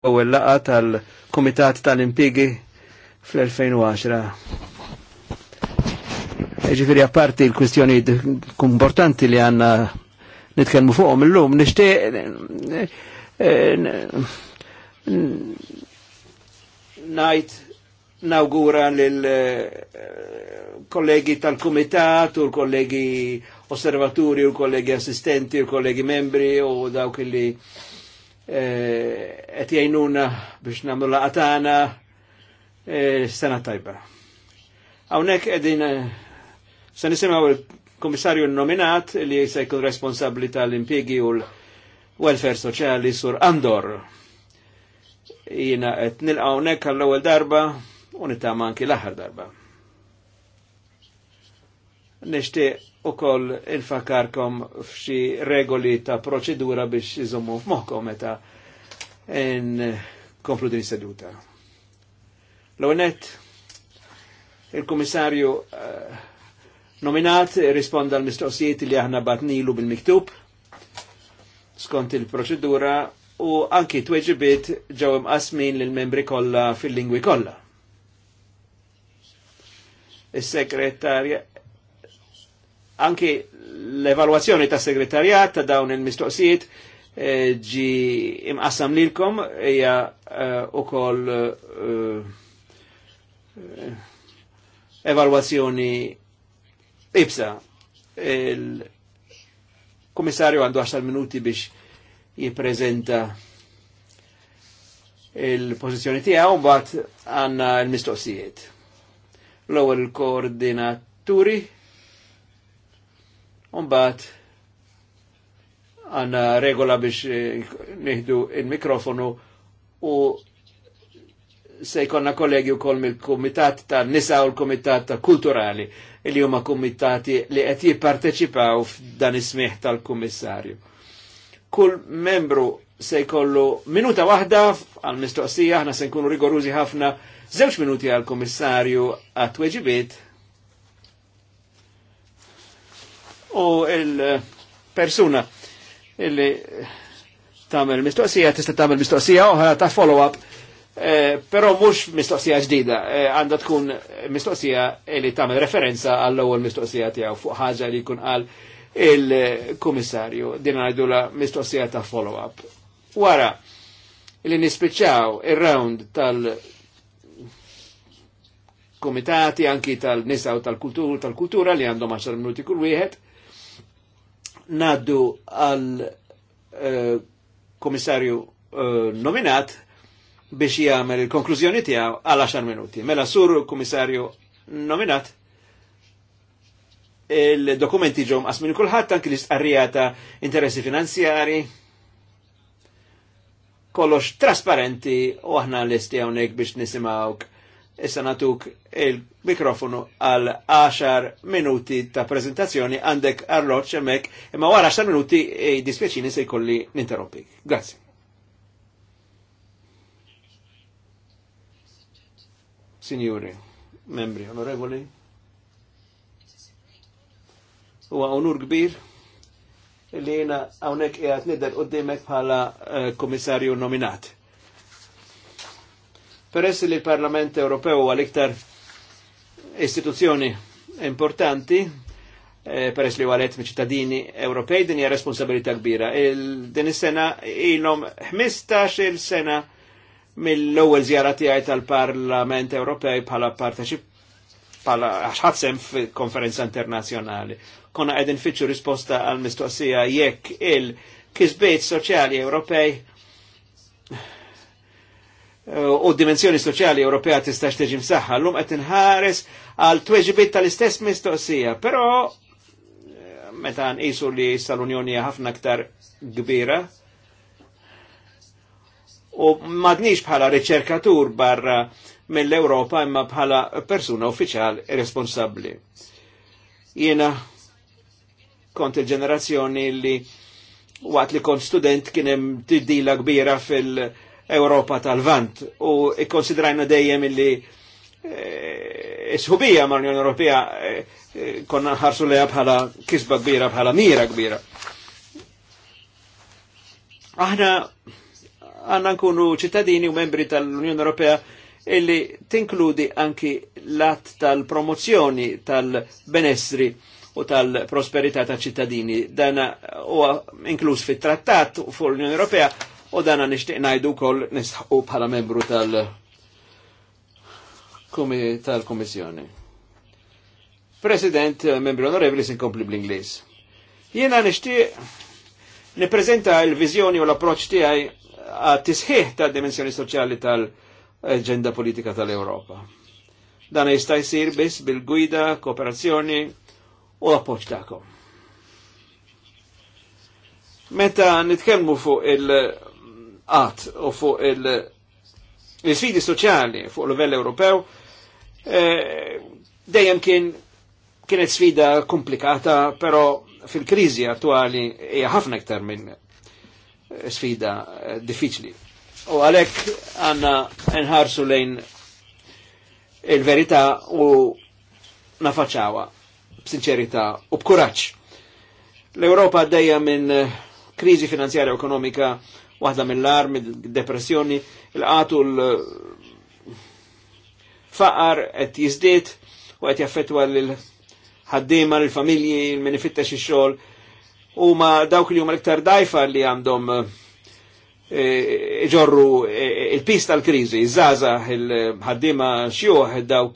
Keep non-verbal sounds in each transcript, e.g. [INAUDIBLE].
ewwel laqa tal-Kumitat tal impigi fl-2010. E Ġifiri apparti l-kwistjoni importanti li għanna nitkellmu fuqhom illum nixtieq eh, ngħid nawgura lil eh, kollegi tal-Kumitat u l-kollegi osservaturi u l-kollegi assistenti u l-kollegi membri u dawk li Eh, et jajnuna biex nagħmlu laqatana eh, sena tajba. Hawnhekk edin eh, se nisimgħu il komissarju nominat li se jkun responsabli tal impiegi u l-welfare soċali sur Andor. Jina qed nil hawnhekk għall-ewwel darba u nittama anki l-aħħar darba. Nishtiq u koll fakarkom f'xi regoli ta' proċedura biex jizommu f'moħkom meta en komplu din seduta. L-għonet, il-komissarju uh, eh, nominat risponda l mistoqsijiet li aħna batnilu bil-miktub skont il-proċedura u anki tweġibiet ġawem asmin lil membri kollha fil-lingwi kollha. Is-sekretarja Anki l evaluazzjoni ta' segretarjat ta' dawn il-mistoqsijiet eh, ġi imqassam lilkom hija eh, ukoll eh, evaluazzjoni ibsa. Il-komissarju għandu 10 minuti biex jipprezenta il-pozizjoni tiegħu mbagħad għandna l-mistoqsijiet. L-ewwel il-koordinaturi Umbat, għanna regola biex eh, nieħdu il-mikrofonu u se jkonna kollegi u kol mill-Komitat ta' Nisa u l-Komitat ta' Kulturali li huma komitati li qed jipparteċipaw f'dan is-smieħ tal-Kummissarju. Kull membru se jkollu minuta waħda għal mistoqsija aħna se nkunu rigorużi ħafna, żewġ minuti għal-Kummissarju għat-tweġibiet u il-persuna eh, illi tamel mistoqsija, tista tamel mistoqsija uħra ta' follow-up, eh, pero mux mistoqsija ġdida, eh, għanda tkun mistoqsija illi tamel referenza għall ewel mistoqsija tijaw fuq ħaġa li kun għal il-komissarju din la mistoqsija ta' follow-up. Wara, illi nispiċaw il-round tal- komitati anki tal-nisa u tal-kultur, tal-kultura li għandhom 10 minuti kull wieħed, naddu għal eh, komissarju eh, nominat biex jagħmel il-konklużjoni tiegħu għal 10 minuti. Mela sur komissarju nominat il-dokumenti ġew għasmin kullħat kulħadd anki l-istqarrija interessi finanzjari kollox trasparenti u aħna l-istijawnek biex nisimawk Issa natuk il-mikrofonu għal 10 minuti ta' prezentazzjoni għandek arloċ emmek, imma wara 10 minuti e dispieċini se jkolli ninterrompi. Grazie. Signori, membri onorevoli, huwa onur kbir li jena għawnek jgħat nidher qoddimek bħala eh, komissarju nominat Peress li l-Parlament Ewropew għal-iktar istituzzjoni importanti, eh, peress li għalet me ċittadini Ewropej, din hija responsabilità kbira. din is-sena ilhom 15 il-sena mill-ewwel żjara tiegħi tal-Parlament Ewropej bħala parteċip bħala ħadsem f'konferenza internazzjonali. Konna qegħdin fitxu risposta għal mistoqsija jekk il-kisbejt soċjali Ewropej Eh, u dimensjoni soċjali Ewropea tistax tiġi msaħħa. L-lum qed inħares għal tweġibiet tal-istess mistoqsija, però eh, meta nqisu li sal-Unjoni ħafna aktar kbira. U madniex bħala riċerkatur barra mill ewropa imma bħala persuna uffiċjal responsabbli. Jiena kont il-ġenerazzjoni li waqt li kont student kien hemm tiddila kbira fil- Europa tal-Vant u ikkonsidrajna dejjem illi eh, isħubija ma' l-Unjoni Ewropea eh, eh, konna nħarsu leja bħala kisba kbira, bħala mira kbira. Aħna għanna nkunu ċittadini u membri tal-Unjoni Ewropea illi tinkludi anki l-att tal promozjoni tal-benessri u tal-prosperità ta' ċittadini. Dana u inkluż fit-trattat u fuq l-Unjoni Ewropea u dana nishtiq najdu kol nisħu bħala membru tal- tal-Komissjoni. President, eh, membri onorevoli, sinkompli bl-Inglis. Jena nishtiq niprezenta il-vizjoni u l-approċ tiegħi għat-tisħiħ ta' dimensjoni soċjali tal ġenda politika tal-Europa. Dan jista' jsir biss bil-gwida, kooperazzjoni u l-approċ tagħkom. Meta nitkellmu fuq il- għat u fuq il-sfidi soċjali fuq l level Ewropew eh, dejjem kien kienet sfida komplikata, però fil-krizi attuali hija ħafna iktar minn eh, sfida eh, diffiċli. U għalhekk għandna nħarsu lejn il-verità u nafaċawa b'sinċerità u b'kuraġġ. L-Ewropa għaddejja minn kriżi finanzjarja u ekonomika waħda mill-armi, depressjoni, l għatu l-faqar qed jizdiet u qed jaffettwa l-ħaddiema, l-familji, l-minifittex ix-xogħol. Huma dawk li huma l-iktar dajfa li għandhom e, ġorru e, il pista tal-krizi, iż-żaza, il-ħaddima xjuħ, dawk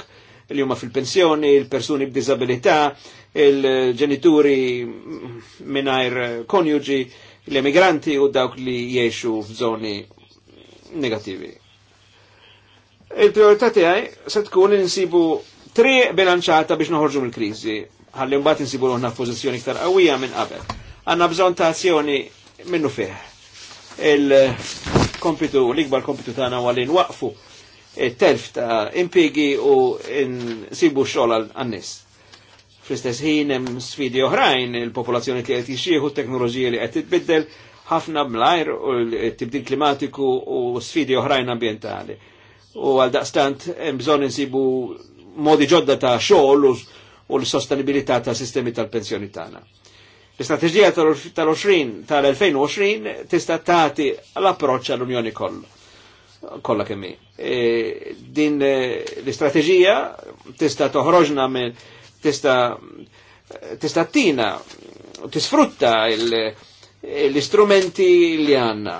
li huma fil-pensjoni, il-persuni b'dizabilità, il-ġenituri minajr konjuġi, l-emigranti u dawk li jiexu f'żoni negativi. Il-priorità tiegħi se tkun insibu tri bilanċata biex noħorġu mill-kriżi, ħalli mbagħad insibu l-ħna f'pożizzjoni iktar qawwija minn qabel. Għandna bżonn ta' azzjoni minnu fih. Il-kompitu, l-ikbar kompitu tagħna huwa li nwaqfu it-telf ta' impigi u nsibu x xogħol għan-nies Fl-istess ħin hemm sfidi oħrajn, il-popolazzjoni li qed jixxieħu, teknoloġija li qed titbiddel, ħafna mlajr u t tibdil klimatiku u sfidi oħrajn ambientali. U għal daqstant hemm bżonn insibu modi ġodda ta' xogħol u l-sostenibilità ta' sistemi tal-pensjoni tagħna. L-istrateġija tal-20 tal-2020 tista' tagħti l-approċċ għall-Unjoni kollha kollha kemm e, Din e, l-istrateġija tista' toħroġna minn tista tista tina, tisfrutta l-istrumenti li għanna.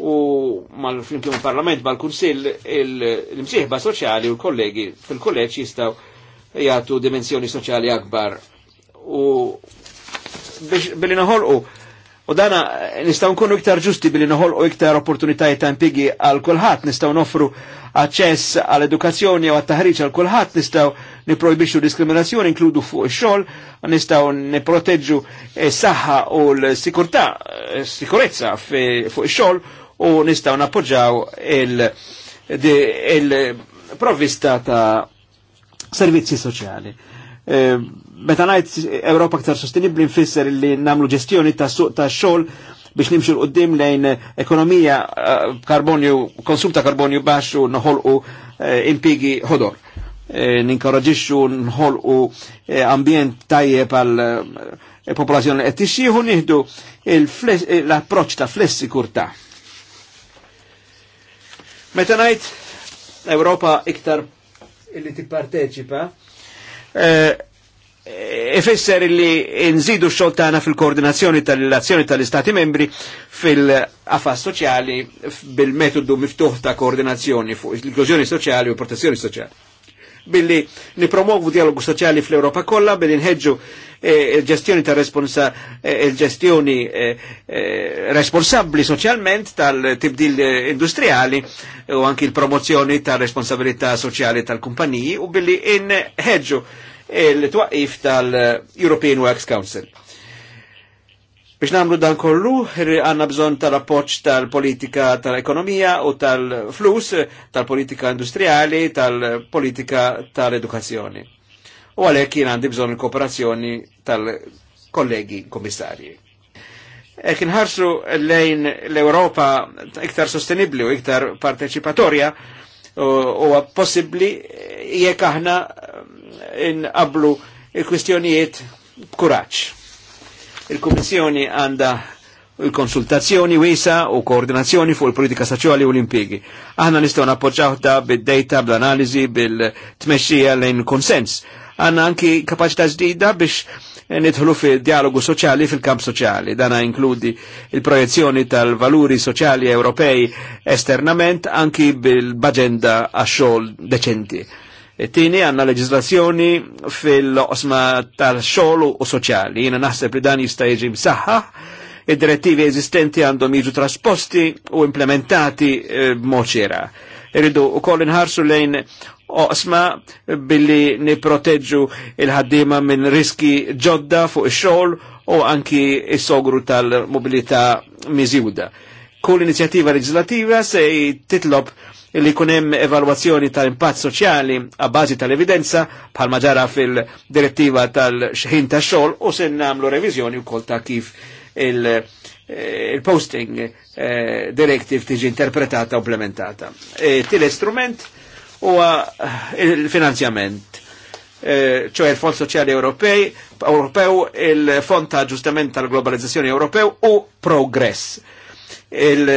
U mal-flimkien parlament, mal-kunsill, il-msieħba soċjali u l-kollegi fil-kolleġ jistaw jgħatu dimensjoni soċjali akbar. U billi naħolqu, u dana nistaw nkunu iktar ġusti billi u iktar opportunitajiet ta' impigi għal kulħadd nistaw noffru aċċess għal edukazzjoni u għat-taħriġ għal kulħadd nistgħu niprojbixxu diskriminazzjoni inkludu fuq ix-xogħol, nistgħu nipproteġġu s-saħħa u l-sikurtà, sikurezza fuq ix-xogħol u nistgħu nappoġġaw il-provvista ta' servizzi soċjali. Eh, meta ngħid Ewropa aktar sostenibbli nfisser li nagħmlu ġestjoni ta' suq ta' xogħol biex nimxu l-qoddim lejn eh, ekonomija eh, karbonju, konsum ta' karbonju nħol u eh, impigi hodor. ħodor. nħol u ambjent tajjeb għal popolazzjoni qed tixjieħu nieħdu l-approċċ ta' flessi kurta. Meta ngħid Ewropa iktar illi tipparteċipa, eh, ifisser li nżidu xogħol tagħna fil-koordinazzjoni tal-relazzjoni tal-Istati membri fil affa soċjali bil-metodu miftuħ ta' koordinazzjoni fuq l-inklużjoni soċjali u protezzjoni soċjali. Billi nipromovu dialogu soċjali fl-Europa kollha billi nħeġġu eh, il-ġestjoni ta' responsa eh, il-ġestjoni eh, responsabbli soċjalment tal-tibdil industriali u anki il promozzjoni tal-responsabilità soċjali tal-kumpaniji u billi inħeġġu il-twaqif tal-European Works Council. Biex namlu dan kollu, għanna bżon tal-appoċ tal-politika tal-ekonomija u tal-flus, tal-politika industriali, tal-politika tal-edukazzjoni. U għalek jien għandi bżon il-kooperazzjoni tal-kollegi komissarji. Ek nħarsu lejn l-Europa iktar sostenibli u iktar parteċipatorja u possibli jek aħna inqablu il-kwistjonijiet b'kuraġġ. Il-Kummissjoni għandha il-konsultazzjoni wisa u koordinazzjoni fuq il-politika soċjali u l-impjegi. Aħna nistgħu nappoġġaw ta' bid-data, bl-analiżi, bil-tmexxija lejn konsens. Għandna anki kapaċità ġdida biex nidħlu fi dialogu soċjali fil-kamp soċjali. Dana inkludi il-projezzjoni tal-valuri soċjali Ewropej esternament anki bil-bagenda għax-xogħol deċenti Tini għanna leġislazzjoni fil-osma tal-xol u soċjali. Jena naħseb li dan jista' jiġi msaħħaħ id-direttivi eżistenti għandhom jiġu trasposti u implementati eh, b'moċera. Irridu u koll inħarsu lejn oqsma billi niproteġġu il-ħaddima minn riski ġodda fuq ix-xogħol u anki is-sogru tal-mobilità miżjuda. Kull inizjattiva leġislativa se titlob li kunem evalwazzjoni tal-impatt soċjali a bazi tal-evidenza bħal maġara fil-direttiva tal-xħin ta' xol u se namlu revizjoni wkoll ta' kif eh, il-posting il eh, directive tiġi interpretata u implementata. E, Tile strument huwa eh, il-finanzjament e, ċoħe il-Fond Soċjali Ewropej, Ewropew, il-Fond ta' ġustament tal-Globalizzazzjoni Ewropew u Progress. Il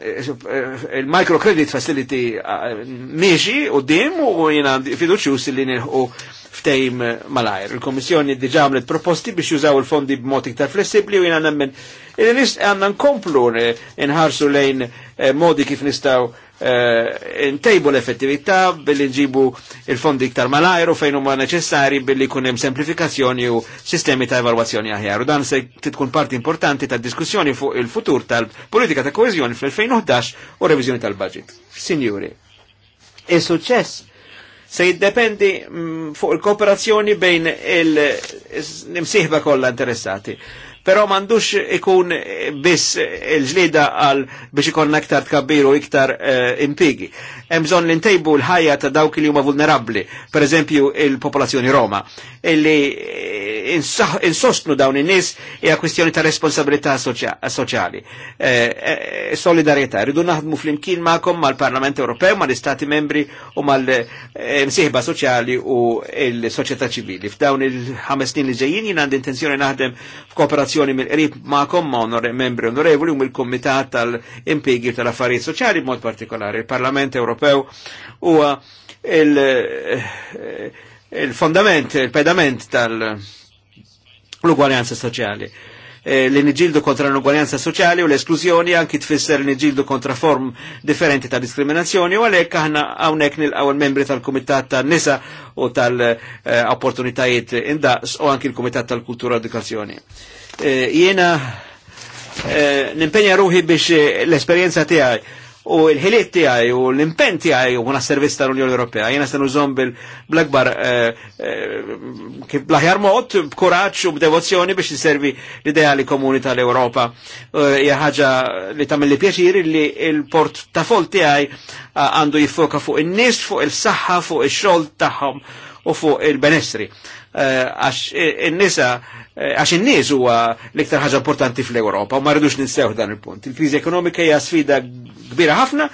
il-microcredit eh, facility eh, miexi u dim u jina fiduċju li nilħu ftejm malajr. Il-Komissjoni diġa għamlet proposti biex jużaw il-fondi b'mod iktar flessibli u jina nemmen il-nis għanna nkomplu nħarsu lejn eh, modi kif nistaw eh, ntejbu l effettivita billi nġibu il-fondi iktar malajr u fejn huma neċessari billi kun hemm semplifikazzjoni u sistemi ta' evalwazzjoni aħjar. U dan se titkun parti importanti ta' diskussjoni fuq il-futur tal-politika ta' koeżjoni fl-2011 u revizjoni tal-budget. Signori, il-suċċess se jiddependi mm, fuq il-kooperazzjoni bejn il-imsieħba kollha interessati. Pero mandux ikun biss il-ġlida għal biex ikonna iktar u iktar uh, impigi. Emżon l-intejbu l-ħajja ta' dawk li huma vulnerabli, per eżempju il-popolazzjoni Roma, illi eh, insostnu dawn in-nies hija kwistjoni ta' responsabilità soċjali. Eh, solidarietà, rridu naħdmu fl-imkien ma'kom mal-Parlament Ewropew, mal-Istati membri u mal-msieħba soċjali u l-soċjetà ċivili. F'dawn il-ħames snin li ġejjin jien għandi intenzjoni naħdem f'kooperazzjoni kooperazzjoni mill-qrib ma'kom ma' onore, membri onorevoli u mill kumitat tal impigi tal-Affarijiet Soċjali b'mod partikolari. Il-Parlament Ewropew huwa eh, il-fondament, il fondament il tal-ugwaljanza soċjali eh, l niġildu kontra l-ugwaljanza soċjali u l-esklużjoni anki tfisser l niġildu kontra form differenti ta' diskriminazzjoni u għalhekk aħna hawnhekk nilqgħu membri tal-Kumitat tal nisa eh, u tal-Opportunitajiet indaqs u anki l-Kumitat tal-Kultura u Edukazzjoni. Eh, Jena eh, nimpenja ruħi biex eh, l-esperienza tijaj u l-ħiliet tijaj u l impen tijaj u għuna servizz tal-Unjoni Ewropea. Jiena se nużhom bil-akbar kif bl-aħjar mod b'kuraġġ u b'devozzjoni biex iservi l-ideali komuni tal-Ewropa. Hija ħaġa li tagħmel li pjaċir li l-port ta' fol tijaj għandu jifoka fuq il-nis, fuq il saxħa fuq il-xol tagħhom u fuq il-benessri. Għax il nisa uh, għax in-nies huwa l-iktar ħaġa importanti fl-Ewropa u ma rridux ninsew dan il-punt. Il-kriżi ekonomika hija sfida kbira ħafna,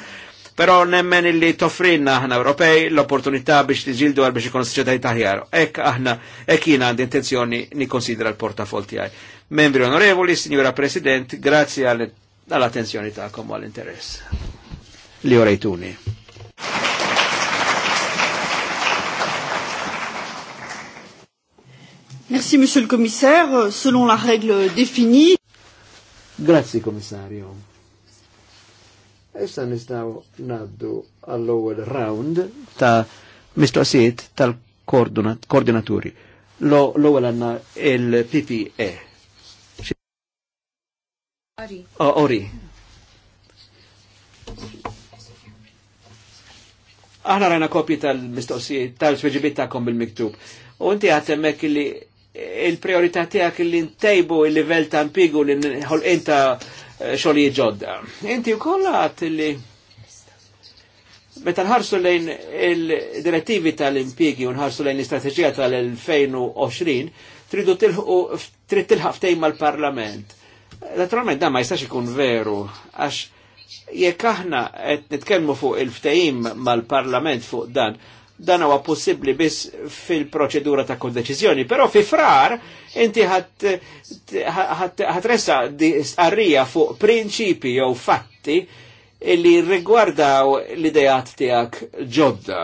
però nemmen illi toffrinna aħna Ewropej l-opportunità biex tiġildu għal biex ikun s-soċjetà taħjar. Ekk aħna hekk jiena għandi intenzjoni nikkonsidra l-portafol tiegħi. Membri onorevoli, Signora President, grazzi għall-attenzjoni tagħkom u għall-interess li orejtuni. Merci, Monsieur le Commissaire. Selon la règle définie. Grazie, Commissario. Issa nistaw naddu għall-ewwel round ta' mistoqsijiet tal-koordinaturi. L-ewwel għandna il-PPE. Ori. Oh, Ori. Aħna rajna kopji tal-mistoqsijiet tal sveġibiet tagħkom bil-miktub. U inti għatemmek li il-priorità tiegħek li ntejbu il-livell ta' impiegu li nħolqien ta' xogħli ġodda. Inti wkoll għat li meta nħarsu lejn il-direttivi tal-impiegi u nħarsu lejn l-istrateġija tal-2020 tridu tilħu trid tilħaq ftejn mal-Parlament. Naturalment dan ma jistax ikun veru għax jekk aħna qed nitkellmu fuq il-ftehim mal-Parlament fuq dan, dan huwa possibbli biss fil-proċedura ta' kondeċiżjoni, però fi frar inti ħatressa di arrija fuq prinċipi jew fatti illi rigwardaw l-idejat tiegħek ġodda.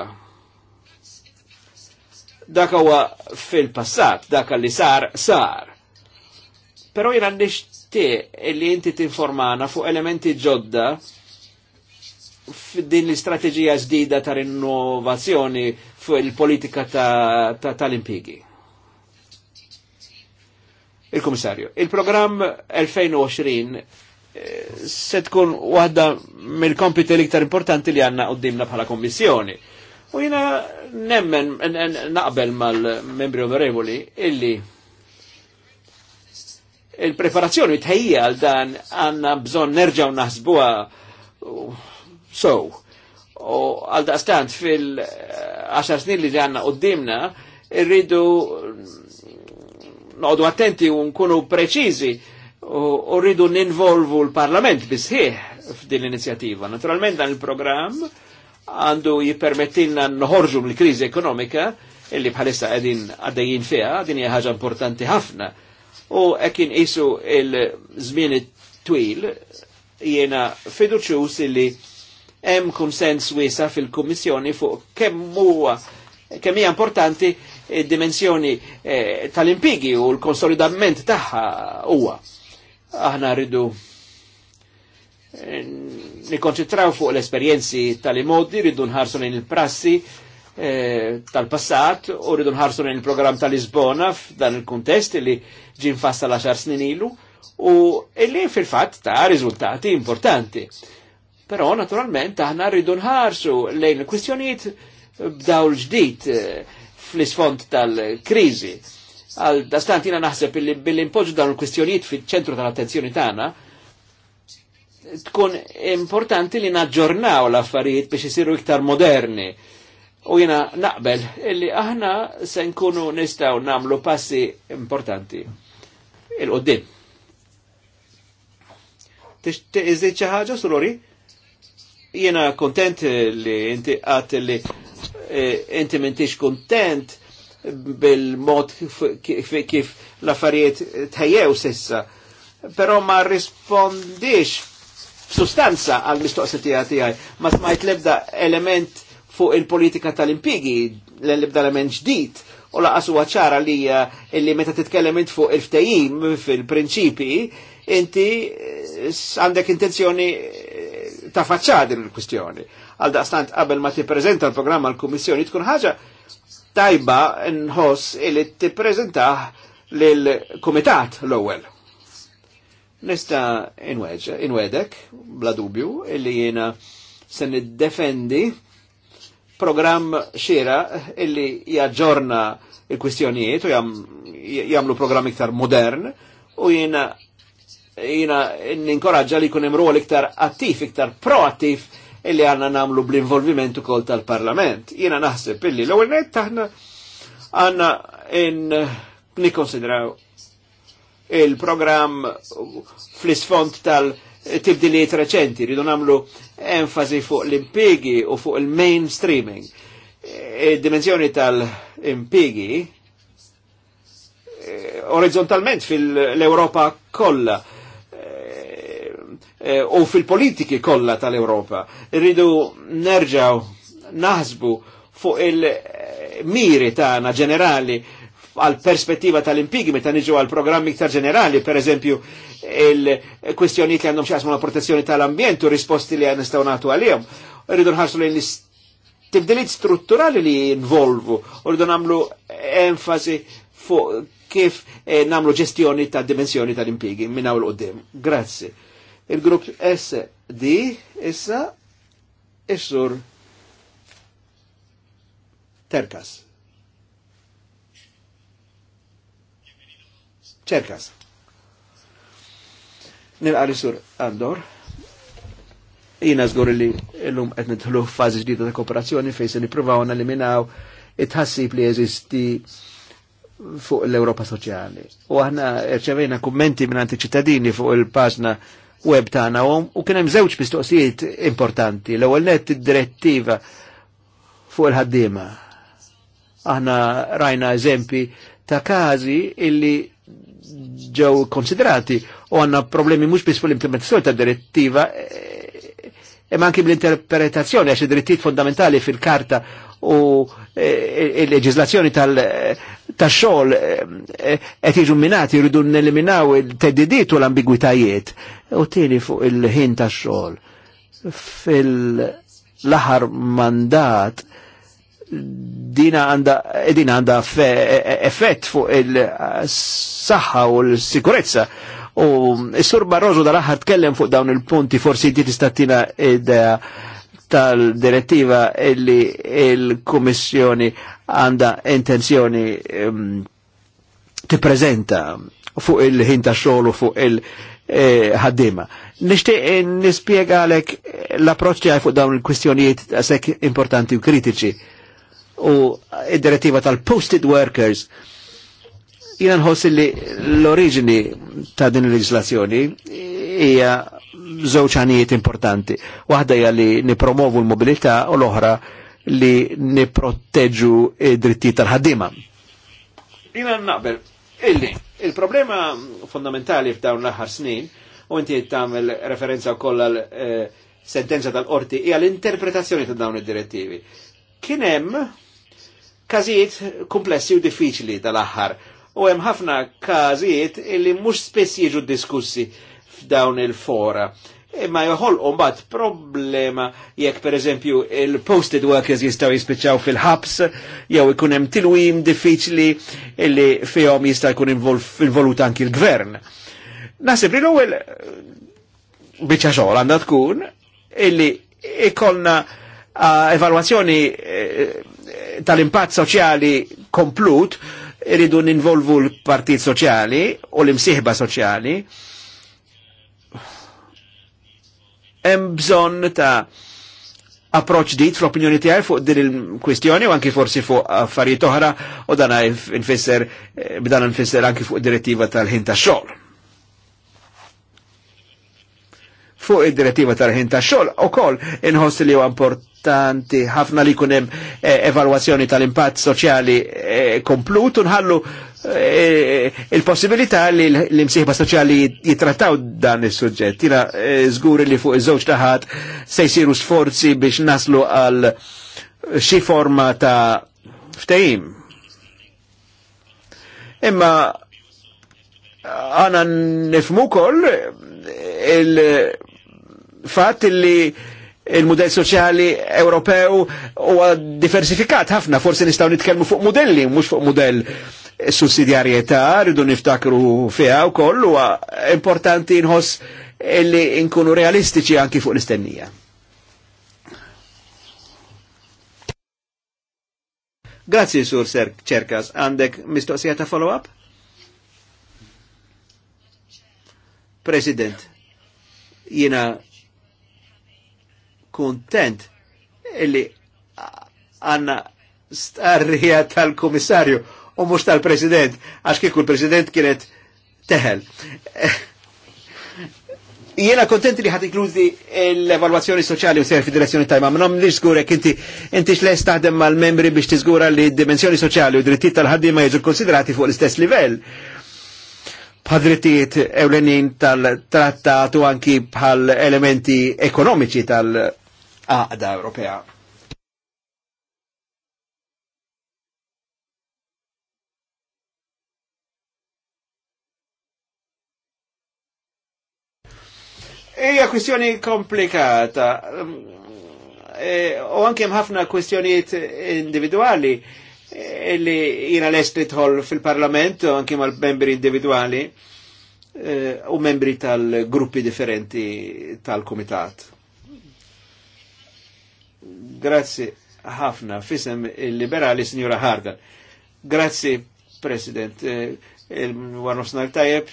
Dak huwa fil-passat, dak li sar sar. Però jiena nixtieq illi inti tinformana fuq elementi ġodda f'din l-istrateġija ġdida ta' rinnovazzjoni fuq il-politika tal-impigi. Il-Komissarju, il-programm 2020 eh, se tkun waħda mill-kompiti l-iktar importanti li għanna dimna bħala Kommissjoni. U jina nemmen naqbel mal-membri onorevoli illi il-preparazzjoni tħejja għal dan għanna bżon nerġaw naħsbuha So, U għal daqstant fil-10 eh, snin li ġanna u dimna, irridu noqdu attenti u nkunu preċizi u rridu ninvolvu l-Parlament bisħieħ f'din l-inizjativa. Naturalment dan il-programm għandu jippermettilna nħorġu mill krizi ekonomika illi bħalissa għedin għaddejjin fija, din hija ħaġa importanti ħafna. U ekin isu il-żmien twil jiena fiduċjuż illi hemm konsens wiesa fil-Kummissjoni fuq kemm huwa kemm hija importanti id-dimensjoni eh, tal-impigi u l-konsolidament tagħha huwa. Aħna rridu eh, nikkonċentraw fuq l-esperjenzi tal-imodi, rridu nħarsu lejn il-prassi eh, tal-passat u rridu nħarsu lejn il-programm tal-Lisbona f'dan il-kuntest li ġin fassa l-10 snin ilu u illi fil-fatt ta' riżultati importanti Pero naturalment aħna rridu nħarsu lejn il-kwistjonijiet b'dawl ġdid eh, fl-isfond tal-kriżi. Għal dastant jina naħseb li bil-impoġġu dawn il-kwistjonijiet fil-ċentru tal-attenzjoni tagħna tkun importanti li naġġornaw l-affarijiet biex isiru iktar moderni. U jina naqbel illi aħna se nkunu nistgħu namlu passi importanti il-qoddim. Tixtieq iżid xi ħaġa, Surori? Jena kontent li inti għat li eh, inti mintix kontent bil-mod kif, l-affarijiet tħejjew sissa, pero ma rispondix sustanza għal mistoqsija tiegħi, ma smajt lebda element fuq il-politika tal-impigi, l-lebda element ġdid, u laqas huwa ċara li illi meta titkellem int fuq il-ftehim fil-prinċipi, inti eh, għandek intenzjoni ta' faċċad din il-kwistjoni. Għal daqstant qabel ma tippreżenta l-programma l-Kummissjoni tkun ħaġa tajba nħoss li tippreżentah lill-Kumitat l-ewwel. Nista inwedek, bla dubju, illi jiena se niddefendi program xira illi jaġġorna il-kwistjonijiet u jamlu program iktar modern u jiena jina ninkoraġġa li kunem rol iktar attiv, iktar proattiv illi għanna namlu bl-involviment ukoll tal-parlament. Jina naħseb illi l-ewwel net taħna għanna in nikonsidraw il-programm fl-isfond tal-tibdiliet reċenti, ridu namlu enfasi fuq l impigi u fuq il-mainstreaming. Il-dimensjoni e, tal impigi e, orizzontalment fil-Europa kollha Eh, u fil-politiki kollha tal-Ewropa. Irridu nerġaw naħsbu fuq il-miri tagħna ġenerali għal perspettiva tal impigmi meta niġu għal programmi iktar ġenerali, per eżempju il-kwestjoni li għandhom xaqsmu la protezzjoni tal-ambjent u risposti li għanistaw natu għalihom. Rridu nħarsu lejn tibdiliet strutturali li involvu, rridu namlu enfasi fuq kif eh, namlu ġestjoni ta' dimensjoni tal impigmi minna u l-qoddim. Grazie. Il-grupp SD issa issur Terkas. Ċerkas. Nilqa li sur Andor. Jina zgur li l-lum għet nidħlu fazi ġdida ta' kooperazzjoni fejn se niprovaw naliminaw it-ħassib li jeżisti fuq l-Europa Soċjali. U aħna rċevejna kummenti minn ċittadini fuq il paġna web tagħna u kien hemm żewġ mistoqsijiet importanti. L-ewwel net id-direttiva fuq il-ħaddiema. Aħna rajna eżempi ta' każi illi ġew konsiderati u għanna problemi mhux biss fl-implementazzjoni ta' direttiva imma e, e, e anki bl-interpretazzjoni għax id-drittijiet fondamentali fil-karta u e, e, e, il-leġizlazzjoni tal-xol qed jiġu minati jridu neliminaw il-teddidiet u l-ambigwitajiet. U tieni fuq il-ħin tax-xogħol. Fil-aħħar mandat dina għanda dina għanda effett fuq il-saħħa u l-sikurezza. U s-sur Barroso dal-aħħar tkellem fuq dawn il-punti forsi di tistatina idea tal-direttiva illi il kommissjoni għanda intenzjoni um, ti prezenta fuq il ħinta eh, ta' fuq il-ħaddiema. Nixtieq eh, nispjega għalek l approċċi għaj fuq dawn il-kwistjonijiet għasek importanti u kritiċi u il direttiva tal-posted workers jina nħossi li l-oriġini ta' din il-leġislazzjoni hija żewġ importanti. Waħda hija li nipromovu l-mobilità u l-oħra li niprotteġu id dritti tal-ħaddiema. Jina naqbel, illi, il-problema fondamentali f'dawn l-aħħar snin, u inti tagħmel referenza wkoll għal eh, sentenza tal-qorti, hija l-interpretazzjoni ta' dawn id-direttivi. Kien hemm każijiet komplessi u diffiċli tal-aħħar u hemm ħafna każijiet li mhux spess jiġu diskussi f'dawn il-fora. Imma joħol mbagħad problema jekk per eżempju il-posted workers jistaw jispiċaw fil-ħabs jew ikun hemm tilwim diffiċli li fihom jista' jkun involut anki l-gvern. Nasib li l-ewwel biċċa xogħol għandha tkun illi ikolna evalwazzjoni e, e, tal-impatt soċjali komplut irridu ninvolvu l-partit soċjali u l-imsieħba soċjali hemm bżonn ta' approċ dit fl-opinjoni tiegħi fuq din il-kwistjoni u anki forsi fuq affarijiet oħra u dan infisser b'dan infisser anki fuq direttiva tal-ħin tax-xogħol. Fuq id-direttiva tal-ħin tax-xogħol ukoll inħoss li huwa importanti ħafna li jkun hemm eh, evalwazzjoni tal-impatt soċjali eh, komplut u nħallu Eh, il-possibilità li l-imsieħba soċjali jitrattaw dan il-sujġet. Jina eh, żgur li fuq iż żoċ taħat se jisiru sforzi biex naslu għal xi forma ta' ftejim. Imma għana nifmu koll il-fat li il-modell soċjali Ewropew huwa diversifikat ħafna, forsi nistgħu nitkellmu fuq modelli, mhux fuq modell sussidjarjetà, rridu niftakru fiha wkoll huwa importanti nħoss illi nkunu realistiċi anki fuq l-istennija. Grazzi, Sur Ser Cerkas. Għandek mistoqsija ta' follow-up? President, jina kontent illi għanna starrija tal-komissarju u mux tal-president, għax kieku l-president kienet teħel. [LAUGHS] Jena kontent li ħat inkluzi l-evaluazzjoni soċjali u ser federazzjoni tajma, ma nom li zgurek inti inti xles taħdem mal-membri biex tiżgura li dimensjoni soċjali u drittijiet tal-ħaddiema jiġu konsiderati fuq l-istess livell. Bħadrittijiet ewlenin tal trattatu anki bħal elementi ekonomiċi tal-trattat għada Ewropea. Ija kwestjoni komplikata. E, u anke ħafna kwistjonijiet individuali e, li jina lest li tħol fil-parlament u anke mal-membri individuali e, u membri tal-gruppi differenti tal-komitat. Grazzi ħafna, fisem il-liberali signora Hardan. Grazzi, President, eh, il-warnosnar tajjeb,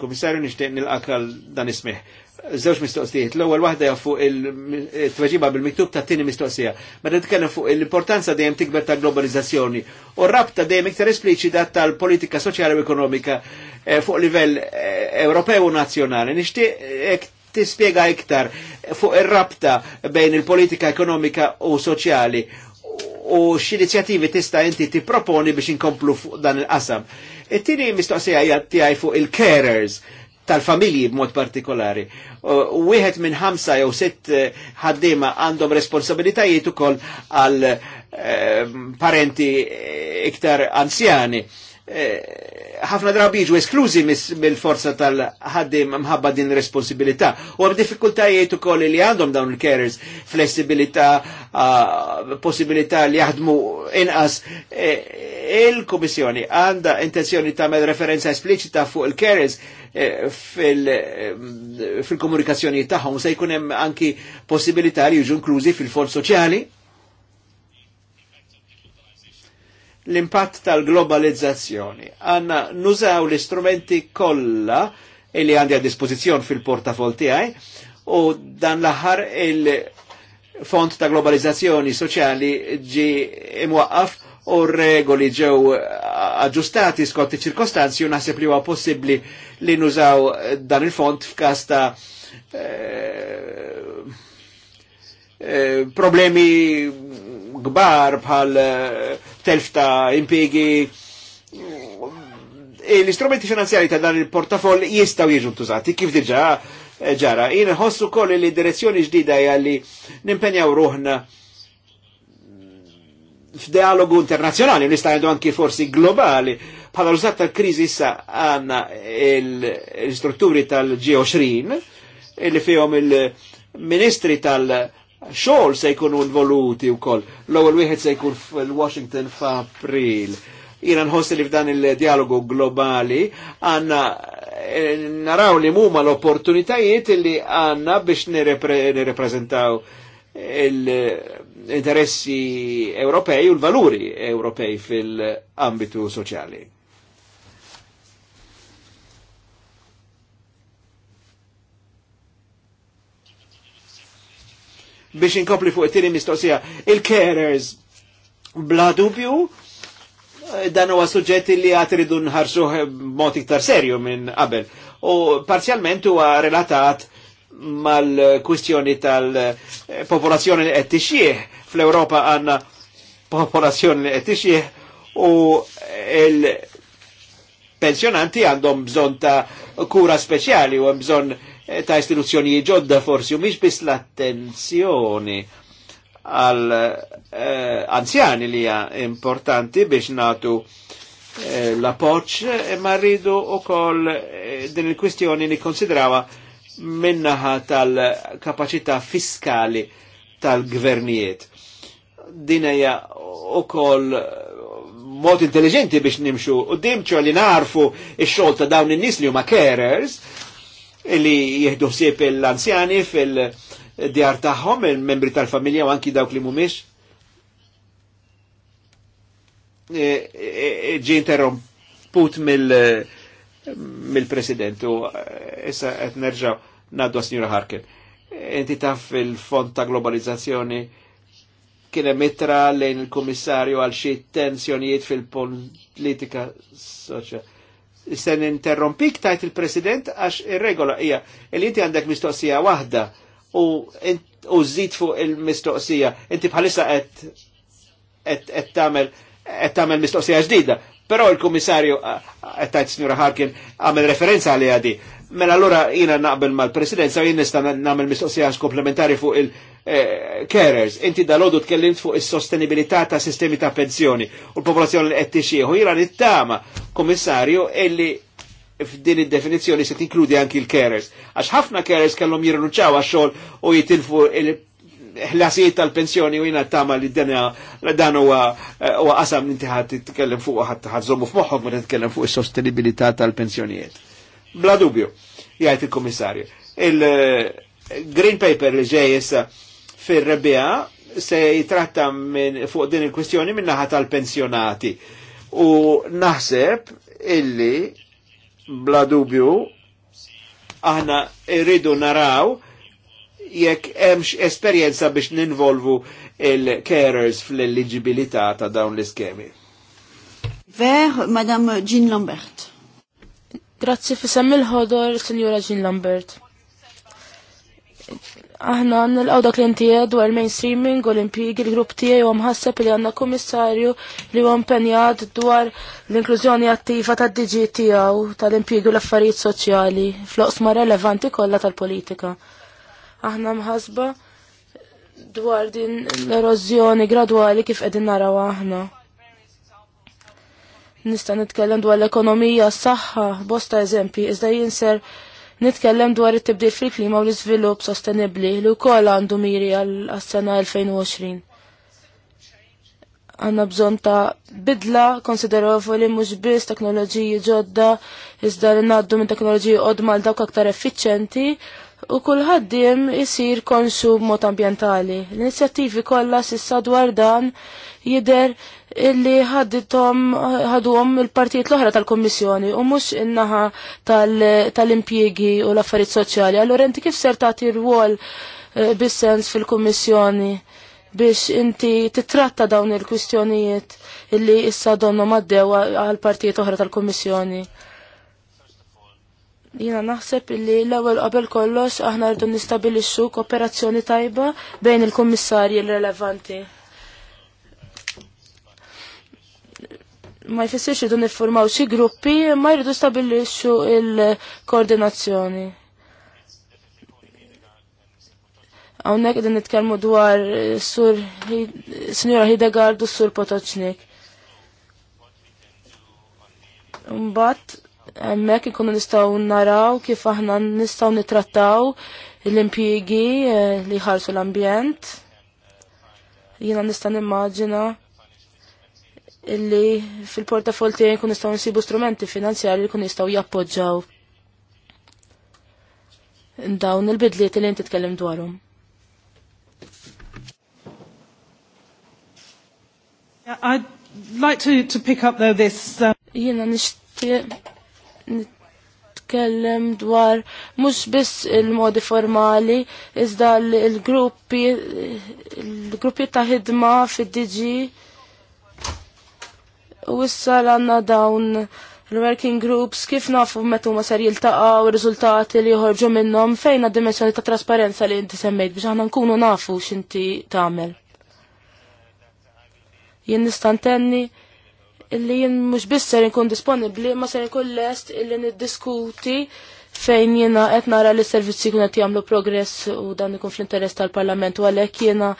komissarju nishtiq nil-akal dan ismiħ. Zewx mistoqsijiet. l ewel wahda fuq il-tweġiba eh, bil-miktub ta' tini mistoqsija. Meta nitkellem fuq l-importanza dejjem tikber ta' globalizzazzjoni u rabta dejjem iktar espliċita tal-politika soċjali u ekonomika eh, fuq livell Ewropew u nazzjonali. Nishtiq tispjega iktar fuq ir-rabta bejn il-politika ekonomika u soċjali u x'inizjattivi tista' inti tipproponi biex inkomplu fuq dan il-qasam. It-tieni mistoqsija tiegħi fuq il-carers tal-familji b'mod partikolari. Wieħed minn ħamsa jew sitt eh, ħaddiema għandhom responsabilitajiet ukoll għal eh, parenti eh, iktar anzjani Eh, ħafna drabi jiġu esklużi mill-forza tal-ħaddim mħabba din responsibilità U għam diffikultajiet u koll li għandhom dawn il-carers, flessibilità, ah, possibilità li jaħdmu inqas. Eh, Il-Komissjoni għanda intenzjoni ta' med referenza esplicita fuq il-carers eh, fil-komunikazzjoni fil tagħhom se jkun hemm anki possibilità li jiġu inklużi fil-fond soċjali l-impatt tal-globalizzazzjoni. Għanna nużaw l-istrumenti kolla illi għandi għad dispożizzjon fil-portafol tijaj u dan l-aħħar il-font ta' globalizzazzjoni soċjali ġi imwaqqaf u regoli ġew aġustati skont iċ-ċirkostanzi u naħseb li huwa possibbli li nużaw dan il-font f'każ ta' eh, eh, problemi gbar bħal eh, telf ta' impiegi. E l-istrumenti finanzjari ta' dan il-portafoll jistaw jiġu tużati, kif diġa eh, ġara. Jina ħossu koll li direzzjoni ġdida jgħalli nimpenjaw ruħna f'dialogu internazjonali, nista' għandu anki forsi globali, bħala l-użat tal-krizi issa għanna l-istrutturi tal-G20, illi fihom il-ministri tal-, -G20, xol se jkunu involuti wkoll. L-ewwel wieħed se jkun fil-Washington f'April. Jiena nħossi li f'dan il-dialogu globali għandna eh, naraw li huma l-opportunitajiet li għandna biex nirrepreżentaw l-interessi Ewropej u l-valuri Ewropej fil-ambitu soċjali. biex inkompli fuq it-tieni mistoqsija. Il-carers bla dubju dan huwa suġġetti li għad iridu nħarsu mod iktar serju minn qabel. U parzjalment huwa relatat mal-kwistjoni tal-popolazzjoni li qed tixjih fl-Ewropa għandna popolazzjoni li qed tixjih u il-pensjonanti għandhom bżon ta' kura speċjali u bżon Eh, ta' istituzzjoni ġodda forsi u miex biss l-attenzjoni għal eh, anzjani li hija importanti biex natu eh, l eh, ma imma rridu u eh, din il-kwistjoni li konsidrawa minnaħa tal-kapacità fiskali tal-gvernijiet. Din hija u mod intelligenti biex nimxu u dimċu li narfu il-xol ta' dawn in nies li huma carers li jihdu sib l ansjani fil-djar taħħom, il-membri tal-familja u anki dawk li mumiex. E, e, e, ġi interromput mill-president u issa qed nerġaw naddu għasnjura njura Harkin. Inti taf fil fond ta' globalizzazzjoni kien mitra lejn il-komissarju għal xie tensjonijiet fil-politika soċjali se ninterrompik tajt il-President għax il regola hija il inti għandek mistoqsija Wahda u u żid fuq il-mistoqsija. Inti bħalissa qed qed tagħmel mistoqsija ġdida. Però il-Kummissarju qed tajt Sinjura Harkin għamel referenza għalija di Mela allora jina naqbel mal-presidenza jien nista nagħmel mistoqsija komplementari fuq il-carers. Eh, inti dal-ħodu tkellimt fuq is-sostenibilità ta' sistemi ta' pensjoni u l-popolazzjoni li qed tixieħu. Jiena nittama, Kommissarju, illi f'din id-definizzjoni se tinkludi anki l-carers. Għax ħafna carers kellhom jirrinunċaw għax-xogħol u jitilfu il- ħlasijiet tal-pensjoni u jina tama li dan eh, huwa qasam li inti ħad titkellem fuq ħadd ħadżommu f'moħħok meta titkellem fuq is-sostenibilità tal-pensjonijiet bla dubju, jgħajt il-komissarju. Il-Green eh, Paper li ġej jessa fil-rebija se jitratta fuq din il-kwistjoni minn naħat tal pensionati U naħseb illi bla dubju aħna irridu naraw jekk hemmx esperjenza biex ninvolvu il-carers fl-eligibilità ta' dawn l-iskemi. Ver, Madame Jean Lambert. Grazzi fisem il-ħodor, Signora Jean Lambert. Aħna l dak l-intijed dwar mainstreaming u l-impjigi il grupp tiegħi u mħasseb li għandna komissarju li huwa impenjat dwar l-inklużjoni attiva tad-diġi tiegħu tal-impjigi u l-affarijiet soċjali fl-oqsma relevanti kollha tal-politika. Aħna mħasba dwar din l-erożjoni gradwali kif qegħdin naraw aħna. Nista' nitkellem dwar l-ekonomija, s-saħħa, bosta eżempji, iżda jinser nitkellem dwar it-tibdil fil-klima u l-iżvilupp sostenibbli li wkoll għandu miri għas-sena 2020. Għanna bżon ta' bidla li mhux biss teknoloġiji ġodda iżda li ngħaddu minn teknoloġiji qodma l dawk aktar effiċenti, u kull ħaddim isir konsu b'mod ambjentali. L-inizjattivi kollha sissa dwar dan jidher illi ħadditom ħaduhom il-partijiet l-oħra tal-Kommissjoni u mhux in-naħa tal-impjiegi u l-affarijiet soċjali. allora inti kif ser tagħti rwol eh, bis-sens fil-Kummissjoni biex inti titratta dawn il-kwistjonijiet illi issa donnom għaddew għall partijiet oħra tal-Kummissjoni. Jina naħseb illi l-ewwel qabel kollox aħna rridu nistabilixxu kooperazzjoni tajba bejn il-kummissarji relevanti. ma jfissirx idu niffurmaw xi gruppi ma jridu stabilixxu il-koordinazzjoni. Hawnhekk qegħdin nitkellmu dwar sur Sinjora Hidegard u sur Potoċnik. Mbatt, hemmhekk ikunu nistgħu naraw kif aħna nistgħu nittrattaw l-impjiegi eh, li ħarsu l-ambjent. Jiena nista' nimmaġina illi fil-portafol tiegħi kun nistgħu nsibu strumenti finanzjari li kun jistgħu jappoġġaw dawn il-bidliet li inti tkellem dwarhom. Yeah, I'd like to, to pick up though this. Uh... nitkellem dwar mhux biss il-modi formali, iżda l-gruppi, l-gruppi ta' ħidma fid-DG u issa għanna dawn l-working groups kif nafu metu ma ser jiltaqaw il-rizultati li joħorġu minnom fejna dimensjoni ta' trasparenza li inti semmejt biex għanna nkunu nafu x'inti tagħmel. Jien nistantenni illi jien mhux biss ser nkun disponibbli ma ser jkun lest illi niddiskuti fejn jiena qed nara li s-servizzi kun qed jagħmlu progress u dan ikun fl-interess tal-Parlament u għalhekk jiena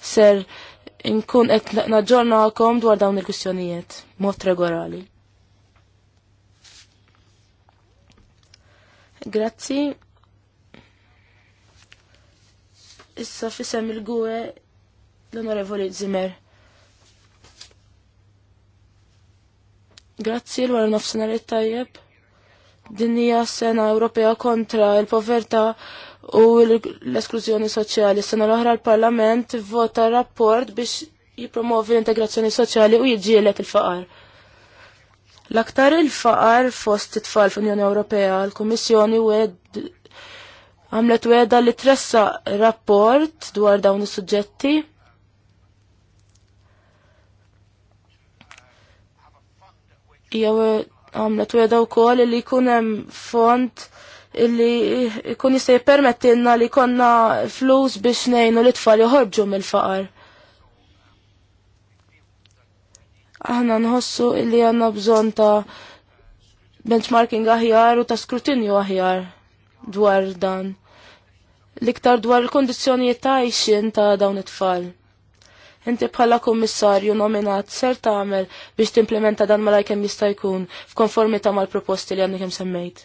ser nkun qed naġġornakom dwar dawn il-kwistjonijiet mod regolari. Grazzi. Issa fisem il-gwe l-onorevoli Zimmer. Grazzi l-wara nofsinhar tajjeb. Din hija sena Ewropea kontra l-povertà u l-esklużjoni soċjali. Sena l-oħra l-Parlament vota rapport biex jipromovi l-integrazzjoni soċjali u jiġielet il-faqar. L-aktar il-faqar fost it-tfal fl-Unjoni Ewropea, l-Kummissjoni għamlet weda li tressa rapport dwar dawn is-suġġetti. Jew eh, għamlet weda wkoll li jkun hemm font illi ikun jista' jippermettilna li konna flus biex ngħinu li tfal joħorġu mill-faqar. Aħna nħossu illi għandna bżonn ta' benchmarking aħjar u ta' skrutinju aħjar dwar dan. L-iktar dwar il-kondizjonijiet ta' ta' dawn it-tfal. Inti bħala kummissarju nominat ser tagħmel biex timplementa dan malaj kemm jista' jkun f'konformità mal-proposti li għandek kem semmejt.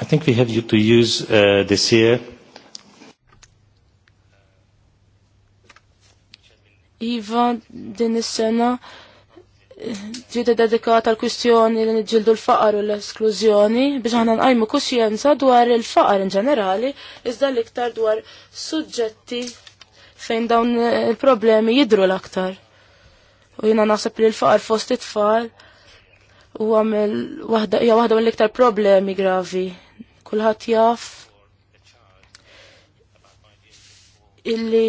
I think we have you to use uh, this year. Iva, din is-sena ġiet dedikata għal kwistjoni li niġġieldu l-faqar u l-esklużjoni biex aħna nqajmu kuxjenza dwar il-faqar in ġenerali iżda l-iktar dwar suġġetti fejn dawn il-problemi jidru l-aktar. U jina naħseb li l-faqar fost it-tfal u għamil wahda, mill-iktar problemi gravi Kulħadd jaf illi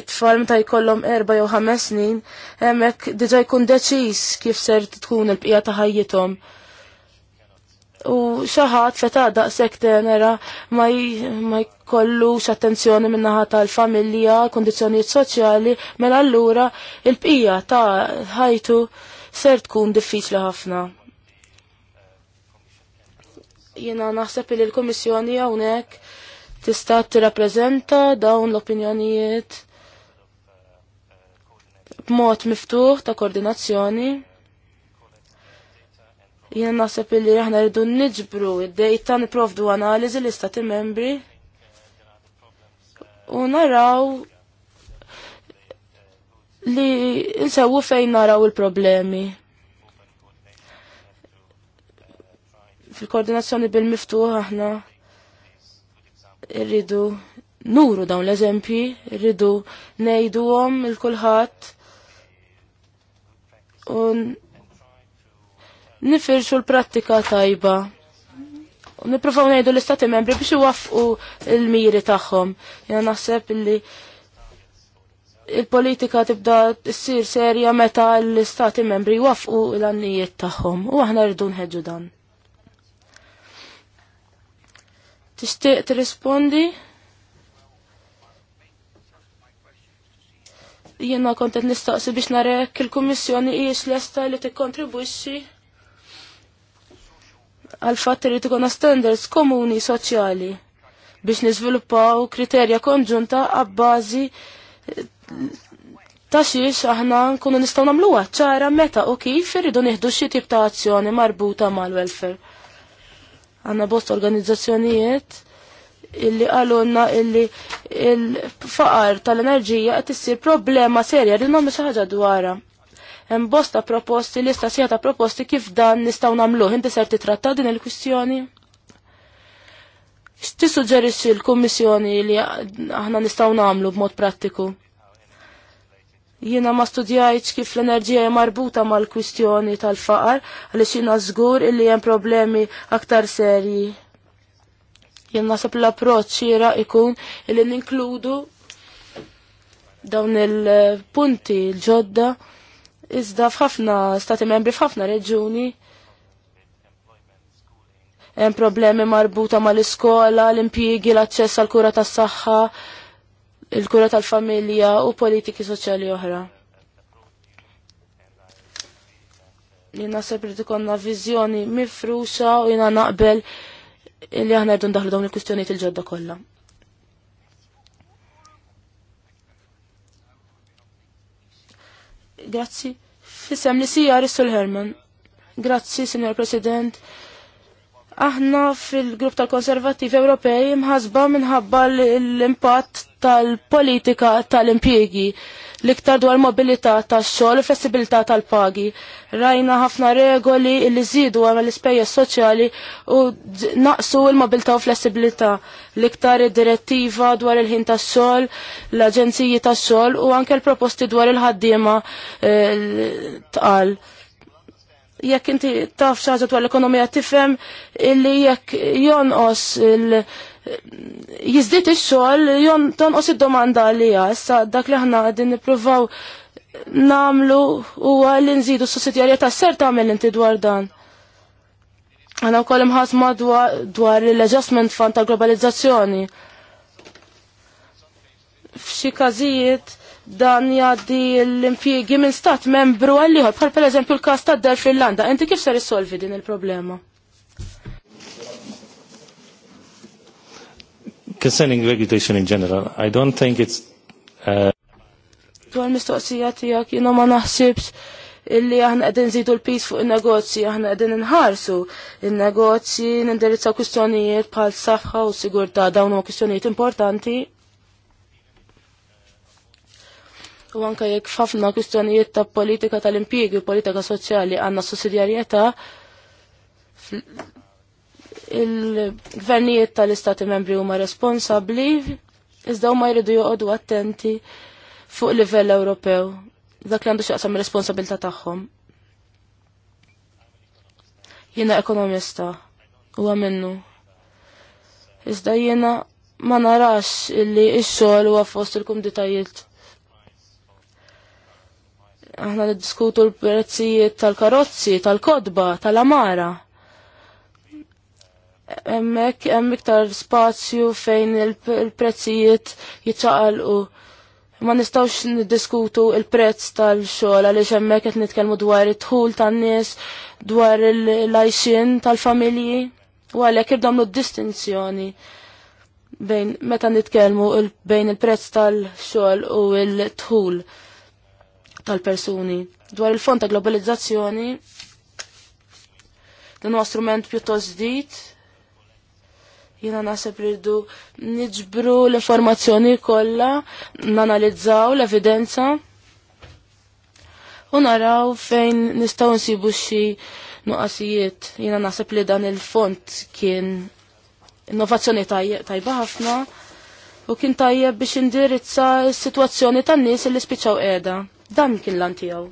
it-tfal meta jkollhom erba' jew ħames snin hemmhekk diġà jkun deċiż kif ser tkun il-bqija ta' ħajjithom. U xi ħadd feta daqshekk tenera ma jkollux attenzjoni min-naħa tal-familja, kundizzjonijiet soċjali, mela allura il-bqija ta' ħajtu ser tkun diffiċli ħafna. Jena naħseb li l-Komissjoni hawnhekk tista' tirrappreżenta dawn l-opinjonijiet b'mod miftuħ ta' koordinazzjoni. Jena naħseb li aħna rridu nġbru id-dejta niprofdu analiżi l-istati membri u naraw li nsewu fejn naraw il-problemi. fil-koordinazzjoni bil-miftuħ aħna irridu nuru dawn l-eżempji, irridu għom il-kulħadd u nifirxu l-prattika tajba. U niprofaw nejdu l-istati membri biex iwaffqu il miri tagħhom. Jena naħseb li il-politika tibda t-sir serja meta l-istati membri waffu l-annijiet tagħhom u aħna rridu nħedġu dan. Tixtieq tirrispondi? Jiena kont qed nistaqsi biex narek il-Kummissjoni hijiex lesta li tikkontribwixxi għal fatt li tkun standards komuni soċjali biex niżviluppaw kriterja konġunta għabbażi ta' xiex aħna nkunu nistgħu nagħmluha ċara meta u kif irridu nieħdu xi tip ta' azzjoni marbuta mal-welfare. Għanna bost organizzazzjonijiet illi għalunna illi il-faqar tal-enerġija qed issir problema serja li nagħmlu xaħġa ħaġa dwarha. Hemm bosta proposti, lista sija ta' proposti kif dan nistgħu nagħmluh. Inti ser titratta din il-kwistjoni? X'tissuġġerixxi l-Kummissjoni li aħna nistgħu nagħmlu b'mod prattiku? Jiena ma studjajċ kif l-enerġija marbuta mal-kwistjoni tal-faqar, għaliex jiena żgur illi hemm problemi aktar serji. Jien naħseb l-approċċ xira ikun illi ninkludu dawn il-punti l-ġodda iżda f'ħafna stati membri f'ħafna reġuni hemm problemi marbuta mal-iskola, l-impjiegi, l-aċċess għal kura tas-saħħa, il-kura tal-familja u politiki soċjali oħra. Li sepp li tikonna viżjoni mifruxa u jina naqbel li aħna rridu ndaħlu dawn il-kwistjonijiet il-ġodda kollha. Grazzi. Fissem li sija Rissul Herman. Grazzi, Signor President. Aħna fil-grupp tal konservativ Ewropej mħasba minħabba l-impatt tal-politika tal impiegi l-iktar dwar mobilità tax-xogħol u flessibilità tal-pagi. Rajna ħafna regoli li żidu għal l-ispejjeż soċjali u naqsu l-mobilità u flessibilità. L-iktar id-direttiva dwar il-ħin tax-xogħol, l-aġenziji tax-xogħol u anke l-proposti dwar il-ħaddiema eh, tqal. E, jekk inti taf xaġa dwar l-ekonomija tifhem illi jekk jonqos il jizdit ix-xogħol jon tonqos id-domanda li jassa, dak li aħna għadin nippruvaw namlu huwa li nżidu s s ser tagħmel inti dwar dan. Għana wkoll ħasma dwar l-adjustment fund tal globalizzazzjoni. F'xi każijiet dan jaddi l-impjiegi minn stat membru għalliħor, bħal per eżempju l-kas ta' Del Finlanda. Inti kif ser risolvi din il-problema? Concerning regulation in general, I don't think it's... Uh, Dwar mistoqsija tijak, jina ma naħsibs illi aħna qegħdin zidu l-pis fuq in-negozji, aħna qegħdin inħarsu il negozji nindirizza kwistjonijiet bħal saħħa u sigurtà dawn huwa kwistjonijiet importanti U anka jekk ħafna kwistjonijiet ta' politika tal-impjiegi u politika soċjali għandna sussidjarjetà il-gvernijiet tal-istati membri huma responsabbli iżda huma jridu joqogħdu attenti fuq livell Ewropew dak li għandu xaqsam responsabilità tagħhom. Jiena ekonomista huwa minnu. Iżda jiena ma narax illi x-xogħol huwa fost il-kumditajiet Aħna niddiskutu l-prezzijiet tal-karozzi, tal-kodba, tal-amara. Hemmhekk hemm iktar spazju fejn il-prezzijiet jiċċaqalqu. Ma nistgħux niddiskutu il-prezz tal-xogħol għaliex hemmhekk qed nitkellmu dwar it-tħul tan-nies, dwar il-lajxin tal-familji u għalhekk irdomlu d-distinzjoni bejn meta nitkellmu bejn il-prezz tal-xogħol u l-tħul. Il tal-persuni. Dwar il-fond ta' globalizzazzjoni, dan huwa strument pjuttost ġdid. Jiena naħseb rridu niġbru l-informazzjoni kollha, nanalizzaw l-evidenza u naraw fejn nistgħu nsibu xi nuqqasijiet. Jiena naħseb li dan il-font kien innovazzjoni tajba ħafna u kien tajjeb biex indirizza s-sitwazzjoni tan-nies li spiċċaw qiegħda. Dan kien lan tiegħu.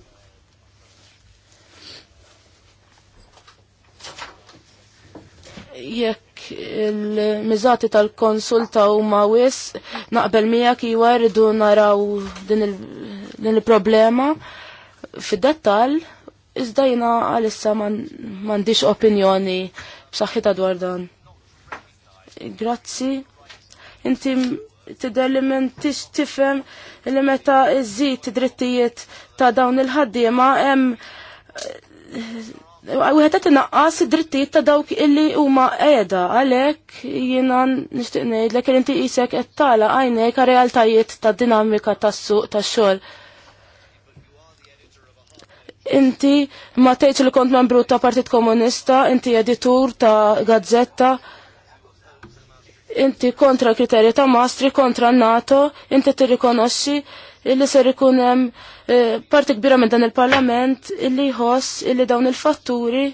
Jekk il-miżati tal-konsulta u ma wis naqbel miegħek iwa rridu naraw din il-problema fid-dettal iżda għalissa m'għandix opinjoni b'saħħitha dwar dan. Grazzi. Inti tidher li m'intix tifhem li meta iżid id-drittijiet ta' dawn il-ħaddiema hemm eh, Wieħed qed inaqqas id-drittijiet ta' dawk illi huma qiegħda għalhekk jiena nixtieq ngħidlek li inti qisek qed tagħlaq għajnejk għar-realtajiet tad-dinamika tas-suq tax-xogħol inti ma tgħidx li kont membru ta' Partit Komunista, inti editur ta' gazzetta, inti kontra kriterji ta' mastri, kontra NATO, inti tirrikonoxxi illi ser ikun hemm eh, parti kbira minn dan il-Parlament illi jħoss illi dawn il-fatturi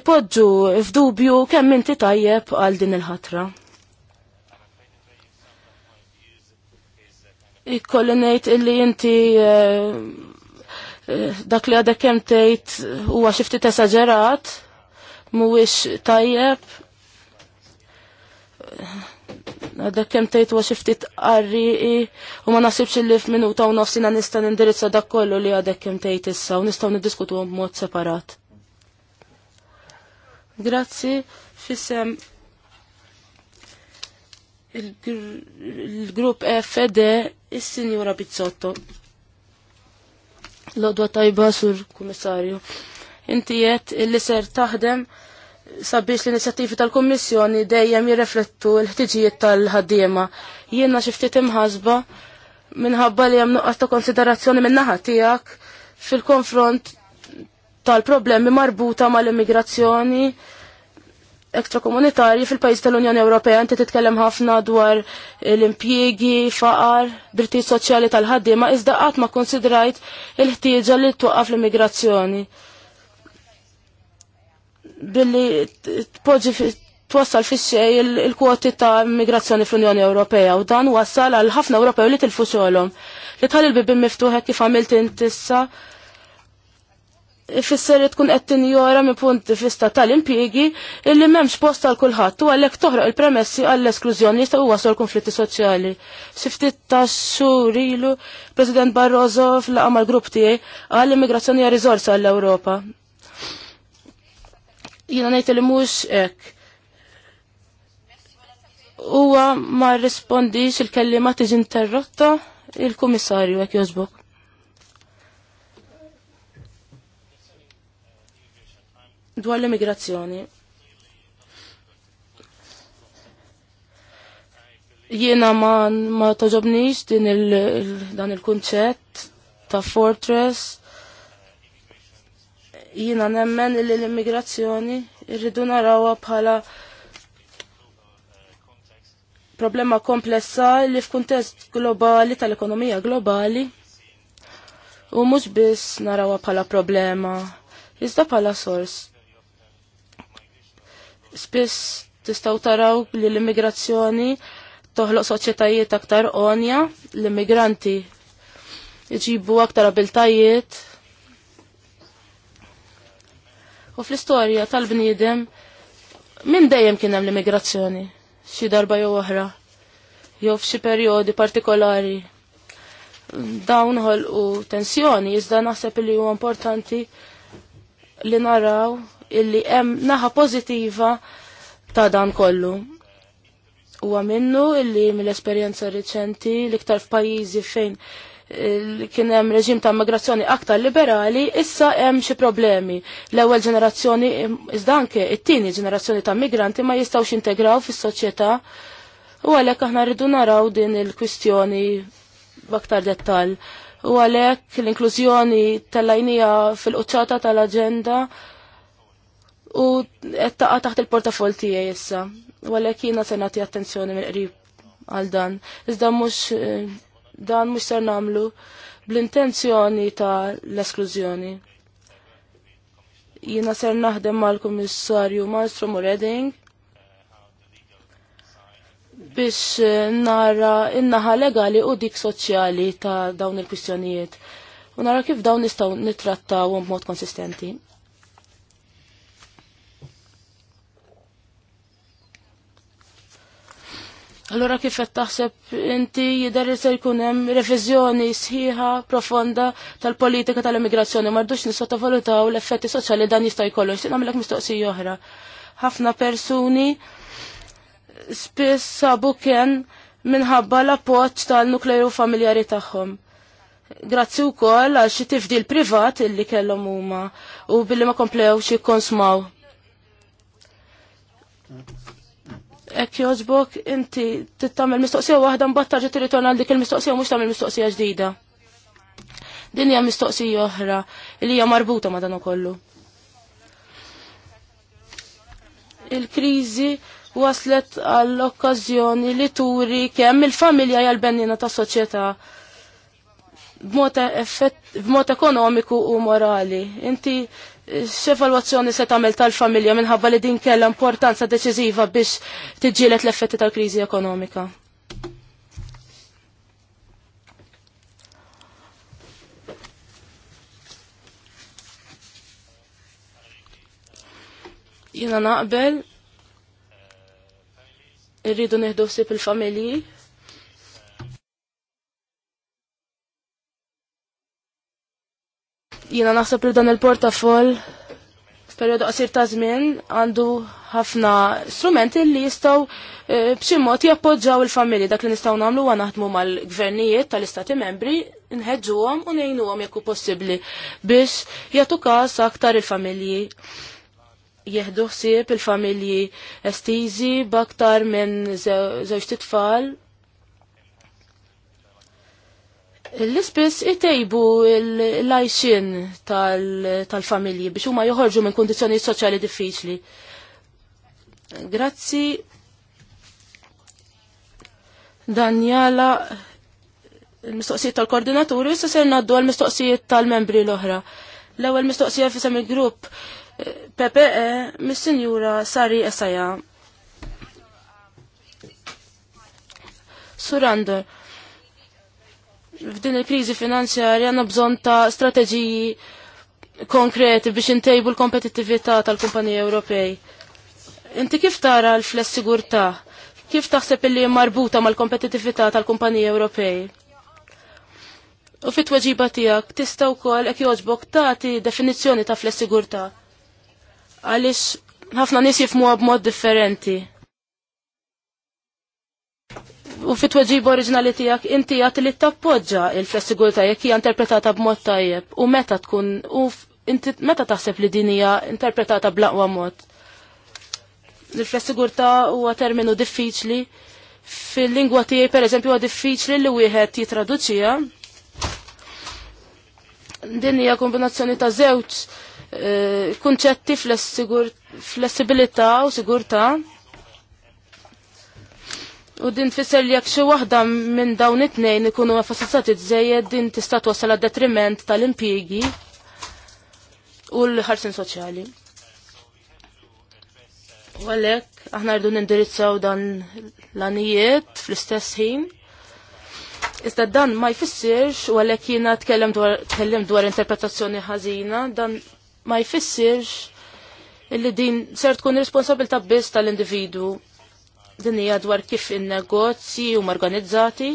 ipoġġu f'dubju kemm inti tajjeb għal din il-ħatra. Ikkolli ngħid illi inti eh, eh, dak li għadek kemm tgħid huwa xi ftit esaġerat mhuwiex tajjeb Għadda kem tajt wa xiftit i u ma nasibx li minuta u nofsina nista' nindirizza dak kollu li għadda kem tajt issa u nistgħu għom b'mod separat. Grazzi fissem il-grupp FD is-Sinjura Bizzotto. Lodwa tajba sur kummissarju. Inti qed illi ser taħdem sabiex l-inizjattivi tal-Kommissjoni dejjem jirreflettu l-ħtiġijiet tal-ħaddiema. Jiena xi ftit imħasba minħabba li hemm nuqqas ta' konsiderazzjoni min naħa tiegħek fil-konfront tal-problemi marbuta mal-immigrazzjoni ekstrakomunitarji fil-pajjiż tal-Unjoni Ewropea inti titkellem ħafna dwar l-impjiegi, faqar, drittijiet soċjali tal-ħaddiema iżda qatt ma konsidrajt il-ħtieġa li twaqqaf l-immigrazzjoni billi t-poġi twassal wassal xej il-kwoti ta' immigrazzjoni fl-Unjoni Ewropea u dan wassal għal ħafna Ewropew li tilfu xogħolhom. Li tħalli l-bibin miftuħ kif għamilt intissa fisser tkun qed tinjora minn punti vista tal-impjiegi illi m'hemmx post għal kulħadd u għalhekk toħroq il-premessi għall-esklużjoni jistgħu wasol konflitti soċjali. Xiftit ta' xhur ilu President Barroso fl-laqgħa mal-grupp tiegħi għall immigrazzjoni hija riżorsa għall-Ewropa. Jina ngħid li mux hekk. Huwa ma rrispondix il-kellima tiġi interrotta il-kummissarju hekk jogħġbok. Dwar l-immigrazzjoni. jiena ma, ma toġobnix din il, il, dan il-kunċett ta' fortress Jina nemmen li l-immigrazzjoni irridu narawa bħala problema komplessa li f'kuntest globali tal-ekonomija globali u mhux biss narawha bħala problema iżda bħala sors. Spiss tistgħu taraw li l-immigrazzjoni toħloq soċjetajiet aktar onja, l-immigranti iġibu aktar abiltajiet, U fl-istorja tal-bniedem minn dejjem kien hemm l-immigrazzjoni xi darba jew oħra jew f'xi perjodi partikolari. Dawn ħolqu tensjoni iżda naħseb li huwa importanti li naraw illi hemm naħa pożittiva ta' dan kollu. Huwa minnu illi mill-esperjenza riċenti l-iktar f'pajjiżi fejn kien hemm reġim ta' immigrazzjoni aktar liberali, issa hemm xi problemi. L-ewwel ġenerazzjoni iżda anke it-tieni ġenerazzjoni ta' migranti ma jistgħux integraw fis-soċjetà u għalhekk aħna rridu naraw din il-kwistjoni b'aktar dettall. U għalhekk l-inklużjoni tal-lajnija fil-quċċata tal-aġenda u qed taqa' taħt il-portafol tiegħi issa. U għalhekk jiena se nagħti attenzjoni mill-qrib għal dan. Iżda mhux eh, Dan mhux ser nagħmlu bl-intenzjoni ta' l-esklużjoni. Jiena ser naħdem mal-Kummissarju Maestro Moreding Reding biex eh, nara innaħa naħa legali u dik soċjali ta' dawn il-kwistjonijiet u nara kif dawn nistgħu nittrattawhom b'mod konsistenti. Allora kif qed taħseb inti jidher se jkun hemm reviżjoni sħiħa profonda tal-politika tal-immigrazzjoni m'għandux nisottovalutaw l-effetti soċjali dan jista' jkollu. Xtieq nagħmilek mistoqsija oħra. Ħafna persuni spiss sabu kien minħabba l-appoġġ tal-nukleju familjari tagħhom. Grazzi wkoll għal xi tifdil privat illi kellhom huma u billi ma komplewx jikkonsmaw Ek joġbok, inti tittamil mistoqsija wahda mbatta ġi tirritorna dik il-mistoqsija mux tamil mistoqsija ġdida. Din hija mistoqsija oħra li hija marbuta ma dan ukollu. Il-kriżi waslet għall-okkażjoni li turi kemm il-familja hija l-bennina tas-soċjetà e- b'mod ekonomiku u morali. Inti x'evalwazzjoni se tagħmel tal-familja minħabba li din kellha importanza deċiżiva biex tiġġielet l-effetti tal-kriżi ekonomika. Jina naqbel irridu neħdu sip il-familji Jina naħseb li dan il-portafol f'perjodu qasir ta' żmien għandu ħafna strumenti li jistgħu e, b'xi mod jappoġġaw il-familji dak li nistgħu nagħmlu wa naħdmu mal-gvernijiet tal-istati membri nħeġġuhom u ngħinuhom jekk hu possibbli biex jagħtu każ aktar il-familji jieħdu ħsieb il-familji estiżi b'aktar minn żewġ titfal l-ispis itejbu l-lajxin tal-familji biex huma joħorġu minn kondizjoni soċjali diffiċli. Grazzi Danjala il-mistoqsijiet tal-koordinaturi, issa ser naddu għal-mistoqsijiet tal-membri l-oħra. L-ewwel mistoqsija fisem il-grupp eh, PPE eh, mis-Sinjura Sari Esaja. Surandor f'din il-kriżi finanzjarja għandna bżonn ta' strateġiji konkreti biex intejbu l-kompetittività tal-kumpaniji Ewropej. Inti kif tara l-flessigurtà? Kif taħseb li marbuta mal-kompetittività tal-kumpaniji Ewropej? U fit tweġiba tiegħek tista' wkoll hekk jogħġbok tagħti definizzjoni ta' flessigurtà. Għaliex ħafna nies jifmuha b'mod differenti u fit tweġib oriġinali tiegħek inti għat li tappoġġa il-flessigurta jekk hija interpretata b'mod tajjeb u meta tkun u inti meta taħseb li din hija interpretata blaqwa mod. Il-flessigurta huwa terminu diffiċli fil-lingwa tiegħi pereżempju huwa diffiċli li wieħed jitraduċija. Din hija kombinazzjoni ta' żewġ eh, kunċetti flessibilità u sigurtà U din tfisser li jekk xi waħda minn dawn it-tnejn ikunu enfasizzati żejjed din tista' twassal detriment tal-impjiegi u l-ħarsin soċjali. U għalhekk aħna rridu nindirizzaw dan l-anijiet fl-istess ħin. Iżda dan ma jfissirx u għalhekk jiena tkellem dwar interpretazzjoni ħażina, dan ma jfissirx illi din ser tkun responsabilta biss tal-individu din hija dwar kif in-negozji huma organizzati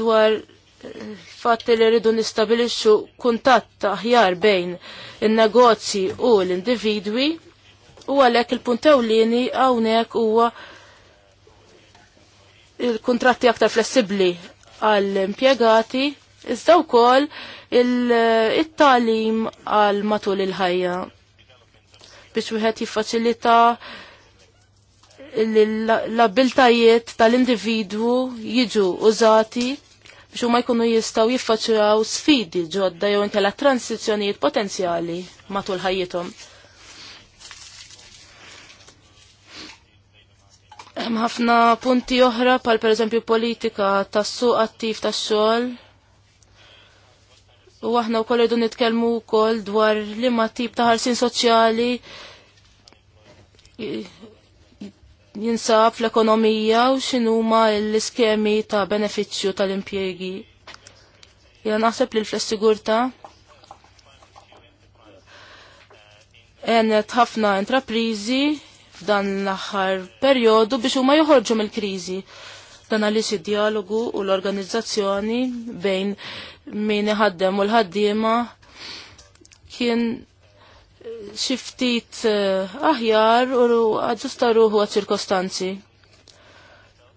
dwar eh, fatt li rridu nistabilixxu kuntatt aħjar bejn in-negozji u l-individwi u għalhekk il-punt ewlieni hawnhekk huwa il-kuntratti aktar flessibbli għall-impjegati iżda wkoll it-talim għal matul il-ħajja biex wieħed jiffaċilita l-abiltajiet tal-individwu jiġu użati biex huma jkunu jistgħu jiffaċċjaw sfidi ġodda jew inkella transizzjonijiet potenzjali matul ħajjithom. Hemm ħafna punti oħra pal pereżempju politika tas-suq attiv tax-xogħol. U aħna wkoll qegħdu nitkellmu wkoll dwar liema tip ta' ħarsin soċjali jinsab fl-ekonomija u x'inhuma l-iskemi ta' benefiċċju tal-impjegi. Jena naħseb li l-flessigurta Enet ħafna intraprizi f'dan l-aħħar perjodu biex huma joħorġu mill-kriżi. Dan għaliex id-dialogu u l-organizzazzjoni bejn min iħaddem u l-ħaddiema kien xiftit eh, aħjar u għadġusta ruħu għad ċirkostanzi.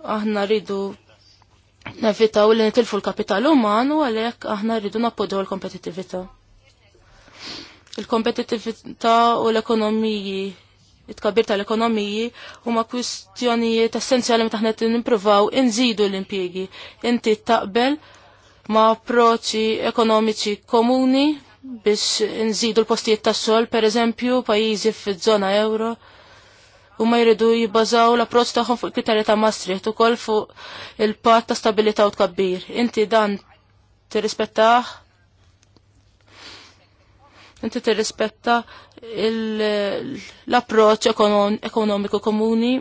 Aħna rridu u li nitilfu l-kapital uman u għalek aħna rridu nappoġġaw l-kompetitivita. Il-kompetitivita u l-ekonomiji, it-kabir tal-ekonomiji u ma kwistjonijiet essenzjali meta ħnet nimpruvaw inżidu l impiegi Inti taqbel ma approċċi ekonomiċi komuni biex nżidu l-postijiet tas-sol, per eżempju, pajjiżi fiż-żona euro, u ma jridu jibbażaw l-approċċ tagħhom fuq kriterji ta' Maastricht ukoll fuq il-patt ta' stabilità u tkabbir. Inti dan tirrispettah inti tirrispetta l-approċċ ekonomiku komuni.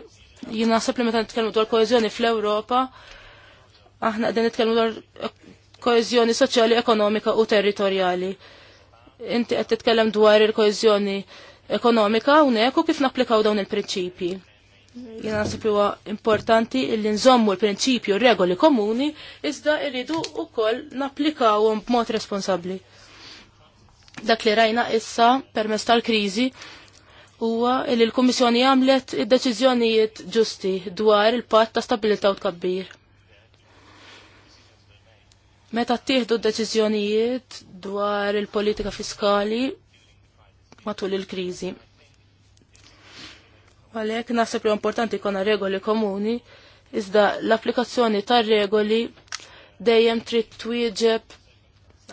Jien naħseb li meta nitkellmu dwar koeżjoni fl-Ewropa, aħna qegħdin nitkellmu dwar koeżjoni soċjali, ekonomika u territorjali inti qed titkellem dwar il-koeżjoni ekonomika unek u kif napplikaw dawn il-prinċipji. Jena naħseb huwa importanti li nżommu l-prinċipju regoli komuni iżda rridu wkoll napplikawhom b'mod responsabbli. Dak li rajna issa permezz tal-kriżi huwa li l-Kummissjoni għamlet id-deċiżjonijiet ġusti dwar il-patt ta' stabilità u tkabbir. Meta tieħdu deċiżjonijiet dwar il-politika fiskali matul il-kriżi. Għalhekk naħseb li importanti jkollna regoli komuni, iżda l-applikazzjoni tar-regoli dejjem trid twieġeb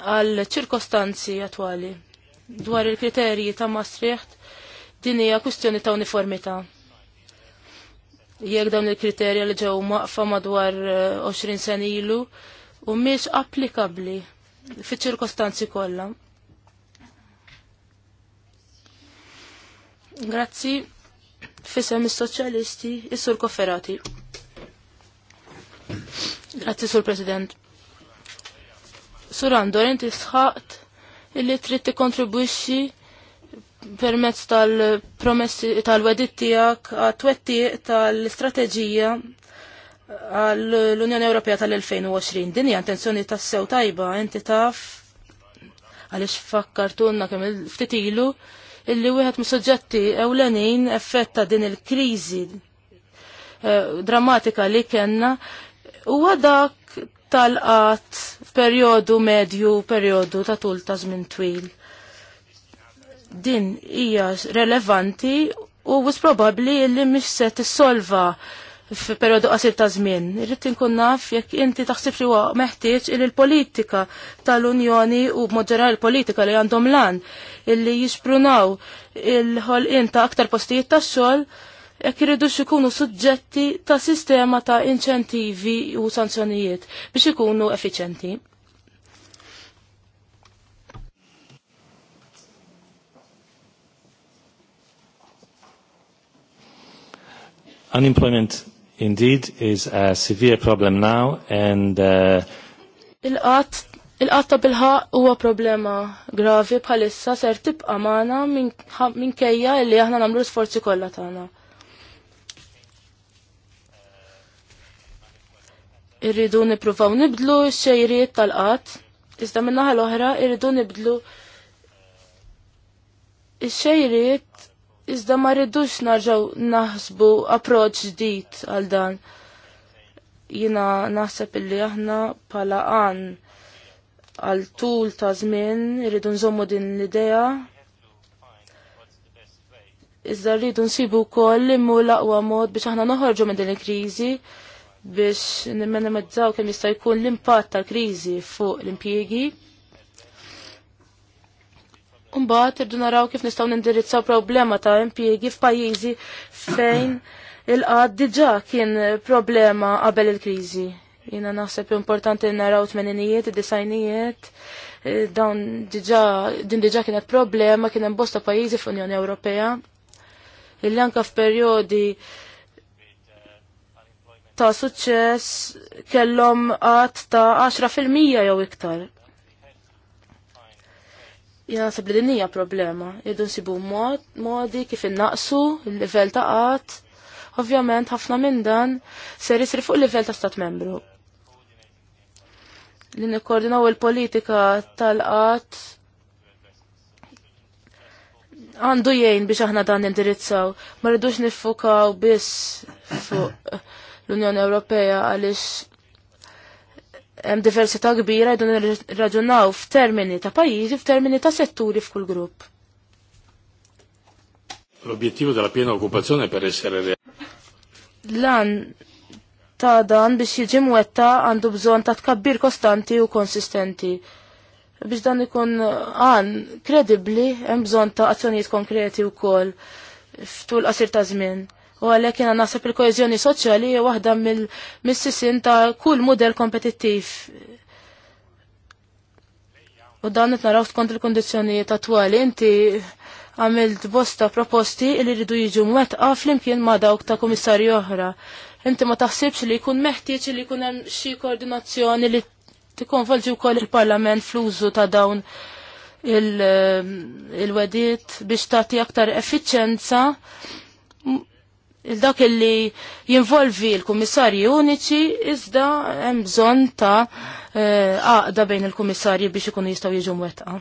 għal ċirkostanzi attwali. Dwar il-kriterji ta' Maastricht din hija kwistjoni ta' uniformità. Jekk dawn il-kriterja li ġew maqfa madwar eh, 20 sen ilu, u miex applikabli fi ċirkostanzi kollha. Grazzi fisem is-soċjalisti is-sur Kofferati. Grazzi sur President. Sur Andor inti sħaqt illi trid tikkontribwixxi permezz tal-promessi tal wedittijak tiegħek għat-twettiq tal-istrateġija għall-Unjoni Ewropea tal-2020. Din hija intenzjoni tas-sew tajba, inti taf għaliex fakkartunna kemm ftit ilu illi wieħed mis-soġġetti ewlenin effett ta' din il-kriżi eh, drammatika li kellna huwa dak tal-qatt f'perjodu medju, perjodu ta' tul ta' żmien twil. Din hija relevanti u wis probabbli li mhix se tissolva f'perjodu qasir ta' żmien. Irrid inkun naf jekk inti taħsib li huwa meħtieġ il politika tal-Unjoni u b'mod il politika li għandhom lan illi jisprunaw il-ħolqien ta' aktar postijiet tax-xogħol jekk iridu ikunu suġġetti ta' sistema ta' inċentivi u sanzjonijiet biex ikunu effiċenti. unemployment indeed is a severe problem now and uh, il-qatt il bil-ħaq huwa problema gravi bħalissa ser tibqa' magħna minkejja li aħna nagħmlu sforzi kollha tagħna. Irridu nippruvaw nibdlu x xejrijiet tal-qatt, iżda min-naħa l-oħra irridu nibdlu x xejrijiet Iżda ma rridux narġaw naħsbu approċ ġdid għal dan. Jina naħseb illi aħna pala għan għal tul ta' żmien rridu nżommu din l-idea. Iżda rridu nsibu wkoll immu laqwa mod biex aħna noħorġu minn din il-kriżi biex nimmenimizzaw kemm jista' jkun l-impatt tal-kriżi fuq l-impjiegi Mbagħad irdu naraw kif nistgħu nindirizzaw problema ta' impjiegi f'pajjiżi fejn il-qad diġà kien problema qabel il-kriżi. Jiena naħseb importanti naraw tmeninijiet, id-disajnijiet, dawn diġà din diġa kienet problema kien hemm bosta pajjiżi fl-Unjoni Ewropea. Illi anke f'perjodi ta' suċċess kellhom qatt ta' 10% jew iktar Jena nasib li din hija problema. Jidun nsibu modi kif innaqsu l-livell ta' għat. Ovvjament ħafna minn dan ser jisri fuq il livell ta' stat membru. Li nikkoordinaw il-politika tal qat għandu jgħin biex aħna dan indirizzaw. Ma rridux nifukaw biss fuq l-Unjoni Ewropea għaliex hemm diversità kbira jdu nirraġunaw f'termini ta' pajjiżi f'termini ta' setturi f'kull grupp. l obiettivu della piena occupazione per essere l Lan ta' dan biex jiġi mwetta għandu bżon ta' tkabbir kostanti u konsistenti. Biex dan ikun għan kredibli hemm bżon ta' azzjonijiet konkreti u kol ftul qasir ta' żmien u għalhekk jena naħseb il-koeżjoni soċjali u waħda mill-missisin ta' kull mudell kompetittiv. U dan qed naraw skont il-kondizzjonijiet twali, inti għamilt bosta proposti li rridu jiġu mwettqa flimkien ma' dawk ta' komissarju oħra. Inti ma taħsibx li jkun meħtieġ li jkun hemm xi koordinazzjoni li tikkonvolġi wkoll il-Parlament fl-użu ta' dawn il-wedit biex tagħti aktar effiċenza il-dak illi jinvolvi l-kummissarji uniċi iżda hemm bżonn ta' eh, għaqda bejn il-kummissarji biex ikunu jistgħu jiġu mwettqa.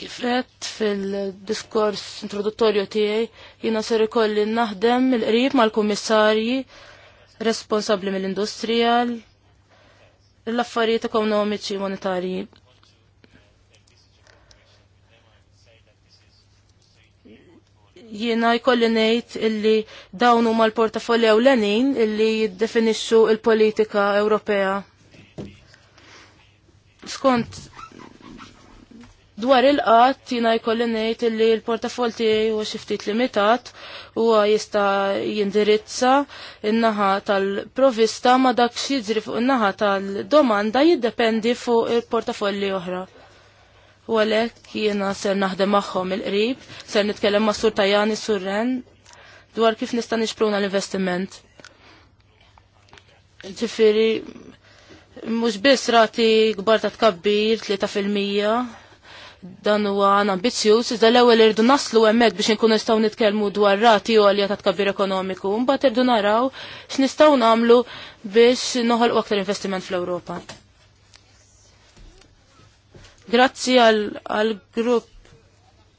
Kifet fil-diskors introduttorju tiegħi jiena ser ikolli naħdem il-qrib mal-kummissarji responsabbli mill-industrija l-affarijiet ekonomiċi monetarji jiena jkolli ngħid illi dawn huma l-portafolli ewlenin illi jiddefinixxu l-politika Ewropea. Skont dwar il qat jiena jkolli ngħid illi l-portafoll tiegħi huwa xi ftit limitat huwa jista' jindirizza in-naħa tal-provista ma dak jiġri fuq in-naħa tal-domanda jiddependi fuq il-portafolli oħra u għalhekk jiena ser naħdem magħhom il-qrib, ser nitkellem ma' Sur Tajani Surren dwar kif nista' nixpruna l-investiment. Ġifieri mhux biss rati kbar ta' tkabbir 3 dan huwa għan ambizzjuż, iżda l-ewwel irdu naslu hemmhekk biex inkunu nistgħu nitkellmu dwar rati u għalja ta' tkabbir ekonomiku, mbagħad irdu naraw x'nistgħu nagħmlu biex noħolqu aktar investiment fl-Ewropa. Grazzi għal grupp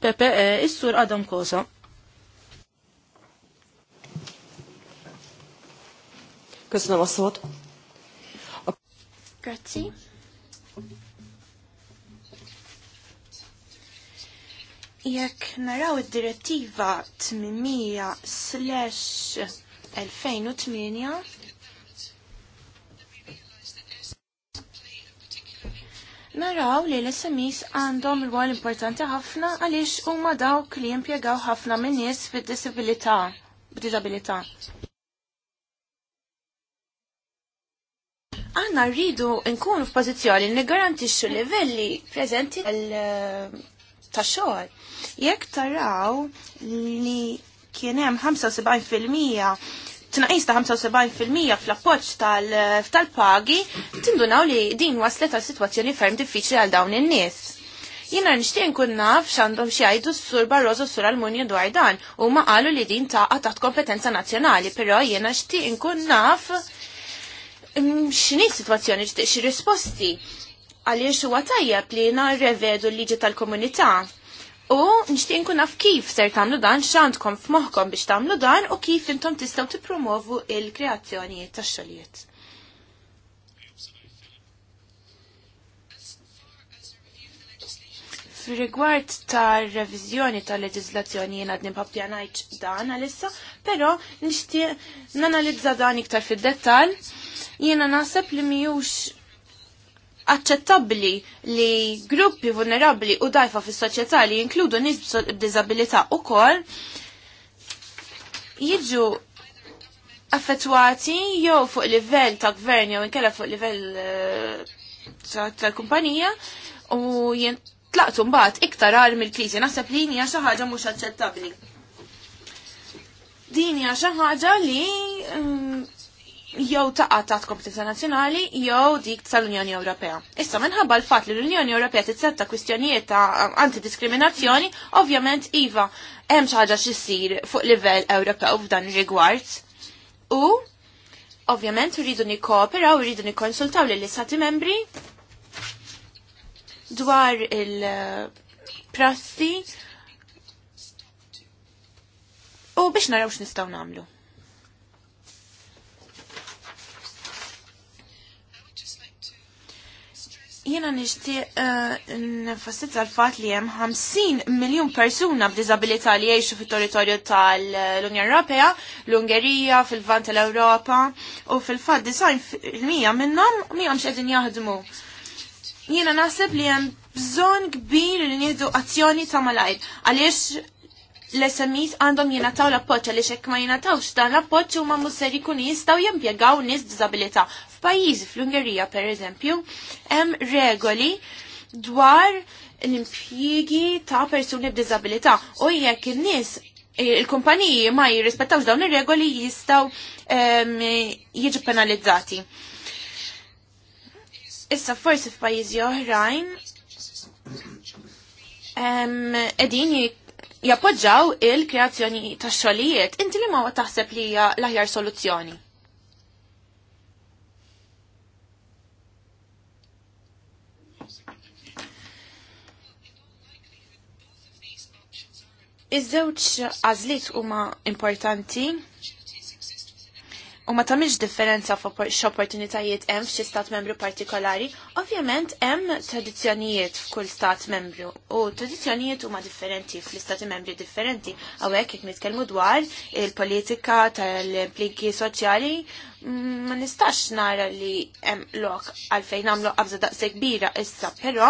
PPE, e, is-sur Adam Kosa. Köszönöm a szót. A... Jekk naraw id-direttiva 800/2008 naraw li l-SMEs għandhom rwol importanti ħafna għaliex huma dawk li jimpjegaw ħafna minn nies fid-disabilità, b'diżabilità. Aħna rridu nkunu f'pożizzjoni li niggarantixxu livelli preżenti eh, ta' xogħol. Jekk taraw li kien hemm 75% tnaqis ta' 75% fl-appoġġ eh, tal-pagi tindunaw li din waslet għal sitwazzjoni ferm diffiċli għal dawn in-nies. Jina nixtieq inkun naf x'għandhom xi jgħidu s-sur Barroso s-sur Almunja dwar dan u ma qalu li din taqa' taħt kompetenza nazzjonali, però jiena nixtieq inkun naf mm, x'inhi sitwazzjoni xi risposti għaliex huwa tajjeb li rrevedu l-liġi tal-komunità U nixtieq nkun naf kif ser tagħmlu dan, x'għandkom f'moħħkom biex tagħmlu dan u kif intom tistgħu tippromovu il-kreazzjonijiet tax-xogħlijiet. Fir-rigward tar reviżjoni tal leġiżlazzjoni jien għadni ngħid dan għalissa, però nixtieq nanalizza dan iktar fid-dettall. Jiena naħseb li mhijiex aċċettabbli li gruppi vulnerabbli u dajfa fis soċjetà li jinkludu nies b'diżabilità kol jiġu affettwati jew fuq livell ta' gvern jew inkella fuq livell eh, tal-kumpanija u tlaqtu mbagħad iktar għal mill-kriżi naħseb li hija xi ħaġa mhux aċċettabbli. Din hija xi ħaġa li mm, jew taqa' ta' kompetenza nazzjonali jew dik tal-Unjoni Ewropea. Issa minħabba l-fatt li l-Unjoni Ewropea titzetta kwistjonijiet ta' antidiskriminazzjoni, ovvjament iva hemm xi ħaġa xissir fuq livell Ewropew f'dan ir-rigward. U ovvjament rridu nikkooperaw, rridu nikkonsultaw lill istati membri dwar il-prassi u biex naraw x'nistgħu nagħmlu. Jena nishti uh, eh, nfassizza l-fat li jem 50 miljon persuna b'dizabilita li jiexu fit territorju tal-Unjon Europea, l-Ungerija, fil-Vant tal-Europa, u fil-fat design mija minnom mijom xedin jahdmu. Jena naħseb li jem bżon kbir li nieħdu azzjoni ta' malajt, għaliex l esemis għandhom taw l-appoċ, għaliex ekk ma taw dan l-appoċ u ma musser jkun jistaw jimpiegaw nis disabilita F'pajjiżi fl-Ungerija pereżempju hemm regoli dwar l-impjiegi ta' persuni b'diżabilità u jekk in-nies il-kumpaniji ma jirrispettawx dawn ir-regoli jistgħu ehm, jiġu penalizzati. Issa forsi f'pajjiżi oħrajn qegħdin ehm, jappoġġaw il-kreazzjoni ta' xogħlijiet. Inti li ma taħseb li hija l-aħjar soluzzjoni? Iż-żewġ għażliet huma importanti u ma tamilx differenza f'opportunitajiet hemm f'xi stat membru partikolari, ovvjament hemm tradizzjonijiet f'kull stat membru u tradizzjonijiet huma differenti fl-istati membri differenti. Hawnhekk jekk nitkellmu dwar il-politika tal impliki soċjali ma nistax nara li hemm lok għalfejn nagħmlu qabża daqse kbira issa, però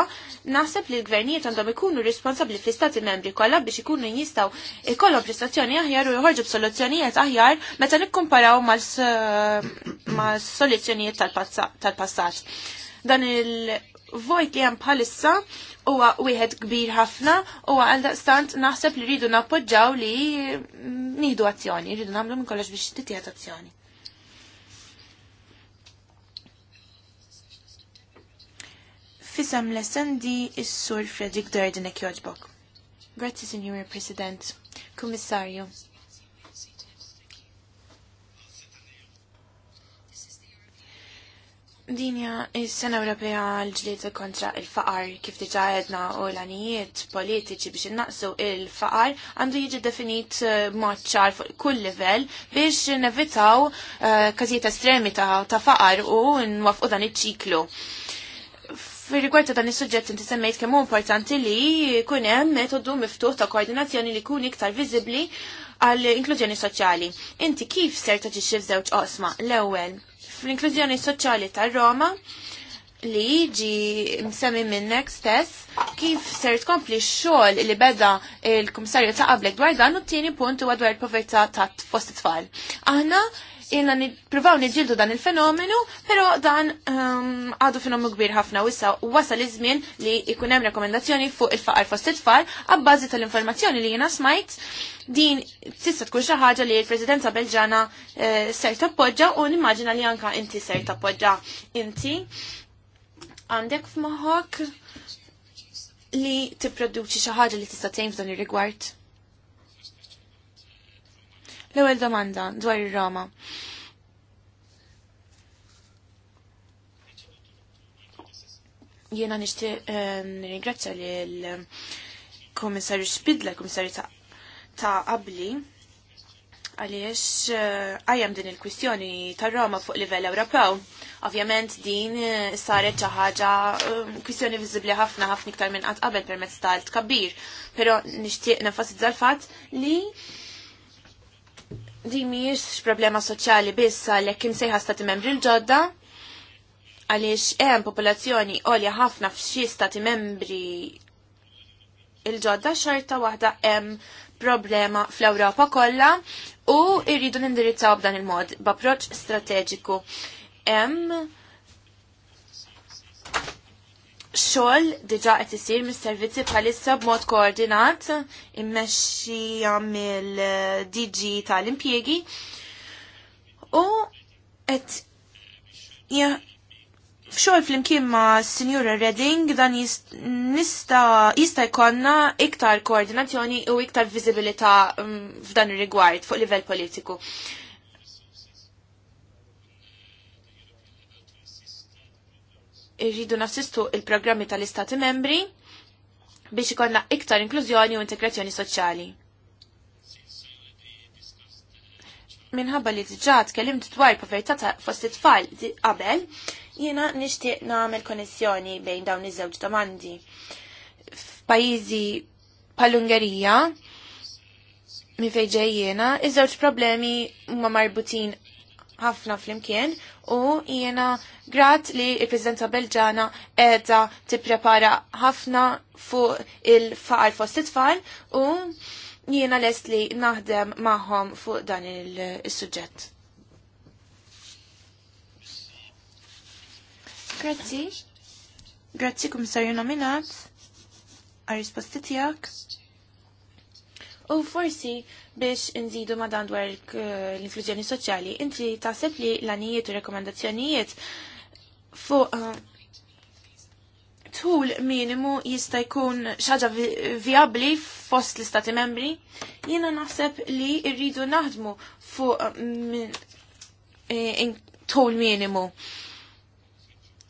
naħseb li l-gvernijiet għandhom ikunu responsabbli fl-istati membri kollha biex ikunu jistgħu ikollhom prestazzjoni aħjar u joħorġu b'soluzzjonijiet aħjar meta nikkumparaw mal-soluzzjonijiet eh, tal-passat. Dan il-vojt li hemm bħalissa huwa wieħed kbir ħafna u għaldaqstant naħseb li rridu nappoġġaw li nieħdu azzjoni, rridu nagħmlu minn kollox biex titjed azzjoni. Fisam l-essendi is-sur Fredrik Dardenek joġbok. Grazie, Signor President. Kommissarju. Dinja, is-sena Ewropea l-ġlieta kontra il-faqar kif diġa għedna u l-anijiet politiċi biex innaqsu il-faqar għandu jiġi definit eh, mod ċar fuq kull livell biex nevitaw uh, każijiet estremi ta', faqar u nwafqu dan iċ-ċiklu. Fir-rigward ta' dan is-suġġett inti semmejt kemm importanti li jkun hemm metodu miftuħ ta' koordinazzjoni li jkun iktar viżibbli għall inklużjoni soċjali. Inti kif ser taġixxi f'żewġ qosma? L-ewwel, fl-inklużjoni soċjali tar-Roma li jiġi msemmi minnek stess kif ser tkompli x xogħol li beda l-Kummissarju ta' qablek dwar dan u t-tieni punt huwa dwar il-povertà ta' fost it-tfal. Aħna inna nipruvaw nidġildu dan il-fenomenu, pero dan um, għadu um, fenomenu kbir ħafna u issa wasal iż-żmien li jkun hemm rekomendazzjoni fuq il-faqar fost it-tfal għabbażi tal-informazzjoni li jiena smajt din tista' tkun xi ħaġa li l-Presidenza Belġana uh, ser tappoġġa u nimmaġina li anka inti ser tappoġġa inti għandek f'moħħok li tipproduċi xi ħaġa li tista' tgħin f'dan ir-rigward. L-ewwel domanda dwar ir-Roma. Jiena nixtieq eh, nirringrazzja l komissarju Spidla, komissarju ta' ta' qabli għaliex eh, għajem din il-kwistjoni tar Roma fuq livell Ewropew. Ovvjament din eh, saret xi ħaġa kwistjoni viżibbli ħafna ħafna iktar minn qatt qabel permezz tal-tkabbir, però nixtieq nenfasizza l-fatt li di mhijiex problema soċjali biss għalhekk imsejħa stati membri l-ġodda għaliex hemm popolazzjoni għolja ħafna f'xi stati membri il-ġodda xorta waħda hemm problema fl-Ewropa kollha u irridu nindirizzaw b'dan il-mod b'approċċ strateġiku. Hemm xogħol diġà qed isir mis-servizzi bħalissa b'mod koordinat immexxija mill-DG eh, tal-impjiegi u qed f'xogħol flimkien ma' Sinjura Redding dan nista jista' jkollna iktar koordinazzjoni u iktar viżibilità mm, f'dan ir-rigward fuq livell politiku. irridu nassistu il-programmi tal-Istati membri biex ikonna iktar inklużjoni u integrazzjoni soċjali. Minħabba li diġà tkellimt dwar povertà fost it-tfal qabel, jiena nixtieq nagħmel konnessjoni bejn dawn iż-żewġ domandi. F'pajjiżi bħall-Ungerija, mi fejn jiena, iż-żewġ problemi huma marbutin ħafna flimkien u jiena grat li il-Presidenza Belġana edha tipprepara ħafna fuq il-faqar fost it-tfal u jiena lest li naħdem maħom fuq dan il-sujġett. Grazzi. Grazzi, komissarju nominat, għal risposti tijak u forsi biex nżidu madan dwar eh, l-inklużjoni soċjali. Inti taħseb li l-anijiet u rekomendazzjonijiet fuq eh, tul minimu jista' jkun xaġa viabli fost l-istati membri, jiena naħseb li rridu naħdmu fuq eh, tul minimu.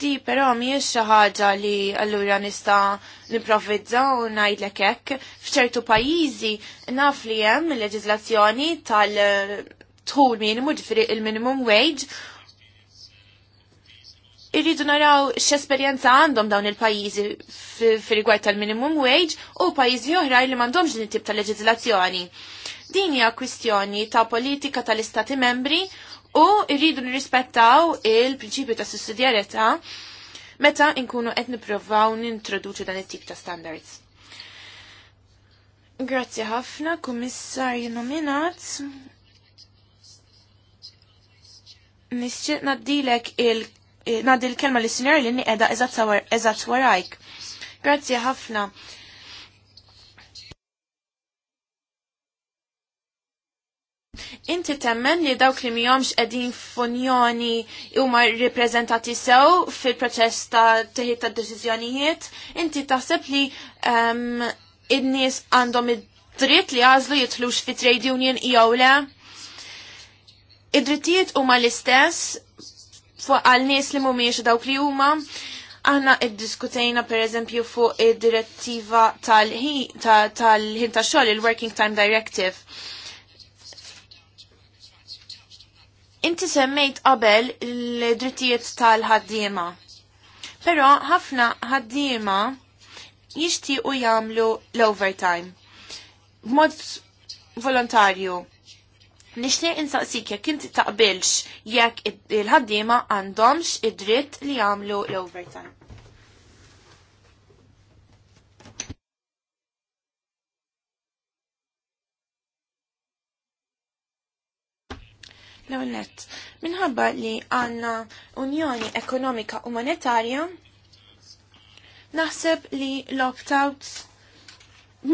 Di però mhijiex xi ħaġa li allura nista' nimprovvizza u ngħidlek hekk. F'ċertu pajjiżi naf li hemm leġiżlazzjoni tal-tħul minimu ġifri il-minimum wage irridu naraw x'esperjenza għandhom dawn il-pajjiżi fir-rigward tal-minimum wage u pajjiżi oħra li m'għandhomx din tip ta' leġiżlazzjoni. Din hija kwistjoni ta' politika tal-istati membri u irridu nirrispettaw il-prinċipju ta' sussidjarjetà meta nkunu qed nippruvaw nintroduċu dan it-tip ta' standards. Grazzi ħafna, kummissarju nominat. Nisċiet naddilek il eh, naddi kelma li sinjor li ni edha eżat warajk. Grazzi ħafna. Inti temmen li dawk li miħomx edin funjoni huma ripprezentati sew fil-proċess ta' teħid ta' deċiżjonijiet, inti taħseb li um, id-nies għandhom id-dritt li għażlu jitlux fi trade union jew le. Id-drittijiet huma l-istess fuq għal nies li mhumiex dawk li huma. Aħna id-diskutejna per eżempju fuq id-direttiva tal-ħin tal-xogħol il-Working Time Directive Inti semmejt qabel l-drittijiet tal-ħaddiema. Però ħafna ħaddiema jixtiequ jagħmlu l-overtime. B'mod volontarju. Nixtieq insaqsik jekk inti taqbilx jekk il-ħaddiema għandhomx id-dritt li jagħmlu l-overtime. L-għonet, minħabba li għanna Unjoni Ekonomika u Monetarja, naħseb li l-opt-outs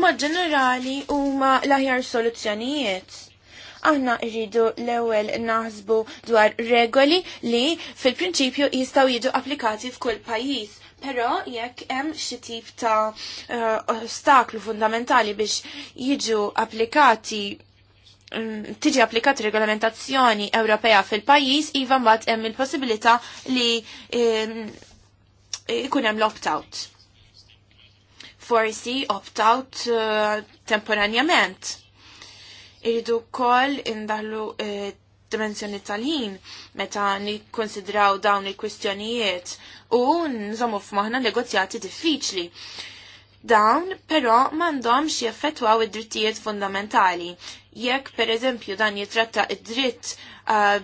ma ġenerali u ma laħjar soluzzjonijiet. Aħna rridu l-ewel naħsbu dwar regoli li fil-prinċipju jistaw jidu applikati f'kull pajjiż. Pero jekk hemm xi tip ta' uh, ostaklu fundamentali biex jiġu applikati Mm, tiġi applikat regolamentazzjoni Ewropea fil-pajjiż iva mbagħad hemm il-possibilità li mm, ikun hemm l-opt-out. Forsi opt-out eh, temporanjament. Iridu wkoll indaħlu eh, dimensjoni tal-ħin meta nikkonsidraw dawn il-kwistjonijiet u nżommu f'maħna negozjati diffiċli Dawn però m'għandhomx jaffettwaw id-drittijiet fundamentali. Jekk pereżempju dan jitratta id-dritt uh,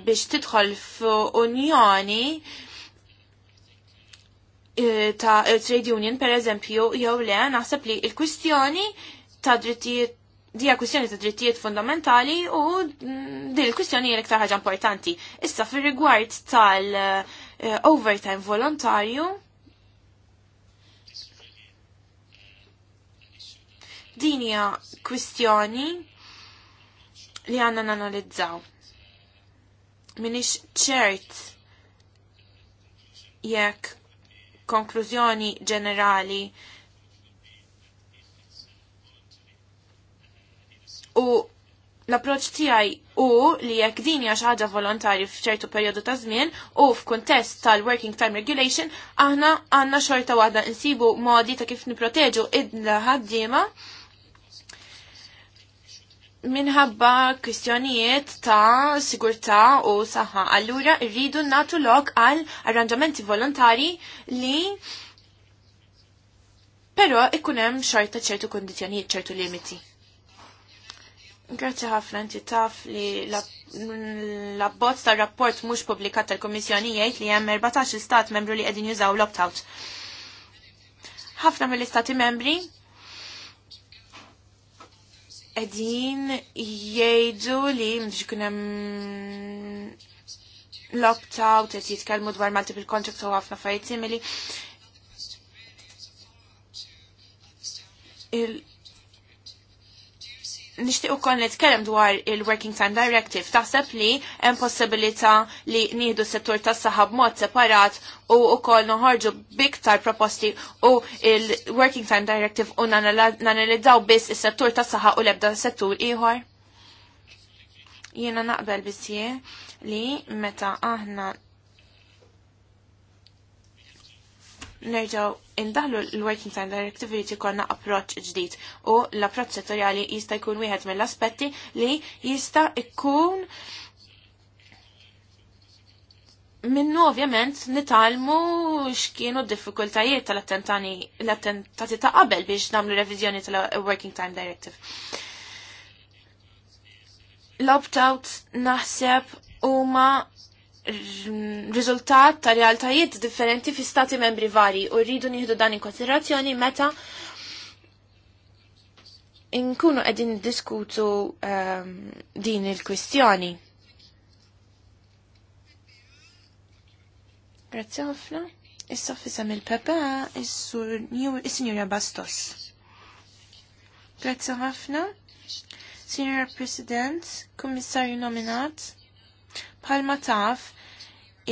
biex tidħol f'unjoni uh, ta' uh, trade union pereżempju jew le naħseb li l-kwistjoni ta' drittijiet dija kwistjoni ta' drittijiet fundamentali u mm, din il-kwistjoni hija l ħaġa importanti. Issa fir rigward tal-overtime uh, volontarju, Din hija kwistjoni li għanna nanalizzaw. Minix ċert jekk konklużjoni ġenerali u l-approċ tiegħi u li jekk din hija xi ħaġa volontarju f'ċertu perjodu ta' żmien u f'kuntest tal-Working Time Regulation aħna għandna xorta waħda insibu modi ta' kif niproteġu id-ħaddiema minħabba kwistjonijiet ta' sigurtà u saħħa. Allura rridu natu lok għal arranġamenti volontari li però ikun hemm xorta ċertu kundizzjonijiet, ċertu limiti. Grazzi ħafna inti taf li l-abbozz tar rapport mhux pubblikat tal-Kummissjoni jgħid li hemm 14 stat membru li qegħdin jużaw l-opt-out. Ħafna mill-istati membri edin jiejdu li mġikunem l-opta u out et jitkelmu dwar multiple contracts u għafna fajt simili nishtiq u kon nitkellem dwar il-Working Time Directive, taħseb li hemm possibilità li nieħdu settur tas saħab mod separat u wkoll noħorġu biktar proposti u il-Working Time Directive u nanalizzaw biss is-settur tas saħa u l-ebda settur ieħor? Jiena naqbel biss li meta aħna nerġaw indaħlu l-Working Time Directive li konna approċ ġdid u l-approċ settorjali jista' jkun wieħed mill-aspetti li jista' jkun minnu ovvjament nitalmu x'kienu d-diffikultajiet tal-attentani l-attentati ta' qabel biex namlu reviżjoni tal-Working Time Directive. L-opt-out naħseb huma riżultat ta' realtajiet differenti fi stati membri vari u rridu nieħdu dan in konsiderazzjoni meta inkunu qegħdin diskutu um, din il-kwistjoni. Grazzi ħafna. Issa fisem il-pepe, is-Sinjura Bastos. Grazzi ħafna. Senior President, Kummissarju nominat, Bħalma taf,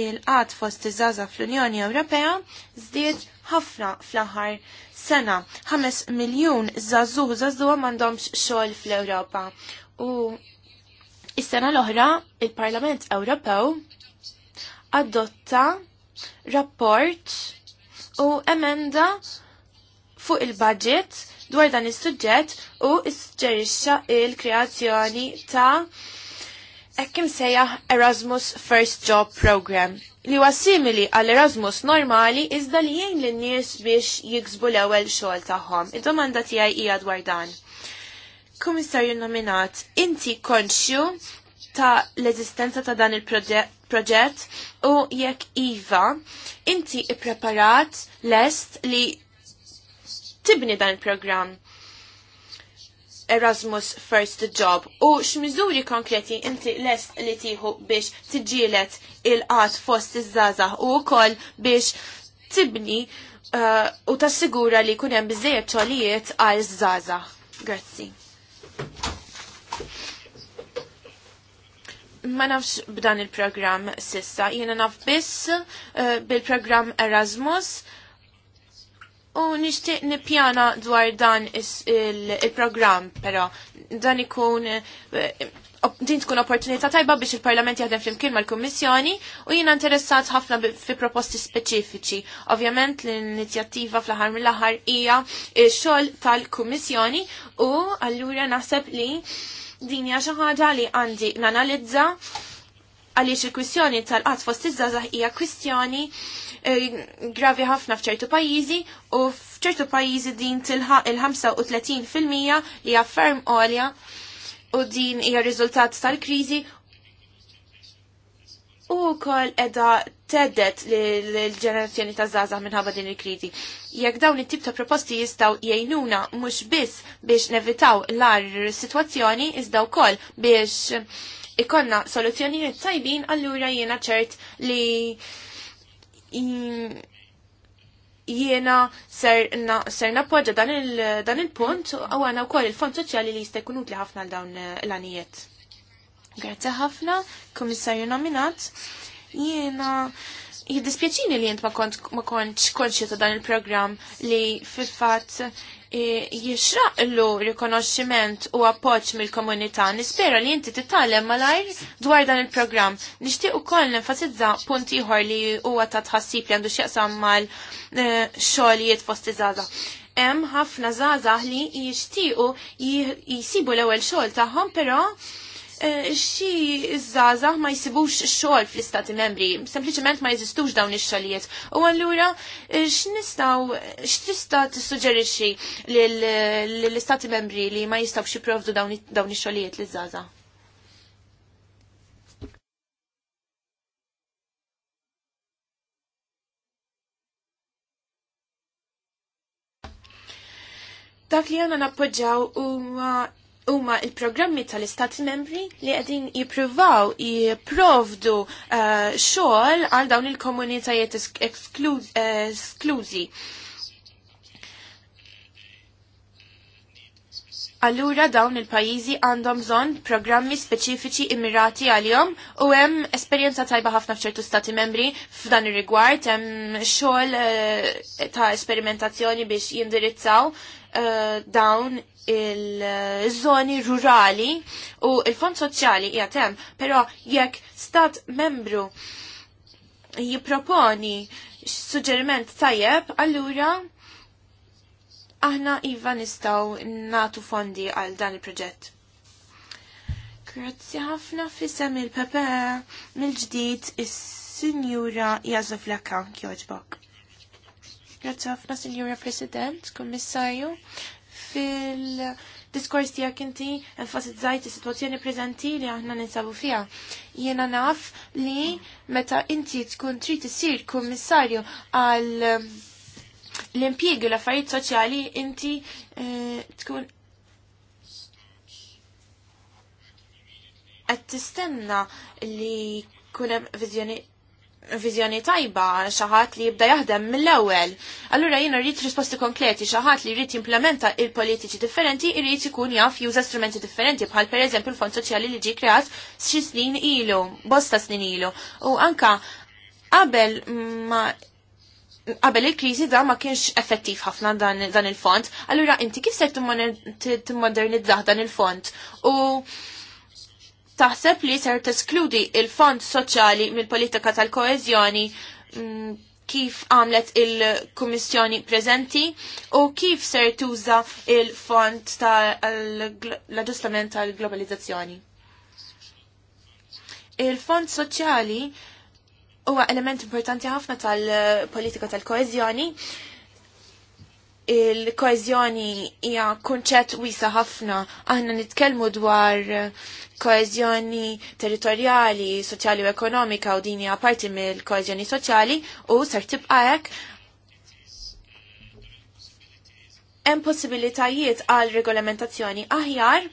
il-qat fost iż-żaza fl-Unjoni Ewropea żdied ħafna fl-aħħar sena. 5 miljun żażuh żażduha m'għandhomx xogħol fl-Ewropa. U is-sena l-oħra il-Parlament Ewropew adotta rapport u emenda fuq il-budget dwar dan is-suġġett u isġerixxa il-kreazzjoni ta' ekkim sejjaħ Erasmus First Job Program li huwa simili għal Erasmus normali iżda li jgħin lin nies biex jiksbu l-ewwel xogħol tagħhom. Id-domanda tiegħi hija dwar dan. Kummissarju nominat, inti konxju ta' l-eżistenza ta' dan il-proġett u jekk iva, inti ippreparat lest li tibni dan il-programm Erasmus First Job u x'miżuri konkreti inti lest li tieħu biex tiġġielet il-qat fost iż-żaza u wkoll biex tibni uh, u tassigura li jkun hemm biżejjed ċolijiet għal żaza. Grazzi. Ma nafx b'dan il-programm sissa, jiena naf biss uh, bil-programm Erasmus U nixtieq nippjana dwar dan il-programm, pero però dan ikun eh, din tkun opportunità tajba biex il-Parlament jaħdem flimkien mal-Kummissjoni u jiena interessat ħafna fi proposti speċifiċi. Ovvjament l-inizjattiva fl-aħħar mill-aħħar hija x-xogħol tal-Kummissjoni u allura naħseb li din hija xi ħaġa li għandi nanalizza għaliex il-kwistjoni tal-qatt fost iż-żgħażagħ hija kwistjoni Eh, gravi ħafna f'ċertu pajjiżi u f'ċertu pajjiżi din tilħa il-35% li afferm għolja u din hija riżultat tal-kriżi u kol edha teddet l-ġenerazzjoni ta' zaza minħabba din il-krizi. Jekk dawn it-tip ta' proposti jistaw jgħinuna mhux biss biex nevitaw l-ar situazzjoni iżda wkoll biex ikonna soluzzjonijiet tajbin allura jiena ċert li jiena ser nappoġġa dan il-punt u għana wkoll il-fond soċjali li jista' jkun utli ħafna għal dawn l-anijiet. Grazzi ħafna, komissarju nominat. Jiena jiddispjaċini li jent ma kontx konxju ta' dan il-programm li fil-fatt E, jixraq lu rikonoxximent u appoġġ mill-komunità. Nispera li inti titalem malajr dwar dan il-programm. Nixtieq ukoll nenfasizza punt ieħor li huwa ta' tħassib li għandu xieqsam mal-xogħlijiet e, fost iżgħażagħ. Hemm ħafna żgħażagħ li jixtiequ jisibu l-ewwel xogħol tagħhom però Eh, xi iż-żgħażagħ ma jsibux xogħol fl-istati membri, sempliċement ma jeżistux dawn ix-xogħlijiet. U allura eh, x'nistgħu x'tista' tissuġġerixxi lill-istati membri li ma jistgħux jipprovdu dawn ix-xogħlijiet liż-żgħażagħ? Dak li għana nappoġġaw u huma il-programmi tal-Istati membri li qegħdin jippruvaw jipprovdu uh, xogħol għal dawn il-komunitajiet eh, esklużi. Allura dawn il-pajjiżi għandhom bżonn programmi speċifiċi immirati għalihom u hemm esperjenza tajba ħafna f'ċertu stati membri f'dan ir-rigward hemm xogħol uh, ta' esperimentazzjoni biex jindirizzaw uh, dawn il-żoni rurali u il-fond soċjali jgħatem, pero jekk stat membru jiproponi suġġeriment tajjeb, allura aħna iva nistaw natu fondi għal dan il-proġett. Grazzi ħafna fissem il-pepe mill-ġdid is-Sinjura Jazoflaka Kjoġbok. Grazzi ħafna, Sinjura President, Kommissarju fil-diskors tijak inti enfasizzajt il-situazzjoni prezenti li aħna ninsabu fija. Jena naf li meta inti tkun trid isir kummissarju għal um, l impiegu l-affarijiet soċjali inti eh, tkun qed tistenna li kunem viżjoni viżjoni tajba xaħat li jibda jaħdem mill-ewwel. Allura jina rrid risposti konkreti xaħat li jrid jimplementa il-politiċi differenti jrid ikun jaf juża strumenti differenti bħal pereżempju l-Fond Soċjali li ġie kreat xi snin ilu, bosta snin ilu. U anka qabel ma qabel il-kriżi da ma kienx effettiv ħafna dan, dan il-font, allura inti kif se t-modernizzah dan il-font? U taħseb li ser teskludi il-Fond Soċjali mill-politika tal-koeżjoni mm, kif għamlet il-Kummissjoni preżenti u kif ser tuża il-Fond tal-Aġustament tal-Globalizzazzjoni. Il-Fond Soċjali huwa element importanti ħafna tal-politika tal-koeżjoni il-koezjoni hija kunċett wisa ħafna. Aħna nitkellmu dwar koezjoni territorjali, soċjali u ekonomika u din hija parti mill-koezjoni soċjali u ser tibqa' hekk. Hemm possibilitajiet għal regolamentazzjoni aħjar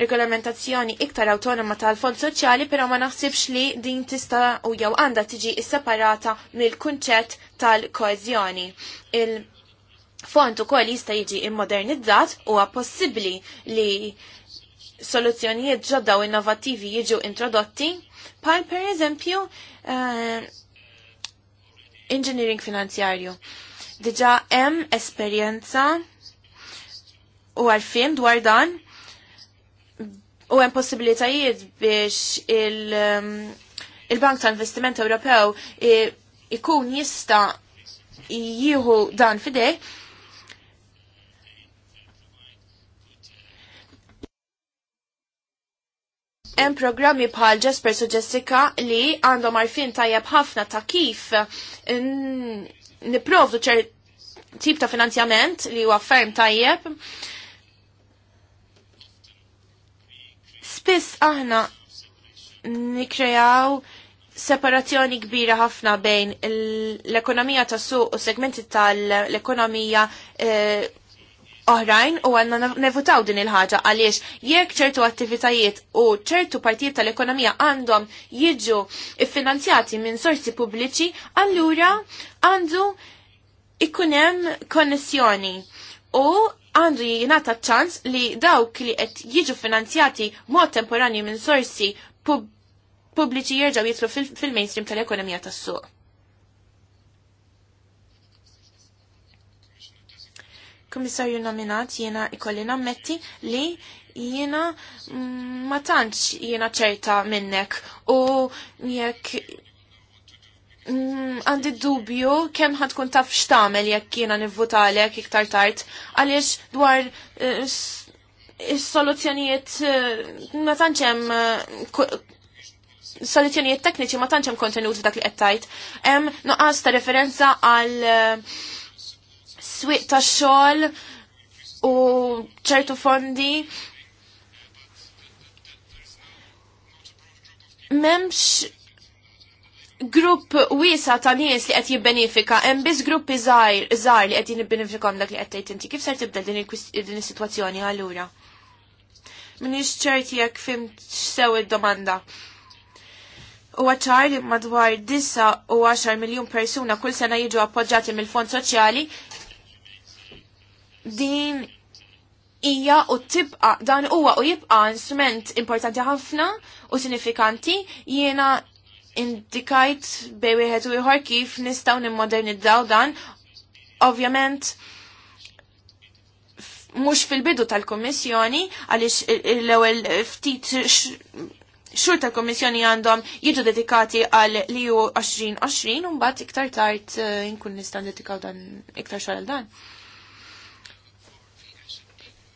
regolamentazzjoni iktar autonoma tal-fond soċjali, pero ma naħsibx li din tista' u jew għandha tiġi separata mill-kunċett tal-koezjoni. Il font ukoll jista' jiġi immodernizzat huwa possibbli li soluzzjonijiet ġodda u innovattivi jiġu introdotti, pal per eżempju uh, engineering finanzjarju. Diġa hemm esperjenza u għalfim dwar dan u hemm possibilitajiet biex il, eh, il bank ta' Investiment Ewropew eh, ikun jista' jieħu dan fidej Hemm programmi bħal Jasper suġessika Jessica li għandhom arfin tajjeb ħafna ta' kif niprovdu ċer tip ta' finanzjament li huwa ferm tajjeb. Spiss aħna nikrejaw separazzjoni kbira ħafna bejn l-ekonomija ta' suq u segmenti tal-ekonomija eh, oħrajn u għanna nevutaw din il-ħaġa għaliex jekk ċertu attivitajiet u ċertu partijiet tal-ekonomija għandhom jiġu finanzjati minn sorsi pubbliċi, allura għandu ikunem konnessjoni u għandu jinata ċans li dawk li qed jiġu finanzjati mod temporani minn sorsi pubbliċi jirġaw jitlu fil-mainstream tal-ekonomija tas-suq. komissarju nominat jiena ikolli nammetti li jiena mm, ma tantx jiena ċerta minnek u jekk mm, għandi dubju kemm ħatkun taf xtamel jekk jiena nivvutalek iktar tard għaliex dwar eh, is-soluzzjonijiet eh, ma tantx hemm eh, soluzzjonijiet tekniċi ma tantx hemm kontenut dak li qed tajt. Hemm noqqas ta' referenza għal swieq ta' xogħol u ċertu fondi memx grupp wiesa ta' nies li qed jibbenifika hemm biss gruppi żgħar li qed jibbenefika dak li qed tgħid inti. Kif ser tibda din is-sitwazzjoni allura? Minix ċerti jekk fim sew id-domanda. U ċar li madwar 9 u 10 miljon persuna kull sena jiġu appoġġati mill-Fond Soċjali din hija u tibqa dan huwa u jibqa instrument importanti ħafna u sinifikanti jiena indikajt bej wieħed u ieħor kif nistgħu nimmodernizzaw dan. Ovvjament mhux fil-bidu tal-Kummissjoni għaliex l-ewwel ftit xur tal kummissjoni għandhom jiġu dedikati għal li liju 2020 un bat iktar tard eh, inkun nistan dedikaw dan iktar xar dan.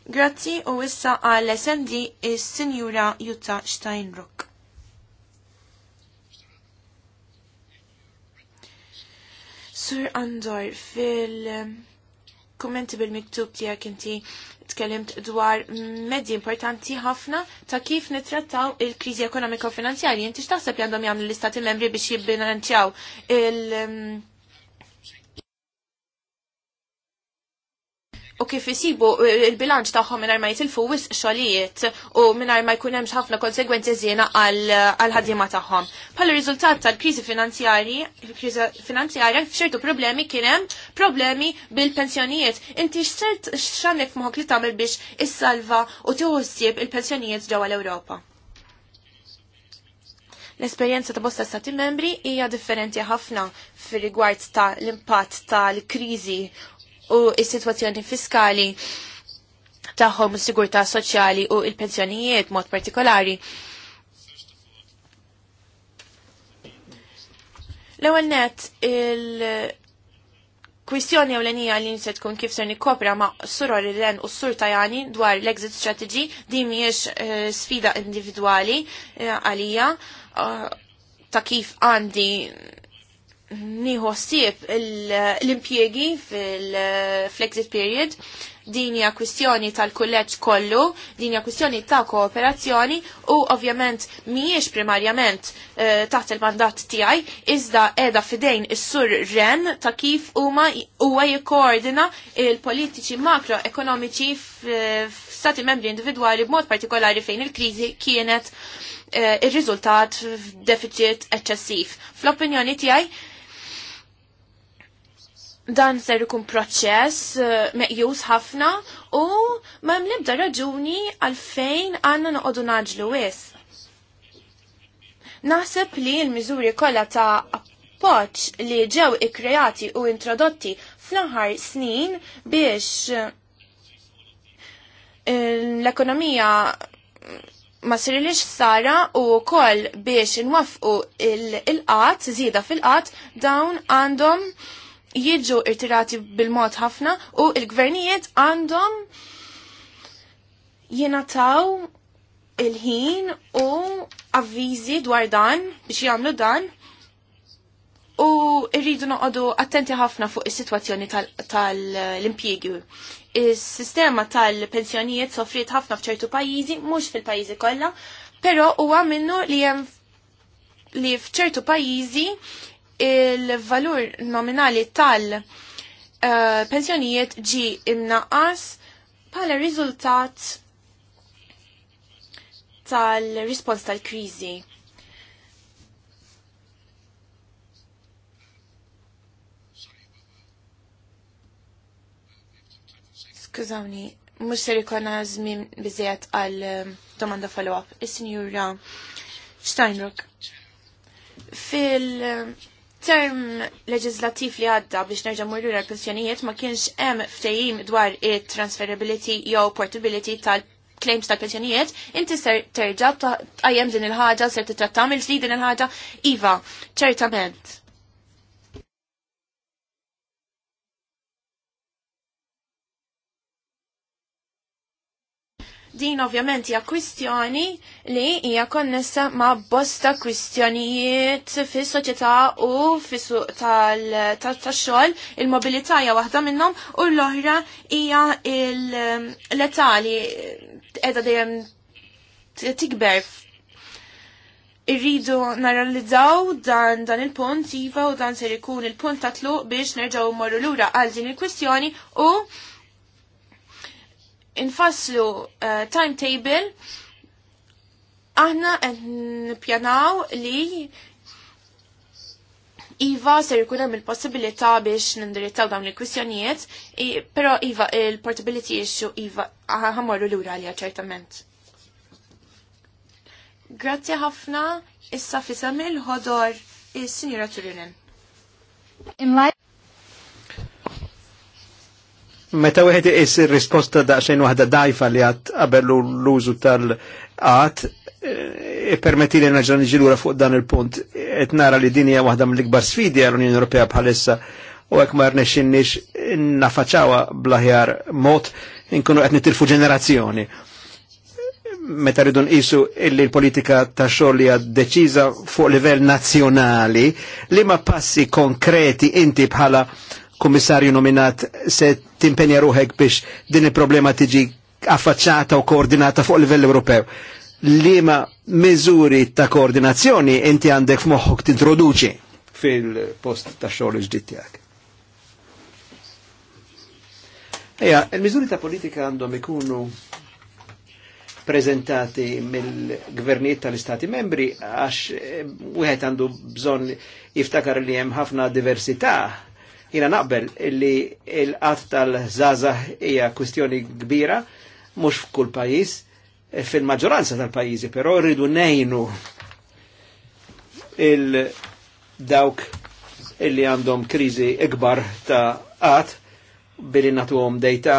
Grazzi u issa għall smd is-Sinjura Jutta Steinrock. Sur Andor, fil-kommenti bil-miktub tijak inti tkellimt dwar medzi importanti ħafna ta' kif nitrattaw il-krizi ekonomiko u finanzjarji. Inti x'taħseb jandom għandhom jagħmlu l-istati membri biex jibbilanċjaw il- u kif jisibu eh, il-bilanċ tagħhom mingħajr ma jitilfu wisq xogħlijiet u mingħajr ma jkun hemm ħafna konsegwenzi żiena għal ħaddiema tagħhom. Bħala riżultat tal-kriżi finanzjarji, finanzjarja f'ċertu problemi kien hemm problemi bil-pensjonijiet. Inti x'sert x'għandek f'moħħok li tagħmel biex issalva u tiħossib il-pensjonijiet ġewwa l-Ewropa. L-esperjenza ta' bosta stati membri hija differenti ħafna fir rigward ta' l-impatt tal-kriżi u s-sitwazzjoni fiskali tagħhom is-sigurtà soċjali u il-pensjonijiet mod partikolari. L-ewwel net il- Kwistjoni ewlenija li nse tkun kif ser nikkopra ma' surori l ren u sur tajani dwar l-exit strategy di miex eh, sfida individuali eh, għalija eh, ta' kif għandi niħossib l impiegi fil-flexit period, din hija kwistjoni tal-kulleġġ kollu, din hija kwistjoni ta' kooperazzjoni u ovvjament mhijiex primarjament uh, taħt il-mandat tiegħi iżda qiegħda fidejn is-sur Ren ta' kif huma huwa jikkoordina il-politiċi makroekonomiċi f'stati membri individwali b'mod partikolari fejn il-kriżi kienet uh, eh, il riżultat il f'deficit eċċessiv. Fl-opinjoni tiegħi dan ser ikun proċess eh, meqjus ħafna u ma nibda raġuni għalfejn għanna noqogħdu naġlu wis. Naħseb li l-miżuri kollha ta' appoġġ li ġew ikkreati u introdotti fl-aħħar snin biex eh, l-ekonomija ma sirilix sara u kol biex nwafqu il-qat, zida fil-qat, dawn għandhom jiġu irtirati bil-mod ħafna u il-gvernijiet għandhom jenataw il-ħin u avvizi dwar dan biex jagħmlu dan u rridu noqogħdu attenti ħafna fuq is-sitwazzjoni tal-impjiegi. Tal Is-sistema tal-pensjonijiet soffriet ħafna f'ċertu pajjiżi, mhux fil-pajjiżi kollha, però huwa minnu li jem, li f'ċertu pajjiżi il-valur nominali tal-pensjonijiet eh, uh, ġi imnaqas pala riżultat tal-rispons tal-krizi. Skużawni, mux se ikona zmin bizziet għal eh, domanda follow-up. Is-sinjura Steinrock. Fil- term leġislativ li għadda biex nerġa' mmurru l-pensjonijiet ma kienx hemm ftehim dwar it-transferability jew portability tal-claims tal-pensjonijiet, inti ser terġa' tajjem din il-ħaġa, ser titratta mill din il-ħaġa, iva, ċertament. Din ovvjament hija kwistjoni li hija konnessa ma' bosta kwistjonijiet fis soċjetà u fis-suq tax-xogħol, il-mobilità hija waħda minnhom u l-oħra hija l-età li qiegħda dejjem tikber irridu naralizzaw dan dan il-punt iva u dan ser ikun il-punt ta' tluq biex nerġgħu morru lura għal din il-kwistjoni u infasslu uh, timetable aħna qed nippjanaw li Iva ser jkun hemm il-possibilità biex nindirizzaw dawn il-kwistjonijiet, però Iva il-portability issue Iva ħamorru lura għalija ċertament. Grazzi ħafna, issa fisem il-ħodor is-Sinjura Turunen. Meta wieħed is risposta xejn wahda dajfa li għat għabellu l-użu tal e eh, permetti li naġra niġilura fuq dan il-punt. Et nara li dinja waħda mill-ikbar sfidi għall-Unjoni Ewropea bħalissa u għek marne xinnix nafaċawa blaħjar mot inkunu għet nitilfu ġenerazzjoni. Meta rridu nqisu illi l-politika ta' xogħol li deċiża fuq livell nazzjonali, li ma passi konkreti inti bħala kummissarju nominat se timpenja ruħek biex din il-problema tiġi affaċċata u koordinata fuq livell Ewropew. Lima miżuri ta' koordinazzjoni inti għandek f'moħħok tintroduċi fil-post ta' xogħol ġdid tiegħek. Eja, il-miżuri ta' politika għandhom ikunu prezentati mill-gvernijiet tal-istati membri għax eh, wieħed għandu bżonn jiftakar li hemm ħafna diversità Jina naqbel li il-qat tal-żaza hija kwistjoni kbira, mhux f'kull pajjiż, e, fil-maġġoranza tal-pajjiżi, però rridu nejnu il-dawk illi għandhom kriżi ikbar ta' qat billi nagħtuhom dejta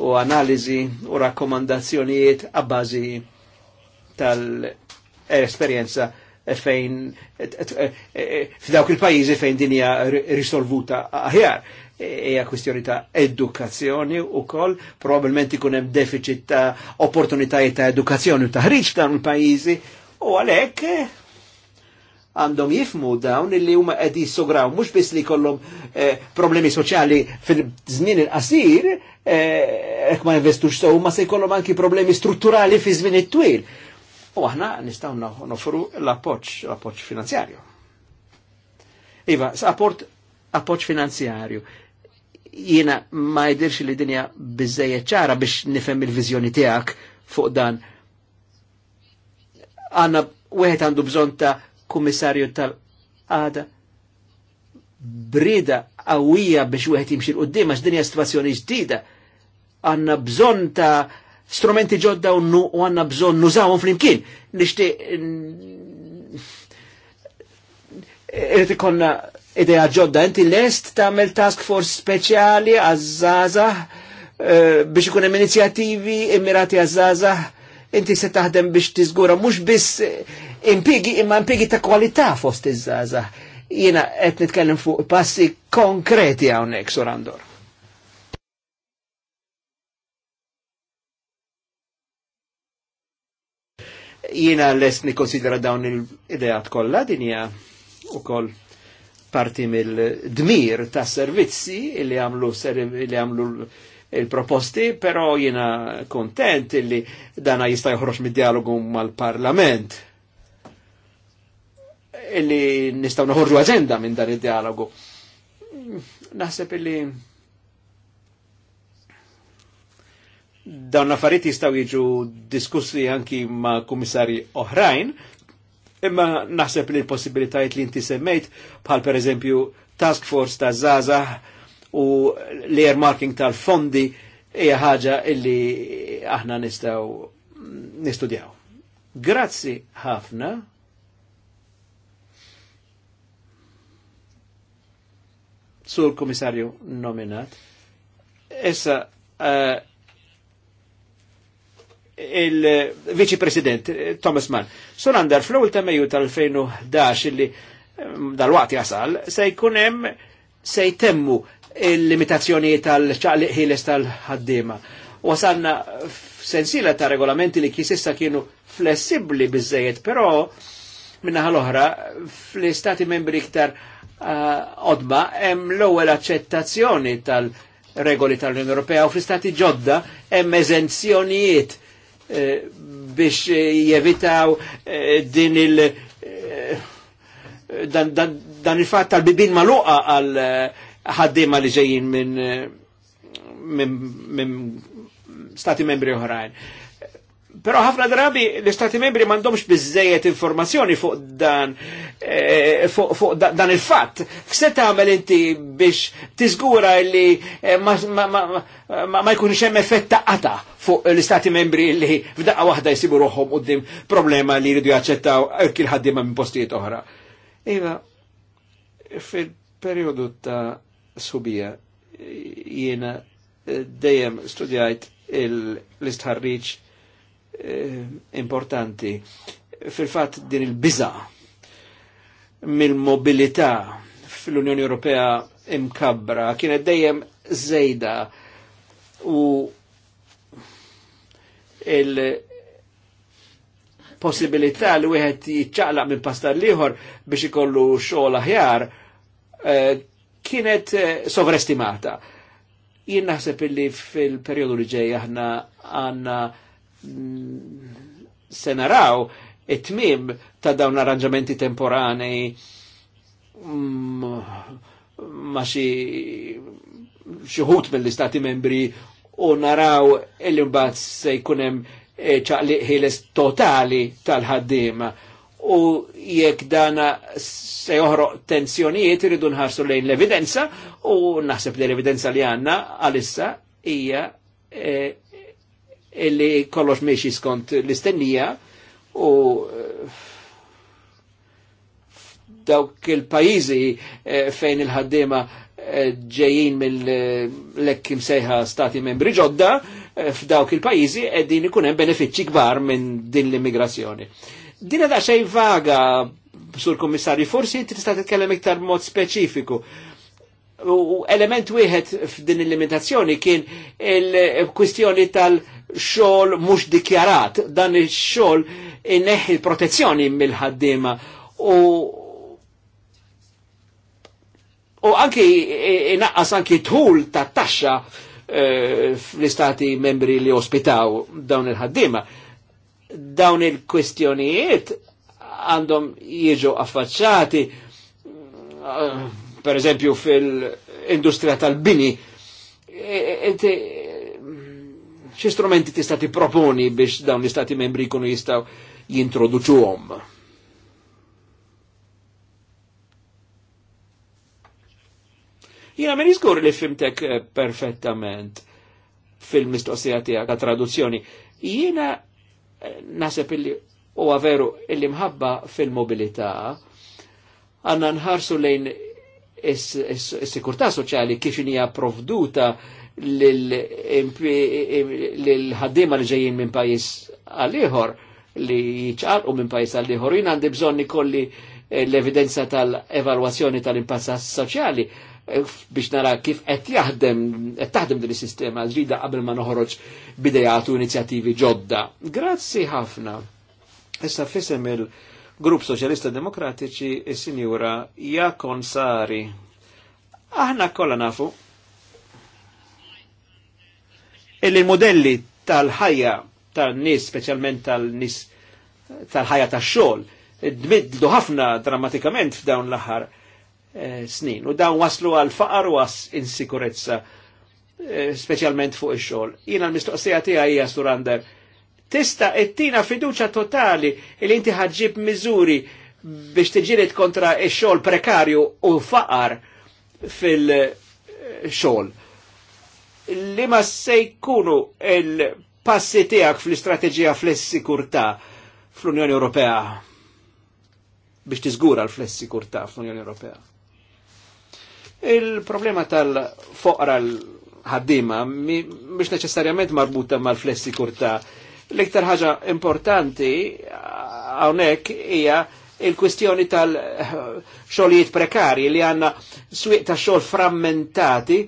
u analizi u rakkomandazzjonijiet għabbażi tal-esperjenza fejn f'dawk il-pajjiżi fejn din hija risolvuta aħjar. E-, hija kwistjoni ta' edukazzjoni wkoll, probabbilment ikun hemm deficit ta' opportunitajiet ta' edukazzjoni u taħriġ dawn il-pajjiżi u għalhekk għandhom jifmu dawn illi huma qed jissograw mhux biss li jkollhom e, problemi soċjali fil-żmien il-qasir, e, hekk ma jinvestux sew, ma se jkollhom anki problemi strutturali fi żmien it-twil u aħna nistaw nofru l-appoċ, l-appoċ finanzjarju. Iva, s-apport appoċ finanzjarju. Jiena ma jidirx li dinja bizzejiet ċara biex nifhem il-vizjoni tiegħek fuq dan. Għanna wieħed għandu bżonn ta' kummissarju tal-għada brida għawija biex wieħed jimxi l-qudiem għax dinja situazzjoni ġdida. Għanna bżonn ta' strumenti ġodda u għanna bżon fl-imkien. Nishti. irid ikonna ideja ġodda inti lest tagħmel task force speċjali għazzaza eh, biex ikunem inizjativi inizjattivi immirati għaż inti se taħdem biex tizgura mux biss impigi imma impigi ta' kwalità fost iż-żgħażagħ. Jiena qed nitkellem fuq passi konkreti hawnhekk sur Jiena lest nikkonsidera dawn il-ideat kollha din hija ukoll parti mill-dmir ta' servizzi illi għamlu il-proposti, però jiena kontent illi dana jista' joħroġ mid-dialogu mal-Parlament illi nistaw naħorġu agenda minn dan id-dialogu. Naħseb illi dawn affarijiet jistgħu jiġu diskussi anki ma' kummissarji oħrajn, imma naħseb li l-possibilitajiet li inti semmejt bħal pereżempju task force ta' Zaza u l-earmarking tal-fondi hija ħaġa illi aħna nistgħu nistudjaw. Grazzi ħafna. Sur komissarju nominat. Essa uh, eh, il-Viċi President eh, Thomas Mann. Sunander, fl-ewwel ta' Mejju tal-2011 illi mm, dal-waqt jasal se jkun hemm se jtemmu il-limitazzjoni tal-ċaqliq ħieles tal-ħaddiema. Wasalna sensila ta' regolamenti li kisissa kienu flessibli bizzejiet, però minna l-oħra fl-istati membri iktar eh, odba hemm l-ewwel aċċettazzjoni tal-regoli tal-Unjoni Ewropea u fl-istati ġodda hemm eżenzjonijiet Eh, biex eh, jevitaw eh, din il- dan, dan, dan il-fat tal-bibin maluqa għal ħaddima li ġejjin minn min, min stati membri oħrajn. Uh, Però ħafna drabi l-Istati membri mandomx bizzejet informazzjoni fuq dan, e, da, dan il-fatt. F'se tagħmel inti biex tiżgura li ma, ma, ma, ma, ma jkunx hemm effett taqata fuq l-Istati membri li f'daqqa waħda jsibu ruħhom qudiem problema li jridu jaċċettaw kil ħaddiema minn postijiet oħra. Iva, fil-periodu ta' subija jiena dejjem studjajt l-istħarriċ Eh, importanti fil-fat din il-biza mill-mobilità fl-Unjoni Ewropea imkabbra kienet dejjem zejda u il-possibilità li wieħed jiċċaqlaq minn pastar liħor biex ikollu xogħol aħjar eh, kienet eh, sovrestimata. Jien naħseb illi fil-perjodu li ġej aħna għandna Mm, se naraw it-tmim ta' dawn arranġamenti temporanei mm, ma xi mill-istati membri u naraw il-imbat se jkunem e, ċaqliq ħiles totali tal-ħaddima u jekk dana se joħroq tensjonijiet iridu nħarsu lejn l-evidenza u naħseb li l-evidenza li għanna għalissa hija e, illi kollox meċi skont l-istennija u eh, dawk il-pajizi eh, fejn il-ħaddima eh, ġejjin mill-lekk sejħa stati membri ġodda f'dawk il-pajizi eddin ikun hemm benefiċċji kbar minn din l-immigrazzjoni. Din da xej vaga, sur Kommissarju, forsi tista' titkellem iktar mod speċifiku. U element wieħed f'din il-limitazzjoni kien il-kwistjoni tal- xogħol mhux dikjarat, dan ix-xogħol inneħħi protezzjoni mill ħaddima u u anki e, inaqqas anki tħul ta' taxxa e, fl-istati membri li ospitaw dawn il ħaddima Dawn il-kwestjonijiet għandhom jieġu affaċċati e, per eżempju fil-industrija tal-bini e, e xie strumenti tista' proponi biex dawn li stati membri jkunu jistgħu jintroduċuhom. Jina meni jiskur li fimtek eh, perfettament fil-mistoqsija tiegħek ta' traduzzjoni. Jina eh, nasib illi u għaveru illi mħabba fil mobilita għanna nħarsu lejn is sikurta soċjali kif hija provduta l-ħaddima li ġejjin minn pajis għal-ieħor li jċarqu minn pajis għal-ieħor. Jien għandi bżonni kolli eh, l-evidenza tal-evalwazzjoni tal-impassa soċjali eh, biex nara kif qed jaħdem qed taħdem din is-sistema ġdida qabel ma noħroġ bidejatu inizjattivi ġodda. Grazzi ħafna. Issa fisem il-Grupp Soċjalista Demokratiċi is-Sinjura Jakon Sari. Aħna kollha nafu illi l-modelli tal-ħajja tal-nis, specialment tal-nis tal-ħajja tax-xogħol, dmidlu ħafna drammatikament f'dawn l-aħħar eh, snin. U dawn waslu għal faqar u was insikurezza, eh, specialment fuq ix-xogħol. Jina l-mistoqsija tiegħi hija Surander, tista' ettina fiduċa totali li inti ħaġġib miżuri biex tiġilet kontra il xogħol prekarju u faqar fil-xogħol li ma se jkunu il-passi tiegħek fl-istrateġija flessikurtà fl-Unjoni Ewropea biex tiżgura l sikurta fl-Unjoni Ewropea. Il-problema tal-foqra l-ħaddima biex neċessarjament marbuta mal fl-sikurta. L-iktar ħaġa importanti hawnhekk hija il-kwistjoni tal xolijiet prekarji li għandna swieq ta' xogħol frammentati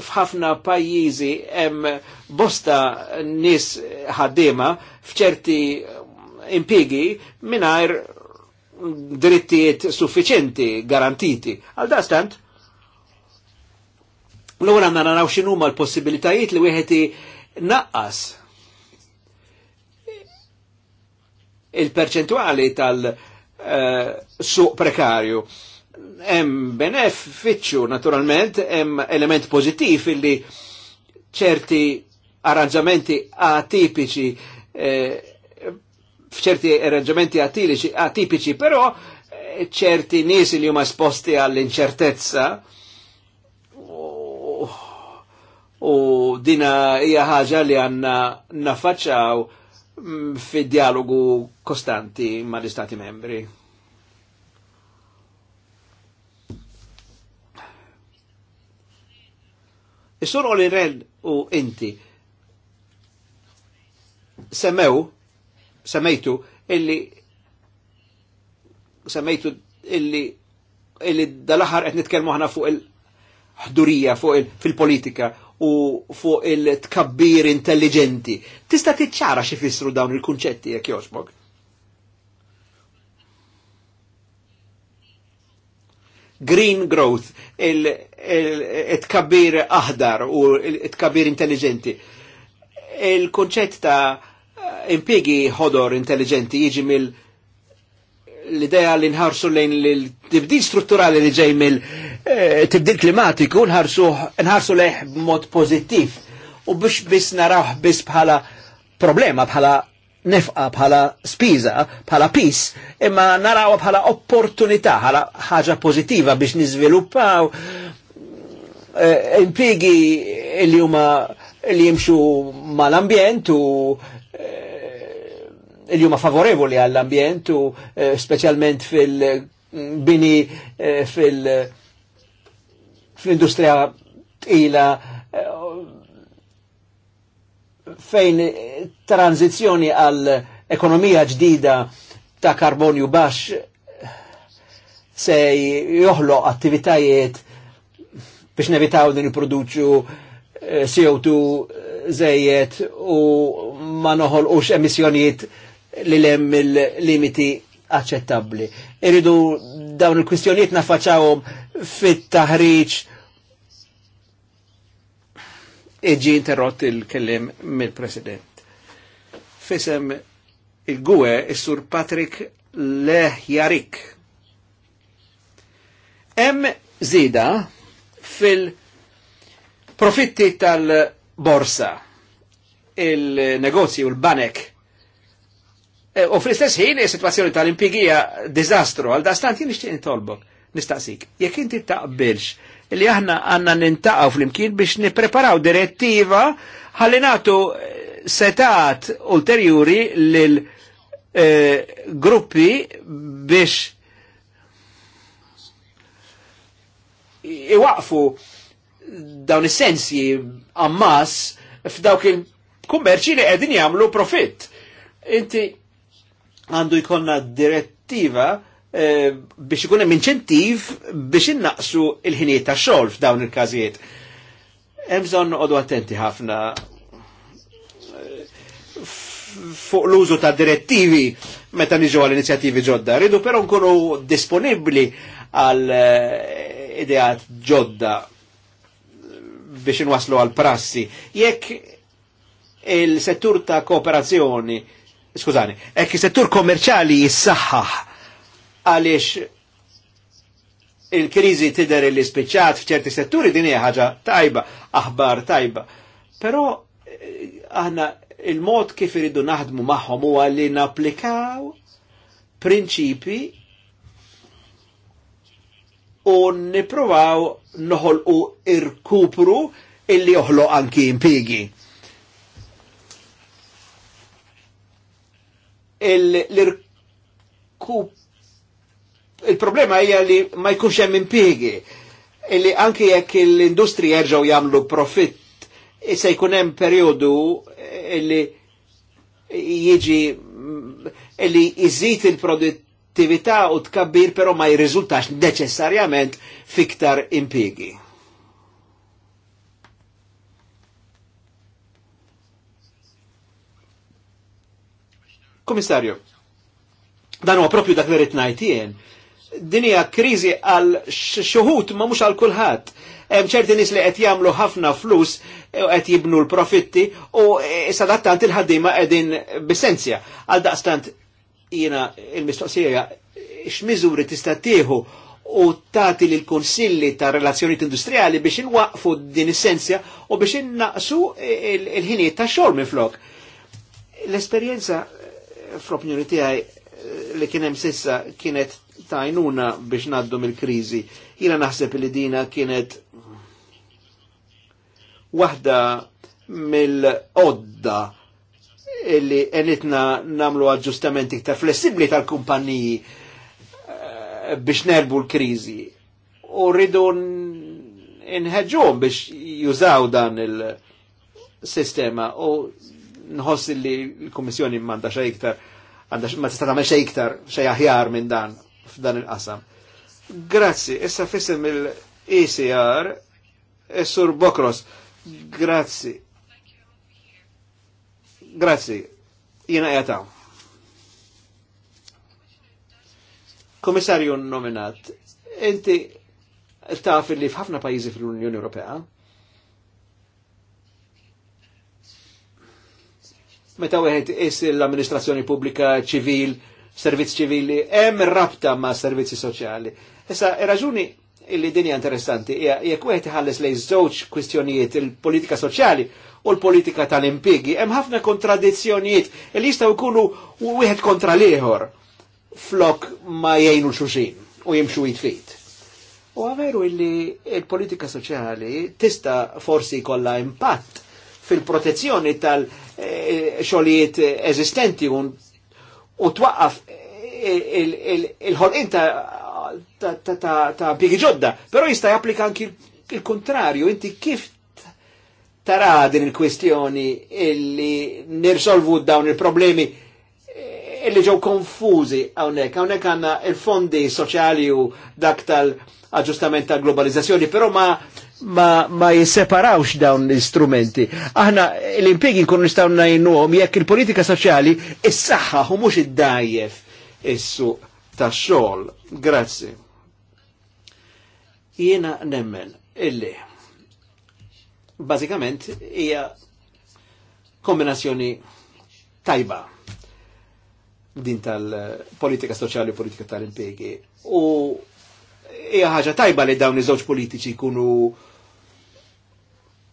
f'ħafna pajjiżi hemm bosta nis ħaddiema f'ċerti impigi mingħajr drittijiet suffiċenti garantiti. Għal dastant, l-għura għanna naraw xinuma l-possibilitajiet li wieħed naqqas il-perċentuali tal-suq eh, prekarju hemm benefiċċju naturalment, hemm element pożittiv illi ċerti arranġamenti atipiċi eh, f'ċerti arranġamenti atilici, atipiċi, però eh, ċerti nies li huma esposti għall-inċertezza u, u dina hija ħaġa li għandna nafaċċaw mm, fid-dialogu kostanti mal istati membri. Is-sur Oli u inti semmew, semmejtu illi semmejtu illi illi dal-aħħar qed nitkellmu aħna fuq il-ħdurija, fuq il fil-politika u fuq il-tkabbir intelligenti. Tista' tiċċara xi fissru dawn il-kunċetti jekk jogħġbok? green growth, il-tkabbir il aħdar u il-tkabbir intelligenti. Il-konċett ta' impiegi ħodor intelligenti jiġi mill l-ideja li nħarsu lejn l-tibdil strutturali li ġej mill-tibdil eh, klimatiku nħarsu lejh b'mod pozittiv u biex biss naraħ biss bħala problema bħala nefqa bħala spiża, bħala pis, imma naraw bħala opportunità, bħala ħaġa pozittiva biex niżviluppaw eh, impiegi li huma li jimxu mal-ambjent u eh, li huma favorevoli għall-ambjent u eh, speċjalment fil-bini eh, fil- fil-industrija tqila fejn tranzizjoni għal ekonomija ġdida ta' karbonju baxx se joħloq attivitajiet biex nevitaw din il-produċu eh, CO2 eh, zejiet u ma noħol ux emissjonijiet li lem il-limiti accettabli. Iridu dawn il-kwistjoniet nafaċawhom fit-taħriġ E ġi interrott il-kellim mill-President. Fisem il-gwe is-sur Patrick Leħjarik. Em zida fil-profitti tal-borsa il-negozji u l-banek e, u fl-istess ħin il-situazzjoni tal-impigija dizastru, għal dastant jien nixtieq nitolbok nistaqsik jekk inti taqbilx li aħna għanna nintaqaw fl-imkien biex nipreparaw direttiva għallinatu eh, setat ulterjuri lil eh, gruppi biex iwaqfu dawn is-sensi ammas f'dawk il-kummerċi li qegħdin jagħmlu profitt. Inti għandu jkollna direttiva Eh, biex ikun hemm inċentiv biex innaqsu il-ħinijiet tax-xogħol f'dawn il-każijiet. Hemm bżonn noqogħdu attenti ħafna eh, fuq l-użu ta' direttivi meta niġu għal inizjattivi ġodda. Ridu però nkunu disponibbli għal eh, ideat ġodda biex inwaslu għal prassi. Jekk il-settur ta' kooperazzjoni, skużani, jekk il-settur kommerċali jissaħħaħ għaliex il-krizi tider li spiċċat f'ċerti setturi din hija ħaġa tajba, aħbar tajba. Però eh, aħna il-mod kif iridu naħdmu magħhom huwa li napplikaw prinċipi u niprovaw noħolqu irkupru illi joħloq anki impigi. L-irkupru il-problema hija li ma jkunx hemm impjiegi. Illi anke jekk l-industri jerġgħu jagħmlu profitt, se jkun hemm perjodu illi jiġi illi jżid il-produttività u tkabbir però ma jirriżultax neċessarjament fiktar impjiegi. Komissarju, dan huwa propju dak li rrid ngħid jien dinija krizi għal xuħut ma mux għal kulħat. Hemm ċerti nis li qed jagħmlu ħafna flus e, u qed jibnu l-profitti u e, sadattant il-ħaddiema qegħdin bisenzja. Għal daqstant jiena il-mistoqsija x'miżuri tista' tieħu u tagħti l kunsilli ta' relazzjonijiet industrijali biex inwaqfu din essenzja u biex innaqsu il-ħinijiet ta' xogħol minflok. L-esperjenza e, fl-opinjoni tiegħi li kien hemm sissa kienet tajnuna biex naddu mill-krizi. Jina naħseb li dina kienet waħda mill-odda illi enitna namlu aġġustamenti iktar flessibli tal kumpanniji eh, biex nerbu l-krizi. U rridu nħedġuhom biex jużaw dan il-sistema u nħoss li l-Kummissjoni m'għandha xejn iktar ma tista' tagħmel iktar xej aħjar minn dan f'dan il-qasam. Grazzi, issa fissim il-ECR, Essur Bokros, grazzi. Grazzi, jina jataw. Komissarju nominat, inti taf li f'ħafna pajizi fl-Unjoni Ewropea, meta wieħed is l-amministrazzjoni pubblika ċivil, servizz ċivili, hemm rabta ma' servizzi soċjali. Issa, e raġuni illi dinja interessanti, jekk wieħed iħalles lej żewġ kwistjonijiet il-politika soċjali u l-politika tal-impigi, hemm ħafna kontradizzjonijiet li jistgħu jkunu wieħed kontra l-ieħor flok ma jgħinu xuxin u jimxu jitfit. U għaveru illi il-politika soċjali tista forsi kolla impatt fil-protezzjoni tal-xolijiet eh, eżistenti u twaqqaf il-ħolqin ta' impjegi ġodda, pero jista' japplika anki il-kontrarju, inti kif tara din il kwestjoni illi nirsolvu dawn il-problemi eh, illi ġew konfuzi hawnhekk, hawnhekk għandna il-fondi soċjali u dak tal-aġġustament tal-globalizzazzjoni, però ma ma, ma jisseparawx dawn l-istrumenti. Aħna l-impiegi nkunu nistgħu ngħinuhom jekk il-politika soċjali is-saħħa u mhux id id-dajjef is ta' xol. Grazzi. Jena nemmen illi Bazikament, hija kombinazzjoni tajba din tal-politika soċjali u politika tal impegi U hija ħaġa tajba li dawn iż-żewġ politiċi kunu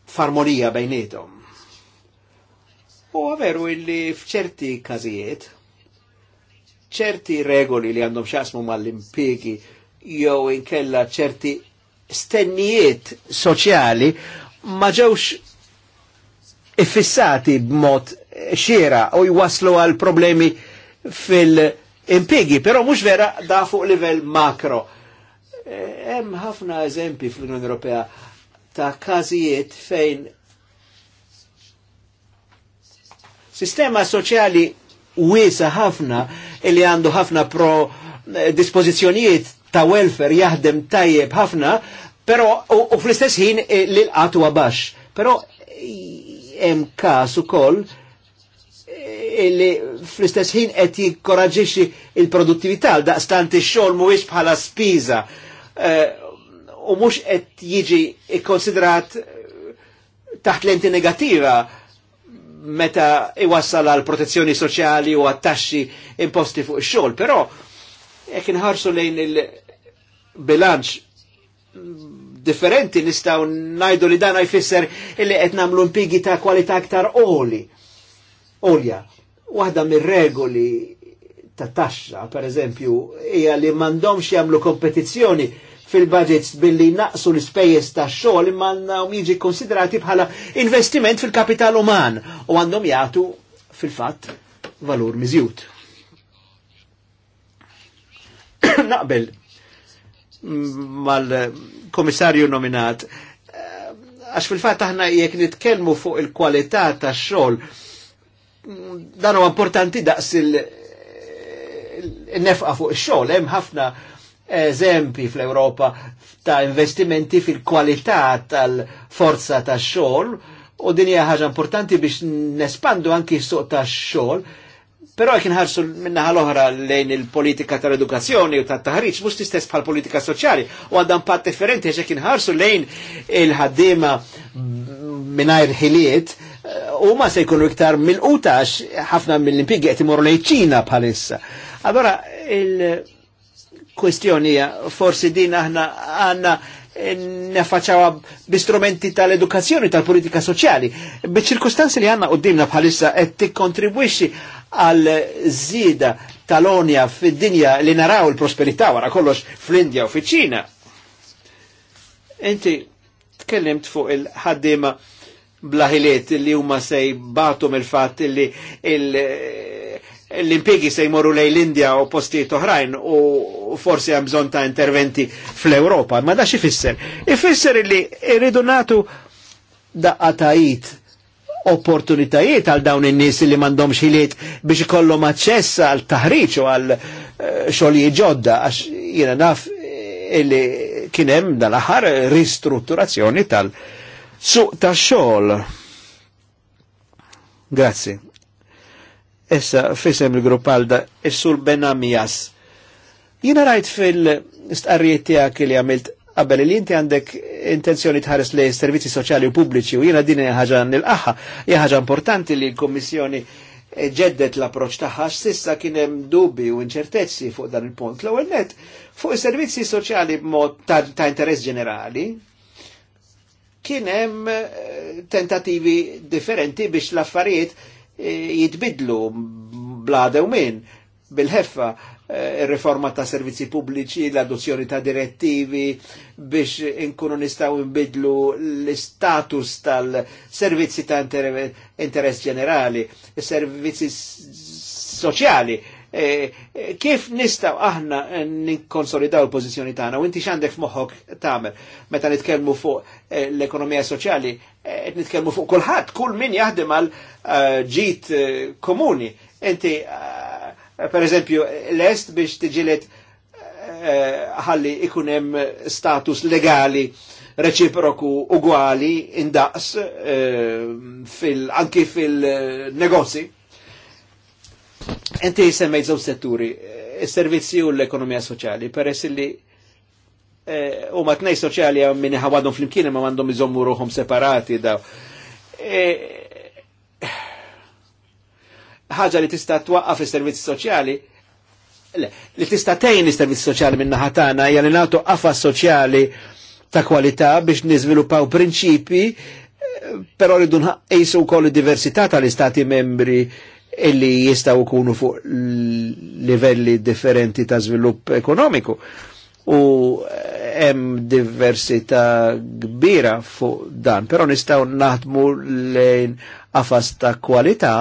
farmonija bejnietom. U għaveru illi f'ċerti każijiet ċerti regoli li għandhom xasmu mal-impiegi jew inkella ċerti stennijiet soċjali ma ġewx effissati b'mod xiera u jwaslu għal problemi fil-impiegi, però mhux vera da fuq livell makro. E, hemm ħafna eżempi fl-Unjoni Ewropea ta' każijiet fejn sistema soċjali wiesa ħafna li għandu ħafna pro eh, dispozizjonijiet ta' welfare jaħdem tajjeb ħafna, pero u fl-istess ħin eh, l qatu għabax. baxx. Però eh, kas u ukoll illi fl-istess ħin qed jikkoraġixxi il-produttività da stanti xogħol mhuwiex bħala spiża u mhux qed jiġi ikkonsidrat taħt lenti negattiva meta iwassal għal protezzjoni soċjali u għat-taxxi imposti fuq ix-xogħol, però jekk inħarsu lejn il-bilanċ differenti nistgħu ngħidu li dan jfisser illi qed nagħmlu impigi ta' kwalità aktar oli. Olja, waħda mir-regoli ta' taxxa, per eżempju, hija li m'għandhomx jagħmlu kompetizzjoni fil-budgets billi naqsu l-spejjeż tax-xogħol imma għandhom jiġi konsiderati bħala investiment fil-kapital uman u għandhom jagħtu fil-fatt valur miżjud. Naqbel mal-komissarju nominat għax fil-fatt aħna jekk nitkellmu fuq il-kwalità tax-xogħol dan huwa importanti daqs il-nefqa fuq ix-xogħol hemm ħafna eżempi fl-Europa ta' investimenti fil-kwalità tal-forza ta' xol u din hija ħaġa importanti biex nespandu anki suq ta' xol Però jekk inħarsu minna ħal-ohra lejn il-politika tal-edukazzjoni u tal-taħriċ, mux tistess bħal politika soċjali u għaddan pat differenti għax jekk lejn il ħaddima mingħajr ħiliet u ma se jkunu iktar mill-qutax ħafna mill-impjegi qed imorru lejn Ċina bħalissa. Allora il- kwestjonija, forsi din aħna għanna eh, nefaċawa b-istrumenti tal-edukazzjoni tal-politika soċjali. B'ċirkustanzi li għanna dimna bħalissa qed tikkontribwixxi għal zida tal-onja fid-dinja li naraw il-prosperità wara kollox fl-Indja u fiċ-Ċina. Inti tkellimt fuq il ħaddima blaħiliet li huma se batum il fat li il- l-impiegi se jmorru lej l-Indja u postijiet oħrajn u forsi hemm bżonn ta' interventi fl-Ewropa. Ma dax ifisser. Ifisser li irridu natu daqqatajit opportunitajiet għal dawn in-nies li m'għandhomx ħiliet biex ikollhom aċċess għal taħriġ u għal eh, xogħlijiet ġodda għax jiena naf eh, illi kien hemm dal-aħħar ristrutturazzjoni tal-suq tax-xogħol. Grazie. Essa fisem il-grupp għalda, il-sur Benamias. Jina rajt fil-istqarriet tijak li għamilt qabel li inti għandek intenzjoni tħares li servizzi soċjali u pubbliċi u jina din ħaġa nil-qaħħa, ħaġa importanti li l-Kommissjoni ġeddet l-approċ taħħa sissa kien hemm dubi u inċertezzi fuq dan il-punt. L-ewwel net fuq is-servizzi soċjali b'mod ta', ta interess ġenerali kien hemm eh, tentativi differenti biex l-affarijiet jitbidlu blada u minn bil-ħeffa il-reforma ta' servizi pubbliċi, l-adozzjoni ta' direttivi biex inkunu nistaw imbidlu l-status tal-servizzi ta' interess ġenerali, servizzi soċjali Eh, eh, kif nistaw aħna nikkonsolidaw l pozizjoni tagħna u inti x'għandek f'moħħok tagħmel meta nitkellmu fuq eh, l-ekonomija soċjali qed nitkellmu fuq kulħadd, kull min jaħdem għal ġit komuni. Inti per eżempju lest biex tiġilet ħalli ikun hemm status legali reċiproku ugwali indaqs anki fil-negozji Inti semmejt żewġ setturi, il eh, servizzi u l-ekonomija soċali, peress li eh, u matnej tnej soċjali għam minni ħawadhom fl-imkien ma għandhom iżommu ruħom separati daw. Eh, ħaġa li tista' twaqqaf is-servizzi soċjali li tista' tgħin is-servizzi soċjali minn naħa tagħna hija li nagħtu qafas soċjali ta' kwalità biex niżviluppaw prinċipi però rridu nħaqqisu wkoll id-diversità tal-istati membri illi jistaw kunu fuq livelli differenti ta' svilupp ekonomiku. U eh, hemm diversità kbira fuq dan, però nistgħu naħdmu lejn qafas ta' kwalità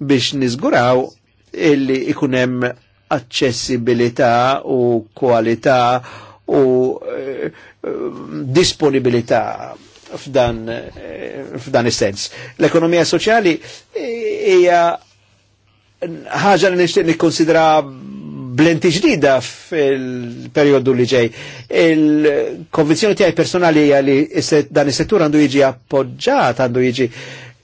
biex niżguraw illi ikun hemm aċċessibilità u kwalità u eh, eh, disponibilità f'dan, eh, f'dan is-sens. L-ekonomija soċjali hija ħaġa li nixtieq nikkonsidra blenti ġdida fil-periodu li ġej. il konvinzjoni tiegħi personali hija li dan is-settur għandu jiġi appoġġat, għandu jiġi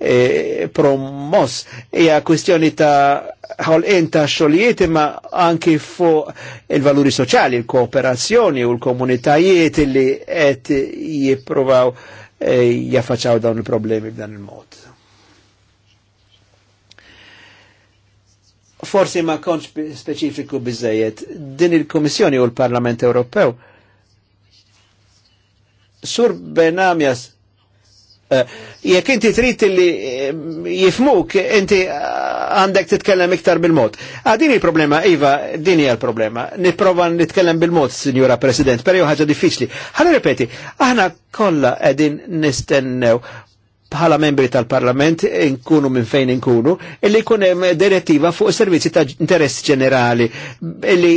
eh, promos hija kwistjoni ta' ħol ta' xogħlijiet imma anki fuq il-valuri soċjali, il-kooperazzjoni u l-komunitajiet li qed jippruvaw E jaffaċaw dawn il-problemi b'dan il-mod. Forsi ma konċ specifiku bizzejiet, din il-Komissjoni u l-Parlament Ewropew Sur Benamias Eh, jekk inti trid li eh, jifmuk, inti eh, għandek titkellem iktar bil-mod. Għadini ah, il-problema, Iva, dini hija l-problema. Nipprova nitkellem bil-mod, Sinjura President, per ħaġa diffiċli. Ħalli ripeti, aħna kollha qegħdin nistennew bħala membri tal-Parlament inkunu minn fejn inkunu, illi jkun hemm direttiva fuq servizzi ta' interess ġenerali illi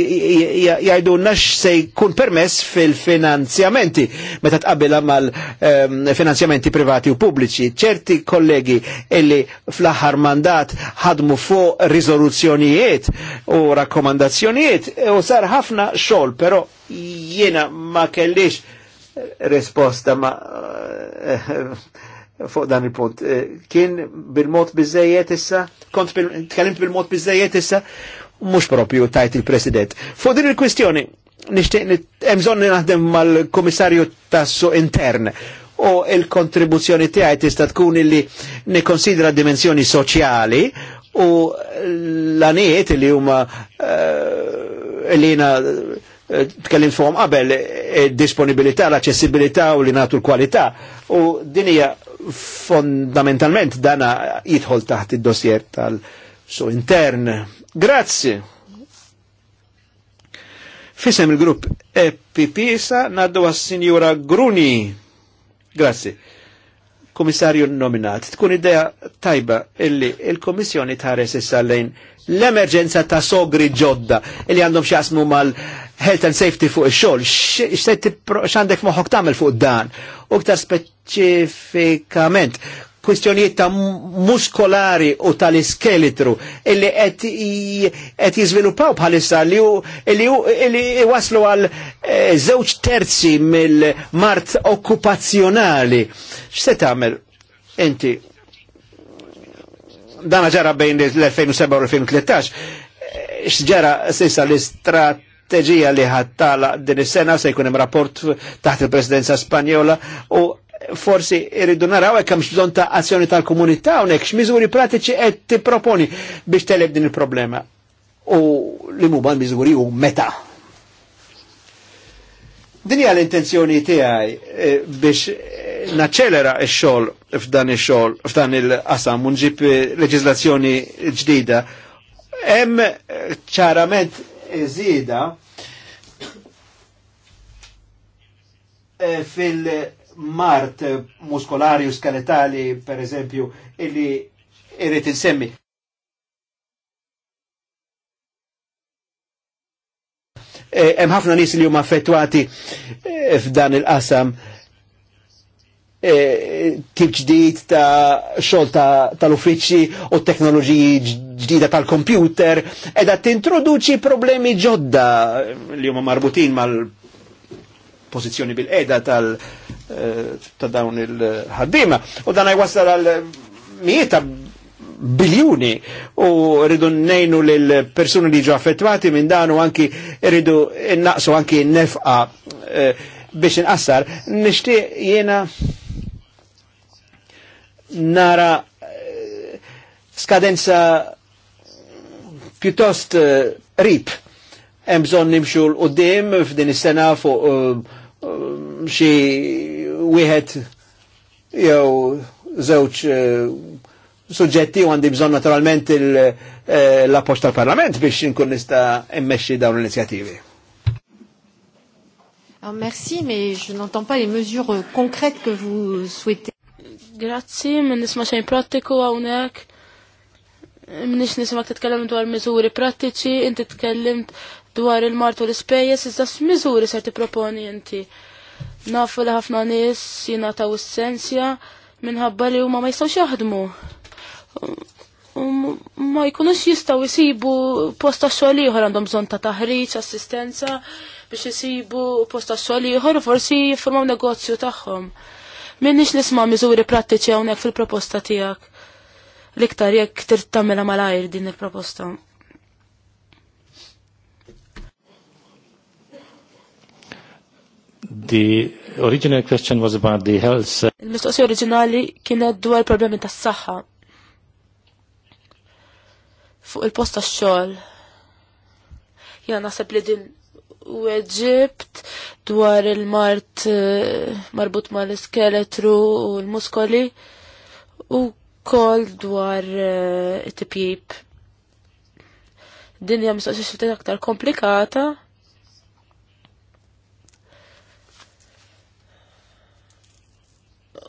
jgħidulna se jkun permess fil-finanzjamenti meta tqabbilha mal-finanzjamenti ehm, privati u pubbliċi. ċerti kollegi illi fl-aħħar mandat ħadmu fuq riżoluzzjonijiet u rakkomandazzjonijiet e u sar ħafna xogħol, però jiena ma kellix risposta ma eh, fuq dan il-punt. Eh, kien bil-mod bizzejiet issa, kont tkellimt bil-mod bizzejiet issa, mux propju tajt il-President. Fuq din il-kwistjoni, nishtiq emżon naħdem mal-Komissarju tassu intern u il-kontribuzzjoni tiegħi tista' tkun illi nikkonsidra dimensjoni soċjali u l-għaniet li huma eh, li jina eh, tkellim fuqhom qabel disponibilità, l-aċċessibilità u li nagħtu l-kwalità u din hija fondamentalment dana jidħol taħt id-dossier tal-su intern. Grazzi. Fisem il-grupp EPPISA naddu għas-Sinjura Gruni. Grazzi. Komissarju nominat. Tkun idea tajba illi il-Komissjoni tħares issa lejn l-emerġenza ta' sogri ġodda illi għandhom xasmu mal-health and safety fuq il-xol. X'għandek moħok tagħmel fuq dan. U ktar speċifikament kwistjonijiet ta' muskolari u tal-iskeletru illi qed jiżviluppaw bħalissa li li waslu għal eh, żewġ terzi mill-mart okkupazzjonali. X'se tagħmel inti? Dana ġara bejn l-2007 u l-2013. Eh, x'ġara sissa l-istrat strategija li ħattala din is-sena se jkun hemm rapport taħt il-Presidenza Spanjola u forsi irridu naraw hekk hemmx bżonn ta' azzjoni tal-komunità hawnhekk x'miżuri pratiċi qed tipproponi biex teleb din il-problema. U li mhuma l-miżuri u meta. Din hija l-intenzjoni tiegħi eh, biex eh, naċċelera x-xogħol f'dan ix-xogħol f'dan il-qasam u nġib eh, leġiżlazzjoni ġdida. Hemm ċarament iżida fil- mart muskolari u skeletali, per eżempju, illi irrit insemmi. E, hemm ħafna nies li huma affettwati e, f'dan il-qasam e, tip ġdid ta' xogħol tal-uffiċċji u teknoloġiji ġdida tal-kompjuter edha tintroduċi problemi ġodda li huma marbutin mal-pożizzjoni bil-qeda tal-, -tal Eh, ta' dawn il-ħaddima. U dan għajwassal għal mieta biljuni u rridu nejnu l-persuni li ġo affettwati minn dan u anki rridu naqsu anki nefqa eh, biex inqassar. Nishtiq jena nara eh, skadenza piuttost rip. Hemm bżonn nimxu l-qudiem f'din is-sena fuq xi wieħed jew żewġ eh, suġġetti u għandi bżon naturalment l eh, appoġġ tal-Parlament biex inkun nista' immexxi dawn l-inizjattivi. Merci, mais je n'entends pas les mesures euh, concrètes que vous souhaitez. Grazie, ma nisma xejn prattiku hawnhekk. Minnix nisma titkellem dwar miżuri prattiċi, inti tkellimt dwar il-martu l-ispejjeż iżda x'miżuri ser tipproponi inti. Nafu li ħafna nies jingħataw essenzja minħabba li huma ma jistgħux jaħdmu. Ma jkunux jistgħu jsibu posta xogħol ieħor għandhom bżonn ta' taħriġ, assistenza biex jisibu posta xogħol ieħor u forsi jiffurmaw negozju tagħhom. Minnix nisma' miżuri prattiċi hawnhekk fil-proposta tiegħek. L-iktar jekk trid mal malajr din il-proposta. The original question was about the health. Il-mistoqsija oriġinali kienet dwar problemi tas saħħa fuq il posta tax xogħol. Jena naħseb li din u Eġibt dwar il-mart eh, marbut mal-iskeletru u l-muskoli u kol dwar eh, it-tipjib. Dinja mistoqsija xiftet aktar komplikata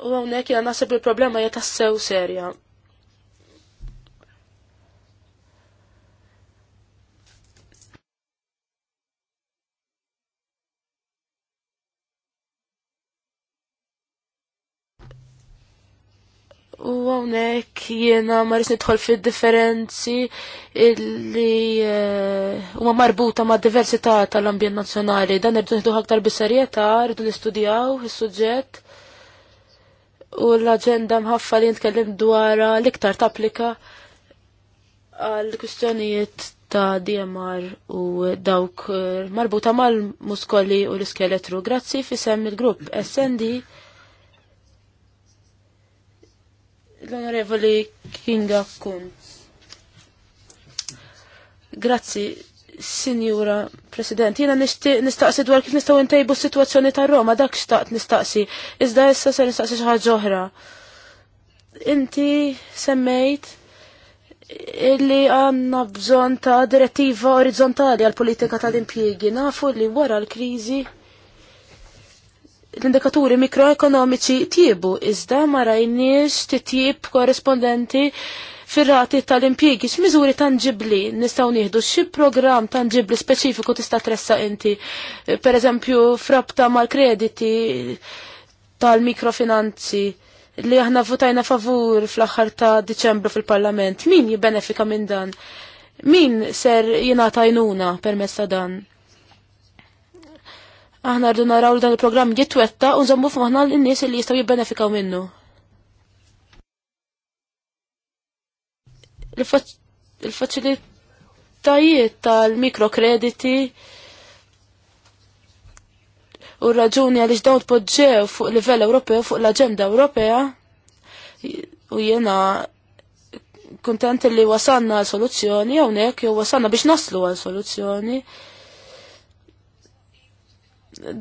U għonek jena nasib il-problema jetassew serja. U għonek jena maris nidħol fid differenzi illi eh, huma uh, marbuta ma' diversità tal-ambjent nazzjonali. Dan rridu nħidu aktar bisarieta, rridu nistudjaw is-suġġett u l-agenda mħaffa li nitkellem dwara l-iktar tapplika għal kustjonijiet ta' DMR u dawk eh, marbuta mal-muskoli u l-iskeletru. Grazzi fi sem il-grupp SND l-onorevoli Kinga Kun. Grazzi Sinjura President, jena nistaqsi dwar kif nistaw s situazzjoni ta' Roma, dak xtaqt nistaqsi, iżda issa se nistaqsi xaħġa oħra. Inti semmejt illi għanna bżon ta' direttiva orizzontali għal-politika tal-impjiegi, nafu li wara l-krizi l-indikaturi mikroekonomiċi tiebu, iżda ma rajniex titjib korrespondenti fir-rati tal x x'miżuri tanġibli nistgħu nieħdu x programm tanġibli speċifiku tista' tressa inti pereżempju frabta mal-krediti tal-mikrofinanzi li aħna votajna favur fl-aħħar ta' Diċembru fil-Parlament. Min jibbenefika minn dan? Min ser jingħata għajnuna permezz ta' dan? Aħna rdu naraw dan il-programm jitwetta u nżammu aħna l-nies li jistgħu jibbenefikaw minnu. il-faċilitajiet tal-mikrokrediti u raġuni għaliex dawn podġew fuq livell Ewropew fuq l-aġenda Ewropea u jiena kontent li wasanna għal soluzzjoni hawnhekk jew wasanna biex naslu għal soluzzjoni.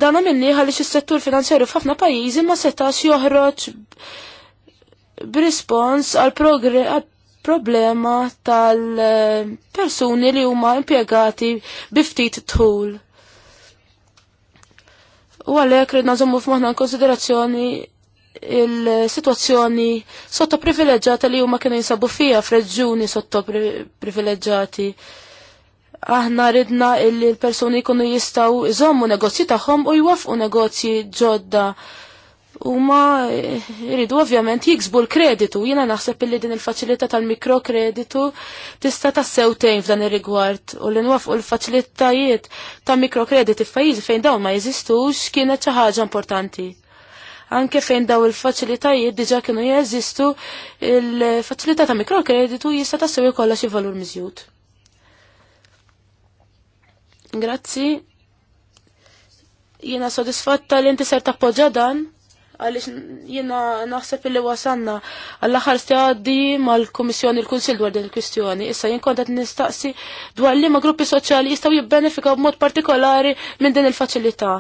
Dan minni għaliex is-settur finanzjarju f'ħafna pajjiżi ma setax joħroġ b'rispons għal problema tal-persuni li huma impjegati biftit tħul. U għalhekk rridna nażommu f'moħħna konsiderazzjoni il-situazzjoni sotto privileġġata li huma kienu jinsabu fija f'reġġuni sotto privileġġati. Aħna ridna il l-persuni jkunu jistaw iżommu negozji tagħhom u jwafqu negozji ġodda huma jridu ovvjament jiksbu l-kreditu. Jiena naħseb illi din il-faċilità tal-mikrokreditu tista' tassewtejn f'dan ir-rigward u li nwafqu l-faċilitajiet ta' mikrokrediti f'pajjiżi fejn dawn ma jeżistux kienet xi ħaġa importanti. Anke fejn daw il-faċilitajiet diġa kienu jeżistu, il-faċilità ta' mikrokreditu jista' tassew ikollha xi valur miżjud. Grazzi. Jiena sodisfatta li inti ser tappoġġa dan għalix jena naħseb illi wasanna għall-axar stjaddi mal-Komissjoni l-Kunsil dwar din il-kwistjoni. Issa jien kontat nistaqsi dwar li ma gruppi soċjali jistaw jibbenefika b'mod partikolari minn din il-faċilità.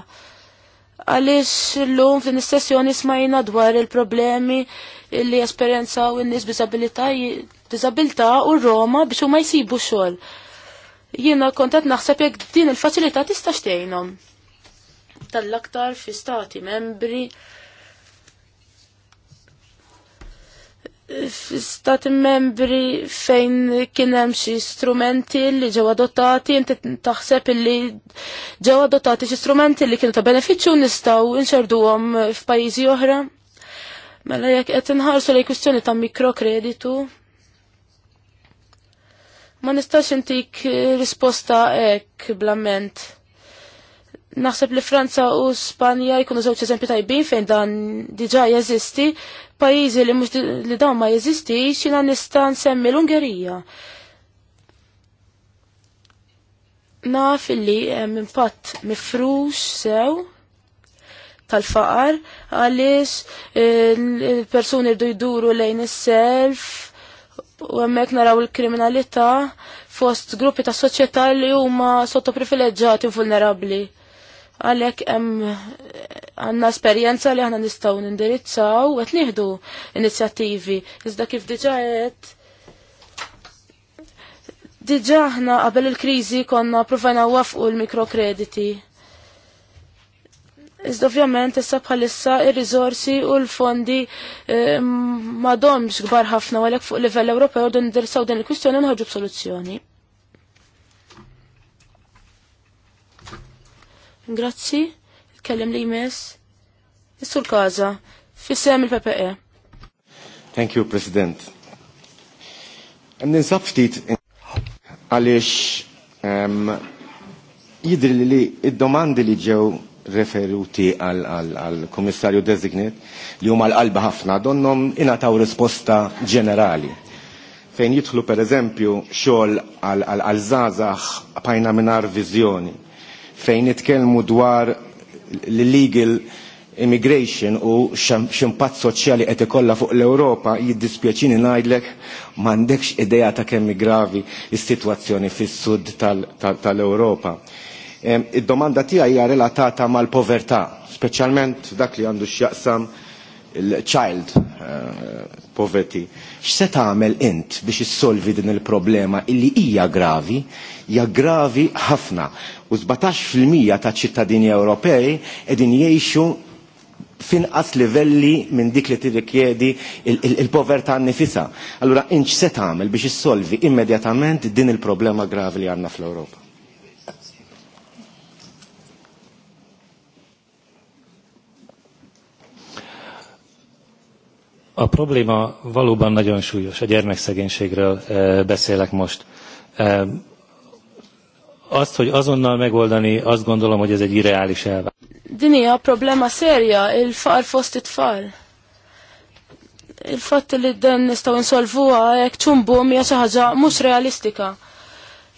Għalix l-lum f'din is-sessjoni smajna dwar il-problemi li esperjenzaw n nies disabilità u Roma biex huma jsibu xogħol. Jiena kontat naħseb jekk din il-faċilità tista' xtejnhom. Tal-aktar fi stati membri stati membri fejn kien hemm xi strumenti li ġew adottati, inti taħseb illi ġew adottati xi strumenti li kienu ta' benefiċċju nistgħu inxerduhom f'pajjiżi oħra. Mela jekk qed inħarsu lejn kwistjoni ta' mikrokreditu. Ma nistax intik risposta hekk blament. Naħseb li Franza u Spanja jkunu żewġ eżempju tajbin fejn dan diġà jeżisti, pajjiżi li mhux li dawn ma jeżistix jiena nista' nsemmi l-Ungerija. Naf illi hemm impatt mifrux sew tal-faqar għaliex il-persuni eh, rdu jduru lejn is-self u hemmhekk naraw il-kriminalità fost gruppi ta' soċjetà li huma sottoprivileġġjati vulnerabbli. Għalek għanna esperienza li għanna nistaw nindirizzaw għet nieħdu inizjattivi. Iżda kif diġa għet. Diġa ħna qabel il-krizi konna provajna wafqu l-mikrokrediti. Iżda ovvjament issa bħalissa ir-riżorsi u l-fondi eh, ma domx gbar ħafna għalek fuq level Ewropew din nindirizzaw din il-kwistjoni b b'soluzzjoni. Grazzi, kellem li jmess. Issu kaza fissem il-PPE. Thank you, President. Ninsab ftit għaliex jidri li id-domandi li ġew referuti għal-komissarju designate li huma l-qalba ħafna donnom inataw risposta ġenerali fejn jidħlu per eżempju xogħol għal-żazax pajna minar viżjoni fejn nitkellmu dwar l-legal immigration u ximpat soċjali qed ikollha fuq l-Ewropa jiddispjaċini ngħidlek m'għandekx idea ta' kemm gravi s sitwazzjoni fis-sud tal-Ewropa. Id-domanda tiegħi hija relatata mal-povertà, speċjalment dak li għandu x'jaqsam il-child Eh, poverty. X'se tagħmel int biex issolvi din il-problema illi hija gravi, hija gravi ħafna. U 17% ta' ċittadini Ewropej qegħdin jgħixu finqas livelli minn dik li tirrikjedi il-povertà nifisa. Allura inċ se tagħmel biex issolvi immedjatament din il-problema gravi li għandna fl-Ewropa. A probléma valóban nagyon súlyos. A gyermekszegénységről e, beszélek most. E, Azt, hogy azonnal megoldani, azt gondolom, hogy ez egy irreális elvárás. Dini, a probléma széria, il-far fosztit it-far. Il-fatt li d-den nistaw insolvuha jekk ċumbu mija xi ħaġa mhux realistika.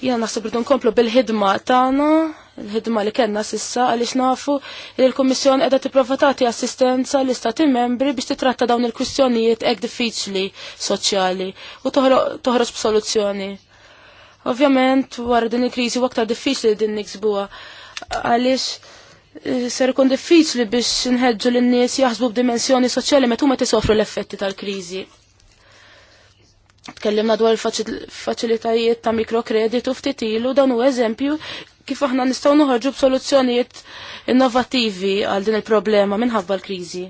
Jiena naħseb li nkomplu bil-ħidma tagħna l-ħidma li kellna sissa għaliex nafu li l-Kummissjoni qiegħda tipprova tagħti assistenza l istati membri biex titratta dawn il-kwistjonijiet ek diffiċli soċjali u toħroġ b'soluzzjoni. Ovvjament wara din il-kriżi u aktar diffiċli din niksbuha għaliex eh, ser ikun diffiċli biex nħeġġu lin-nies jaħsbu b'dimensjoni soċjali meta t tisofru l-effetti tal-kriżi. Tkellimna dwar il-faċilitajiet ta' mikrokreditu ftit ilu dan u eżempju kif aħna nistgħu noħorġu b'soluzzjonijiet innovattivi għal din il-problema minħabba l-kriżi.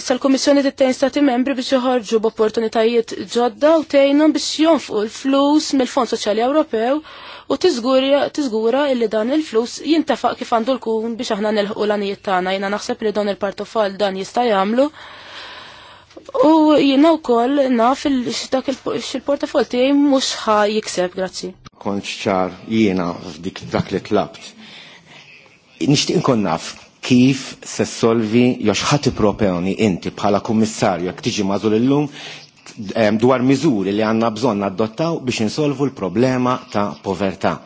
Issa l kummissjoni tittejn stati membri biex joħorġu b'opportunitajiet ġodda u tgħinhom biex jonfqu l-flus mill-Fond Soċjali Ewropew u tiżgura illi dan il-flus jintafaq kif għandu l-kun biex aħna nilħu l-għanijiet tagħna jiena naħseb li dan il-portofol dan jista' jagħmlu. U jiena wkoll naf dak il-portofol tiegħi mhux ħa jikseb, grazzi. Kont ċar jiena f'dik dak li tlabt. Nixtieq inkun naf kif se solvi jox ħati proponi inti bħala kummissarju jekk tiġi mażul illum dwar miżuri li għanna bżon adottaw biex insolvu l-problema ta' povertà.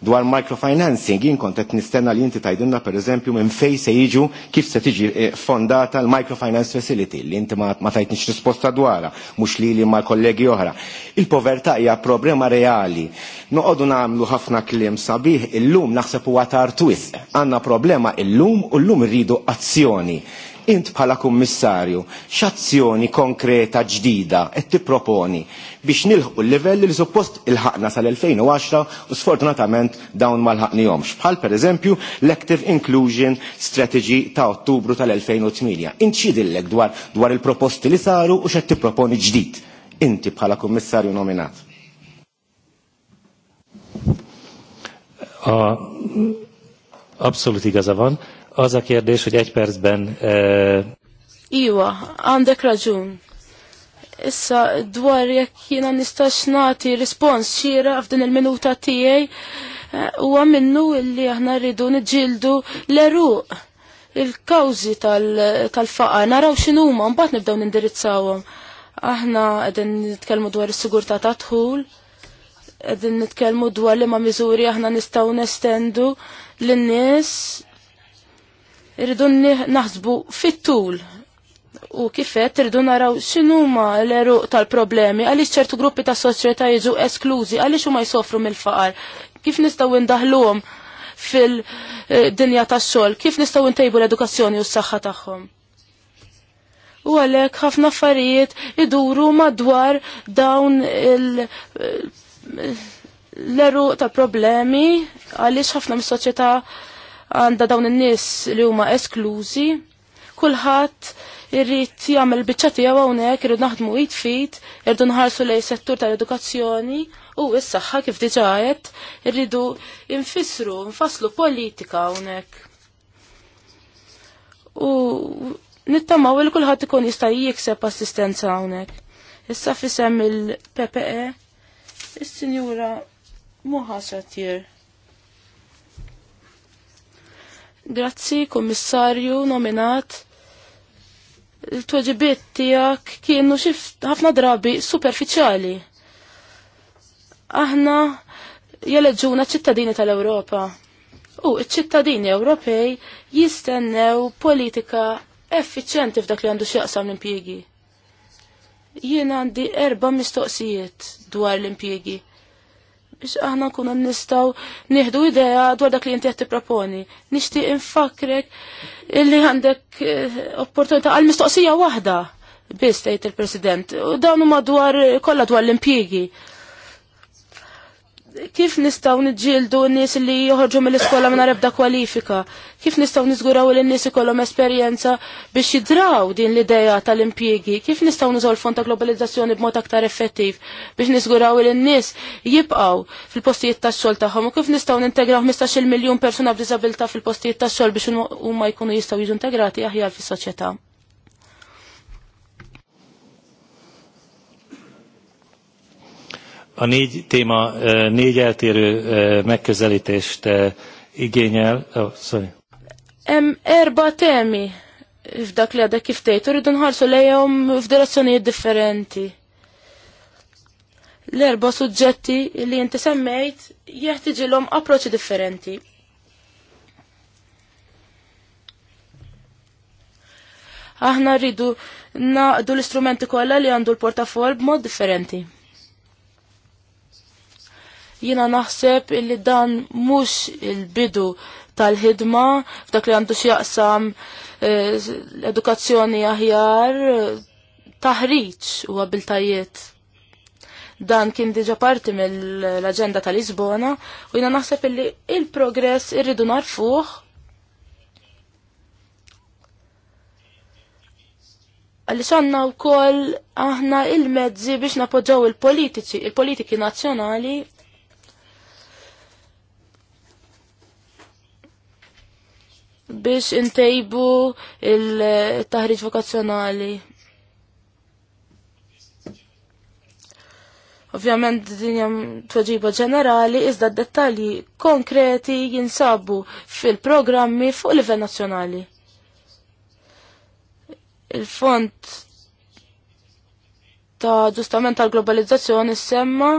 Dwar microfinancing, jien kontet nistenna li inti tajdinna per eżempju minn fej se jiġu kif se tiġi eh, fondata l-microfinance facility li inti ma, ma tajtniċ risposta dwara, mux li li ma kollegi oħra. Il-povertà hija problema reali. Noqodu namlu ħafna kliem sabiħ, illum naħseb huwa tar twist. Għanna problema illum u llum irridu azzjoni int bħala kummissarju x'azzjoni konkreta ġdida qed tipproponi biex nilħqu l-livell li suppost ilħaqna sal-2010 u sfortunatament dawn ma lħaqnihomx. Bħal pereżempju l-Active Inclusion Strategy ta' Ottubru tal-2008. Inċidillek dwar dwar il-proposti li saru u x'qed tipproponi ġdid inti bħala kummissarju nominat. Uh, absoluti Gazavan az a kérdés, hogy egy percben... Uh... Iwa, għandek raġun. Issa, dwar jekk jiena nistax nati rispons xira f'din il-minuta tiegħi eh, huwa minnu li aħna rridu niġġieldu l-eruq il-kawżi tal-faqa tal naraw x'inhuma mbagħad nibdew nindirizzawhom. Aħna qegħdin nitkellmu dwar is-sigurtà ta' dħul, qegħdin nitkellmu dwar li ma' miżuri aħna nistgħu nestendu lin-nies irridu naħsbu fit-tul u kifet irridu naraw x'inhuma l-eruq tal-problemi għaliex ċertu gruppi ta' soċjetà jiġu esklużi għaliex huma jsofru mill-faqar kif nistgħu indaħluhom fil-dinja tax-xogħol kif nistgħu ntejbu l-edukazzjoni u s-saħħa tagħhom u għalhekk ħafna affarijiet iduru madwar dawn l eruq tal problemi għaliex ħafna mis soċjetà għandha dawn in-nies li huma esklużi, kulħadd irrit jagħmel biċċa tiegħu hawnhekk irrit naħdmu id fit, irdu nħarsu lej settur tal-edukazzjoni u s-saħħa kif diġà irridu infissru, nfasslu politika hawnhekk. U nittamaw il kulħadd ikun jista' jikseb assistenza hawnhekk. Issa fissem il-PPE is-Sinjura Moħa Grazzi, kommissarju nominat. il tuġibiet tiegħek kienu xift ħafna drabi superfiċjali. Aħna jeleġuna ċittadini tal-Ewropa. U ċittadini Ewropej jistennew politika effiċjenti f'dak li għandu x'jaqsam l-impjiegi. Jien għandi erba' mistoqsijiet dwar l-impjiegi biex aħna nkunu nistaw nieħdu idea dwar dak li inti qed tipproponi. Nixtieq infakrek illi għandek eh, opportunità għal mistoqsija waħda biss tgħid il-President. U dawn huma dwar kollha dwar l-impjiegi kif nistaw nġildu n-nis li joħorġu mill-iskola minna rebda kwalifika? Kif nistaw nizguraw l nis ikollhom esperjenza biex jidraw din l-ideja tal-impjiegi? Kif nistaw l fond ta' globalizzazzjoni b'mod aktar effettiv biex nizguraw l nis jibqaw fil-postijiet tax-xogħol tagħhom? U kif nistaw nintegraw 15 miljun persuna b'diżabilità fil-postijiet tax-xogħol biex huma jkunu jistgħu jiġu integrati aħjar fis-soċjetà? a négy téma négy eltérő megközelítést igényel. Oh, sorry. Em erba temi f'dak li għadha kif tgħid, irridu nħarsu lejom f'direzzjonijiet differenti. L-erba' suġġetti li inti semmejt jeħtiġilhom approċċi differenti. Aħna rridu naqdu l-istrumenti kollha li għandu l-portafol b'mod differenti. Jina naħseb illi dan mux il-bidu tal-ħidma f'dak li għandu x'jaqsam eh, edukazzjoni aħjar taħriġ u għabiltajiet. Dan kien diġa parti mill-agenda tal-Lisbona u jina naħseb illi il-progress irridu narfuħ għalli xanna u koll aħna il-mezzi biex napoġġaw il-politiċi, il-politiki nazjonali biex intejbu il-taħriġ vokazzjonali. Ovvjament din hemm tweġiba ġenerali iżda dettalji konkreti jinsabu fil-programmi fuq livell nazzjonali. Il-fond ta' ġustament tal-globalizzazzjoni semma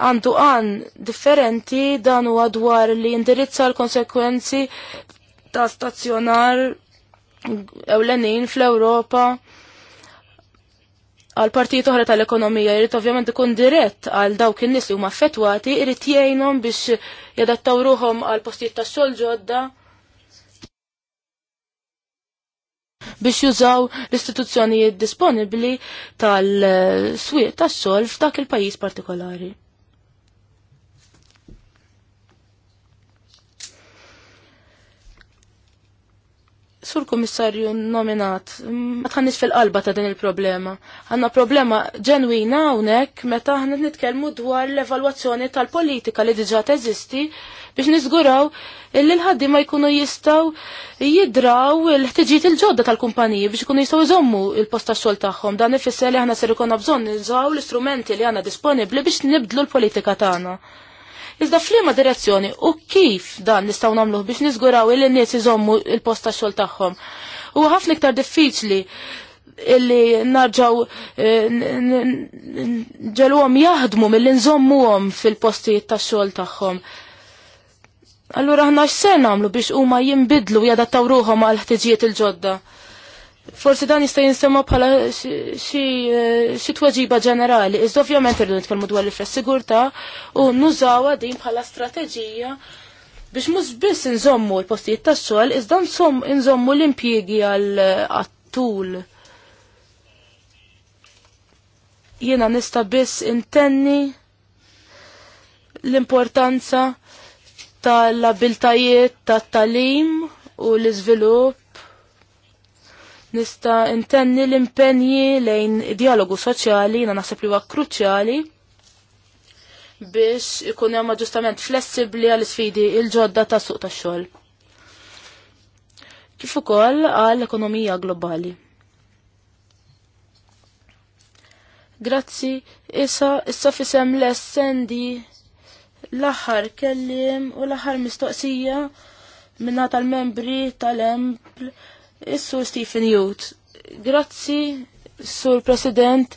għandu għan differenti dan huwa dwar li indirizza l-konsekwenzi ta' stazzjonar ewlenin fl-Ewropa għal partijiet oħra tal-ekonomija jrid ovvjament ikun dirett għal dawk in-nies li huma affettwati jrid jgħinhom biex jadattaw ruhom għal postijiet tax-xogħol ġodda biex jużaw l-istituzzjonijiet disponibbli tal-swieq tax-xogħol f'dak il-pajjiż partikolari. Sur kummissarju nominat, ma tħannis fil-qalba ta' din il-problema. Għanna problema ġenwina hawnhekk meta aħna nitkellmu dwar l-evalwazzjoni tal-politika li diġà teżisti biex niżguraw li l-ħaddi ma jkunu jistgħu jidraw l-ħtiġijiet il-ġodda tal-kumpaniji biex ikunu jistgħu jżommu il posta tax-xogħol tagħhom. Dan ifisser li aħna ser ikun bżonn niżgħu l-istrumenti li għandna disponibbli biex nibdlu l-politika tagħna. Iżda f'liema direzzjoni u kif dan nistgħu nagħmluh biex niżguraw il nies iżommu il-post tax-xogħol tagħhom. U ħafna iktar diffiċli illi narġaw eh, ġelwom jaħdmu mill-li nżommuhom fil-postijiet tax-xogħol tagħhom. Allura ħna x'se nagħmlu biex huma jinbidlu jadattaw ruħhom għal ħtiġijiet il-ġodda? Forsi dan jista' jinsemma bħala xi tweġiba ġenerali, iżda ovvjament irridu nitkellmu dwar l-fressigurtà u nużawha din bħala strateġija biex mhux biss inżommu l-postijiet tax-xogħol, iżda nżommu l-impjiegi għal attul. Jiena nista' biss intenni l-importanza tal-abiltajiet tat-talim u l-iżvilupp nista' intenni l-impenji lejn dialogu soċjali na naħseb li huwa kruċjali biex ikun hemm aġġustament flessibbli għal sfidi il-ġodda ta' suq tax-xogħol. Kif ukoll għall ekonomija globali. Grazzi, issa issa fisem l-essendi l-aħħar kellim u l-aħħar mistoqsija minna tal-membri tal-empl Is-Sur Stephen Youth. Grazzi, Sur President.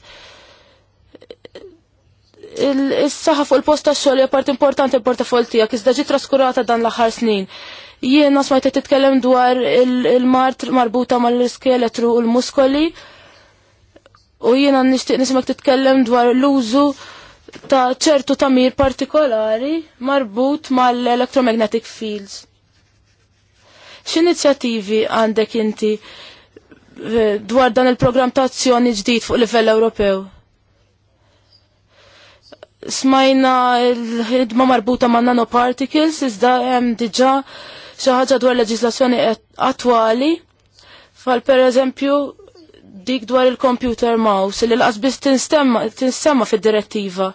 Is-saħħa fuq il-post tax-xogħol hija part importanti portafol tiegħek iżda ġiet traskurata dan l-aħħar snin. Jiena smajta titkellem dwar il-mart marbuta mal-iskeletru u l-muskoli u jiena nixtieq nismak titkellem dwar l-użu ta' ċertu tamir partikolari marbut mal-electromagnetic fields. X'inizjattivi għandek inti eh, dwar dan il-programm ta' azzjoni ġdid fuq livell Ewropew? Smajna l-ħidma marbuta ma' nanoparticles, iżda hemm diġà xi ħaġa dwar leġislazzjoni attwali, fal per eżempju dik dwar il-computer mouse li l-qasbis tinsemma fid-direttiva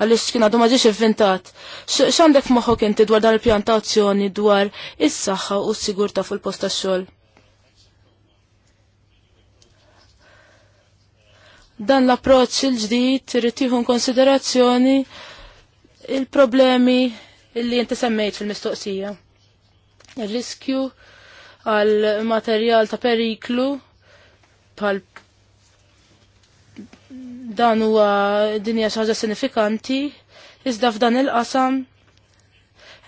għaliex kien għadu ma ġiex ivvintat. X'għandek moħħok inti dwar dan il-pjantazzjoni dwar is-saħħa u s sigurta fuq il posta tax-xogħol? Dan l-approċċ il-ġdid irid konsiderazzjoni il-problemi illi jinti semmejt fil-mistoqsija. Il-riskju għal materjal ta' periklu bħal Dan huwa dinja xi ħaġa sinifikanti, iżda f'dan il-qasam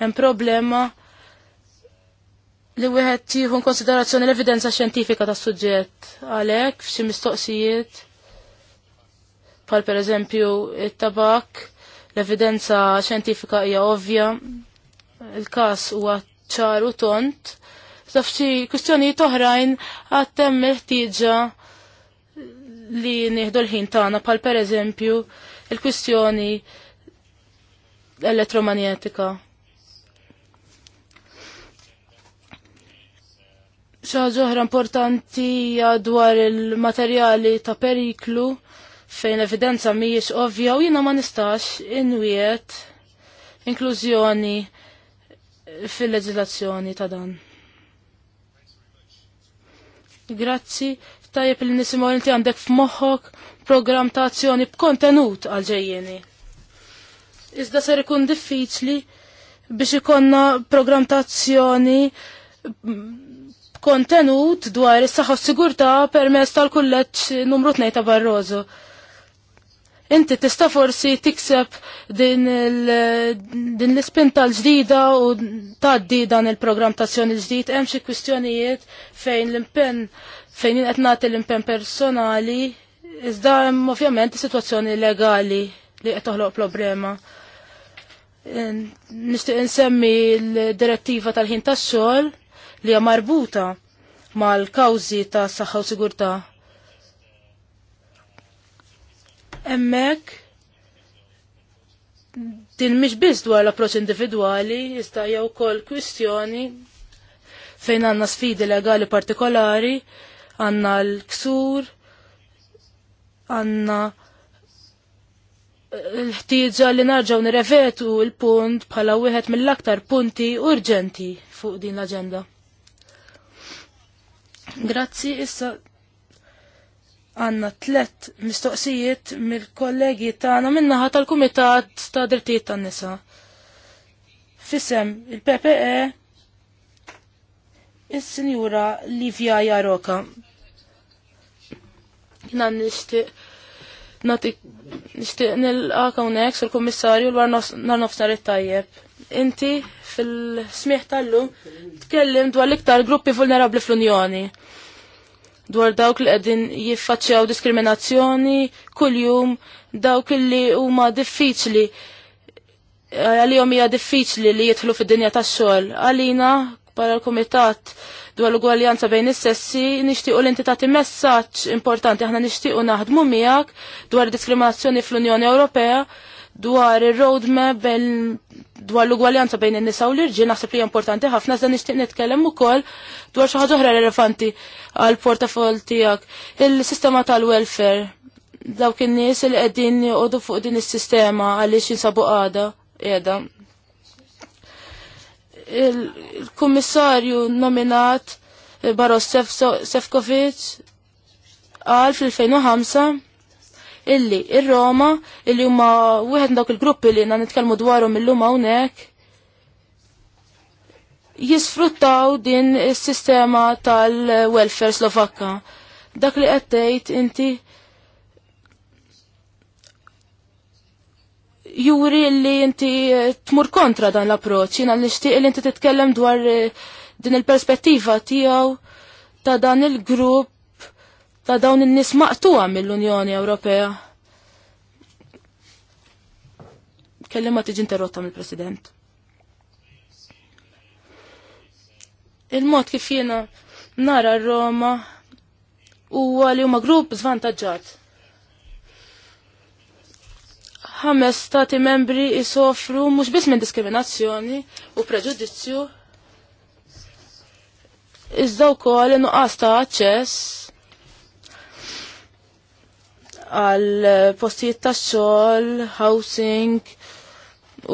hemm problema li wieħed tieħu konsiderazzjoni l-evidenza xjentifika tas-suġġett għalhekk f'xi mistoqsijiet bħal pereżempju it-tabak l-evidenza xjentifika hija ovvja il-każ huwa ċaru tont f'xi kwistjonijiet oħrajn għad hemm ħtieġa li nieħdu l-ħin tagħna bħal pereżempju il-kwistjoni elettromagnetika. oħra importanti dwar il-materjali ta' periklu fejn evidenza miex ovvja u jina ma nistax inwiet inklużjoni fil-leġilazzjoni ta' dan. Grazzi, tajjeb li nisimgħu inti għandek f'moħħok program ta' azzjoni b'kontenut għal ġejjeni. Iżda ser ikun diffiċli biex ikonna program ta' azzjoni kontenut dwar is-saħħa s-sigurtà permezz tal-kulleġġ numru 2 ta' Barroso. Inti tista' forsi tikseb din, l-ispinta l-ġdida u tgħaddi dan il-programm tazzjoni l-ġdid hemm xi kwistjonijiet fejn l-impenn fejn qed nagħti l-impenn personali iżda hemm ovvjament situazzjoni legali li qed toħloq problema. Nixtieq insemmi l-direttiva tal-ħin tax-xogħol li hija marbuta mal-kawżi ta' saħħa u sigurtà. Hemmhekk din mhix biss dwar l-approċċ individwali, iżda jew ukoll kwistjoni fejn għandna sfidi legali partikolari għanna l-ksur, għanna eh, l ħtijġa li narġaw nirevetu il-punt bħala wieħed mill-aktar punti urġenti fuq din l-aġenda. Grazzi, issa għanna tlet mistoqsijiet mill-kollegi tagħna minnaħa tal-Kumitat ta' Drittijiet tan-Nisa. Fissem il-PPE is-Sinjura Livia Jaroka. Jina nishtiq natik nishtiq nil-għak unek sul-kommissarju l-war nofsnar it-tajjeb. Inti fil smiħ tal-lum tkellim dwar l-iktar gruppi vulnerabli fl-Unjoni. Dwar dawk li qegħdin jiffaċċjaw diskriminazzjoni kuljum dawk li huma diffiċli għalihom hija diffiċli li jidħlu fid-dinja tax-xogħol. Għalina para l-kumitat dwar l-ugwaljanza bejn is-sessi nixtiequ l inti tagħti messaġġ importanti aħna nixtiequ naħdmu miegħek dwar diskriminazzjoni fl-Unjoni Ewropea dwar ir-roadmap dwar l-ugwaljanza bejn in-nisa u l-irġiel naħseb li importanti ħafna iżda nixtieq nitkellem ukoll dwar xi ħaġa oħra relevanti għal portafol tiegħek. Il-sistema tal-welfare dawk in-nies li qegħdin joqogħdu fuq din is-sistema għaliex jinsabu għada qiegħda il-kummissarju nominat eh, Baros Sefkovic għal fil-2005 illi il roma illi huma wieħed dawk il-gruppi li na nitkellmu dwarhom illum hawnhekk jisfruttaw din is-sistema tal-welfare Slovakka. Dak li qed tgħid inti juri li inti eh, tmur kontra dan l-approċ, jina nishtiq li inti titkellem dwar eh, din il-perspettiva tijaw ta' dan il-grupp ta' dawn in-nies maqtuwa mill-Unjoni Ewropea. Kellima tiġi interrotta mill-President. Il-mod kif jiena nara Roma huwa li huma grupp zvantaġġat ħames stati membri jisofru mhux biss minn diskriminazzjoni u preġudizzju iżda wkoll nuqqas ta' aċċess għal postijiet tax-xogħol, housing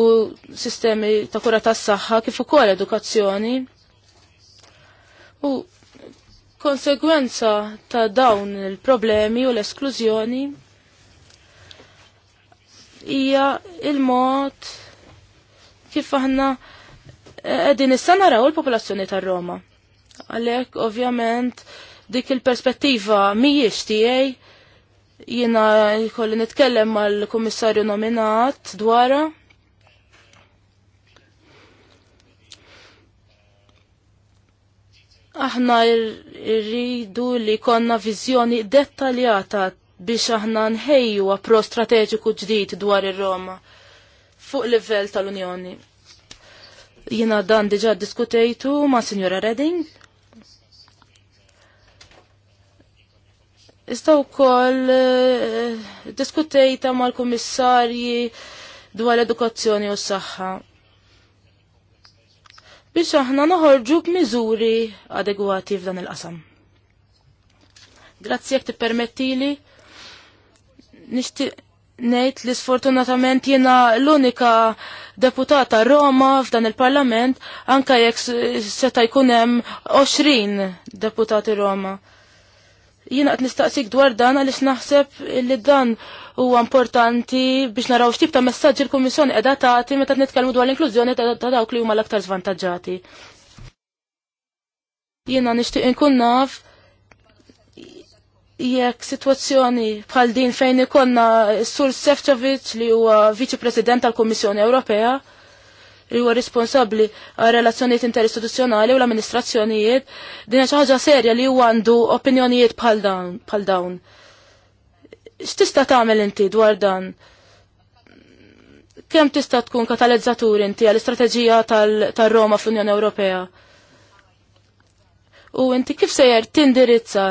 u sistemi ta' kura tas-saħħa kif ukoll edukazzjoni. U konsegwenza ta' dawn il-problemi u l-esklużjoni hija il-mod kif aħna eh, qegħdin issa naraw il-popolazzjoni tar-Roma. Għalhekk ovvjament dik il-perspettiva mhijiex tiegħi jiena jkolli nitkellem mal-kummissarju nominat dwara. Aħna rridu li konna viżjoni dettaljata biex aħna nħejju appro strateġiku ġdid dwar ir-Roma fuq livell tal-Unjoni. Jina dan diġa diskutejtu ma' signora Redding. Ista wkoll eh, diskutejta mal-kummissarji dwar l-edukazzjoni u s-saħħa. Biex aħna noħorġu b'miżuri adegwati f'dan il-qasam. Grazzi jekk tippermettili nixtieq ngħid li sfortunatament jiena l-unika deputata Roma f'dan il-Parlament anka jekk seta' jkun hemm 20 deputati Roma. Jena qed nistaqsik dwar dan għaliex naħseb li dan huwa importanti biex naraw x'tip ta' messaġġi l-Kummissjoni qiegħda tagħti meta nitkellmu dwar l-inklużjoni ta' dawk li huma l-aktar żvantaġġati. Jiena nixtieq inkun naf jekk situazzjoni bħal din fejn ikonna Sur Sefcovic li huwa viċi president tal-Kummissjoni Ewropea li huwa responsabbli għal relazzjonijiet interistituzzjonali u l-amministrazzjonijiet din xi ħaġa serja li huwa għandu opinjonijiet bħal dawn bħal dawn. X'tista' tagħmel inti dwar dan? Kemm tista' tkun katalizzatur inti għall-istrateġija tal-Roma fl-Unjoni Ewropea? U inti kif sejjer tindirizza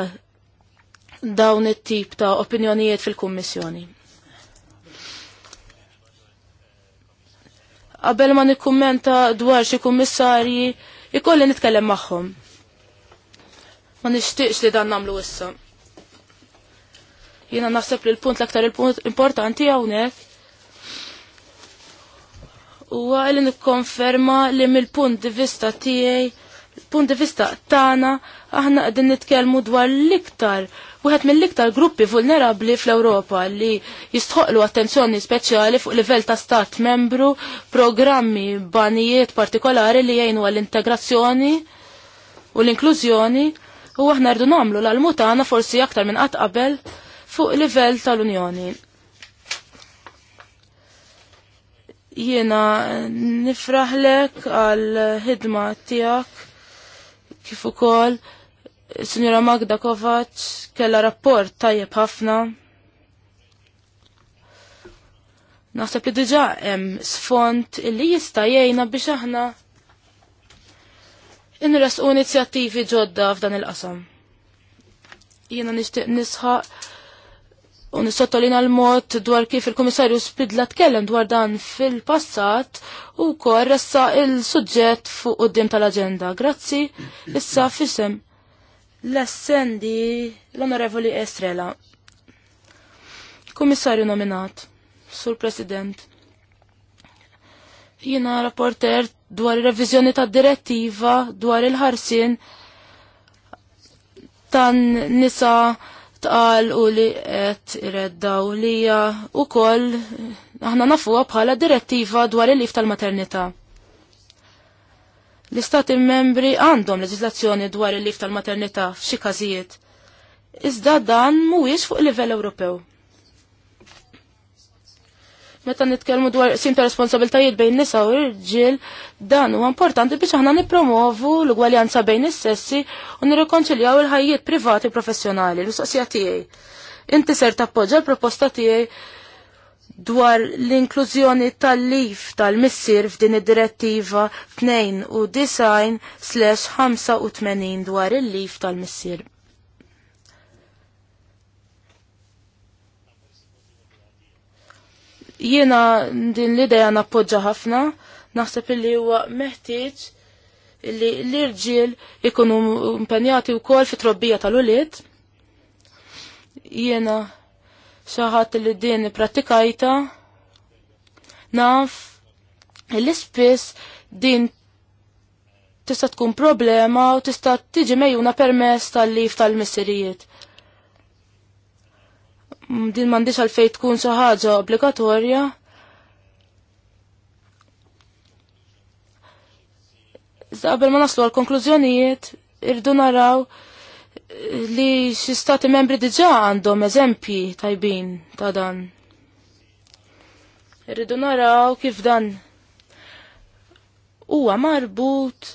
dawn it-tip ta' opinjonijiet fil-Kummissjoni. Qabel ma nikkummenta dwar xi kummissarji, ikolli nitkellem magħhom. Ma nixtieqx li dan nagħmlu issa. Jiena naħseb li l-punt l-aktar il-punt importanti hawnhekk huwa li nikkonferma li mill-punt di vista tiegħi punt di vista tagħna aħna qegħdin nitkellmu dwar l-iktar Wieħed mill-iktar gruppi vulnerabli fl-Ewropa li jistħoqlu attenzjoni speċjali fuq livell ta' stat membru, programmi, banijiet partikolari li jgħinu għall-integrazzjoni u l-inklużjoni u aħna rdu nagħmlu l-almutana forsi aktar minn qatt qabel fuq livell tal-Unjoni. Jiena nifraħlek għal ħidma tiegħek kif ukoll Signora Magda Kovac kella rapport tajjeb ħafna. Naħseb li diġa hemm sfond illi jista' jgħinna biex aħna inresqu inizjattivi ġodda f'dan il-qasam. Jiena nixtieq nisħaq u nissotolina l-mod dwar kif il kummissarju Spidla tkellem dwar dan fil-passat u korressa il-suġġett fuq qudiem tal-aġenda. Grazzi, issa fisem l-essendi l-onorevoli Estrela. Kummissarju nominat, sur president. Jina rapporter dwar revizjoni ta' direttiva dwar il-ħarsin tan nisa tqal u li qed irreddaw li hija koll aħna nafuha bħala direttiva dwar il-lif tal-maternità. L-istati membri għandhom leġislazzjoni dwar il-lif tal-maternità f'xi każijiet. Iżda dan mhuwiex fuq livell Ewropew. Meta nitkellmu dwar sim ta' responsabiltajiet bejn nisa u rġiel, dan huwa importanti biex aħna nippromovu l-ugwaljanza bejn is-sessi u nirrikonċiljaw il-ħajjiet privati u professjonali l-istoqsija tiegħi. Inti ser tappoġġa l-proposta tiegħi dwar l-inklużjoni tal-lif tal-missir f'din id-direttiva 92/85 dwar il-lif tal-missir. Jiena din l-ideja nappoġġa ħafna, naħseb illi huwa meħtieġ li l-irġiel ikunu impenjati wkoll fit-trobbija tal-ulied. Jiena xaħat li din pratikajta naf li spiss din tista' tkun problema u tista' tiġi mejuna permess tal-lif tal-missirijiet. Din m'għandix fej tkun xi ħaġa obbligatorja. Iżda ma naslu għal konklużjonijiet irdu naraw li xi stati membri diġà għandhom eżempji tajbin ta' dan. Irridu naraw kif dan huwa marbut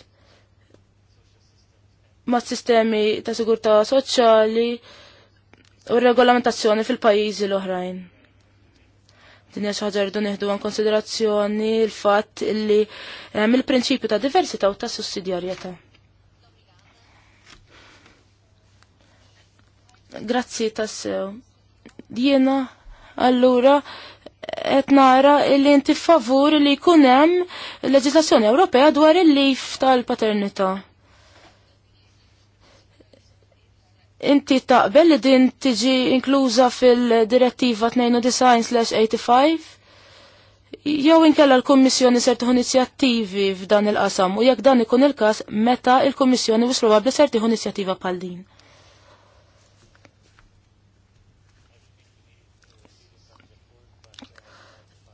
mas sistemi ta' sigurtà soċjali u regolamentazzjoni fil-pajjiżi l-oħrajn. Din hija xi ħaġa rridu nieħdu konsiderazzjoni l-fatt illi hemm il-prinċipju ta' diversità u ta' sussidjarjetà. Grazzi tassew. Jiena allura qed nara li inti favur li jkun hemm leġislazzjoni Ewropea dwar il-lif tal-paternità. Inti taqbel li din tiġi inkluża fil-direttiva 92/85? Jew inkella l-Kummissjoni ser tieħu inizjattivi f'dan il-qasam u jekk dan ikun il-każ meta l-Kummissjoni wis probabbli ser tieħu inizjattiva bħal din.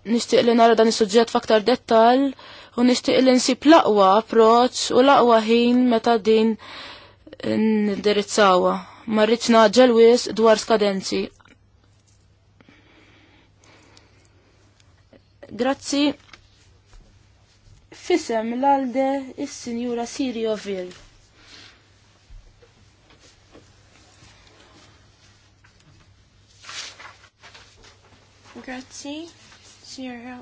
Nixtieq li nara dan is-suġġett f'aktar dettall u nixtieq li nsib l-aqwa approċċ u l-aqwa ħin meta din ndirizzawa. Ma rridx naġġel wis dwar skadenzi. Grazzi. Fisem l-alde is-Sinjura Sirio Vill. Grazzi. Signora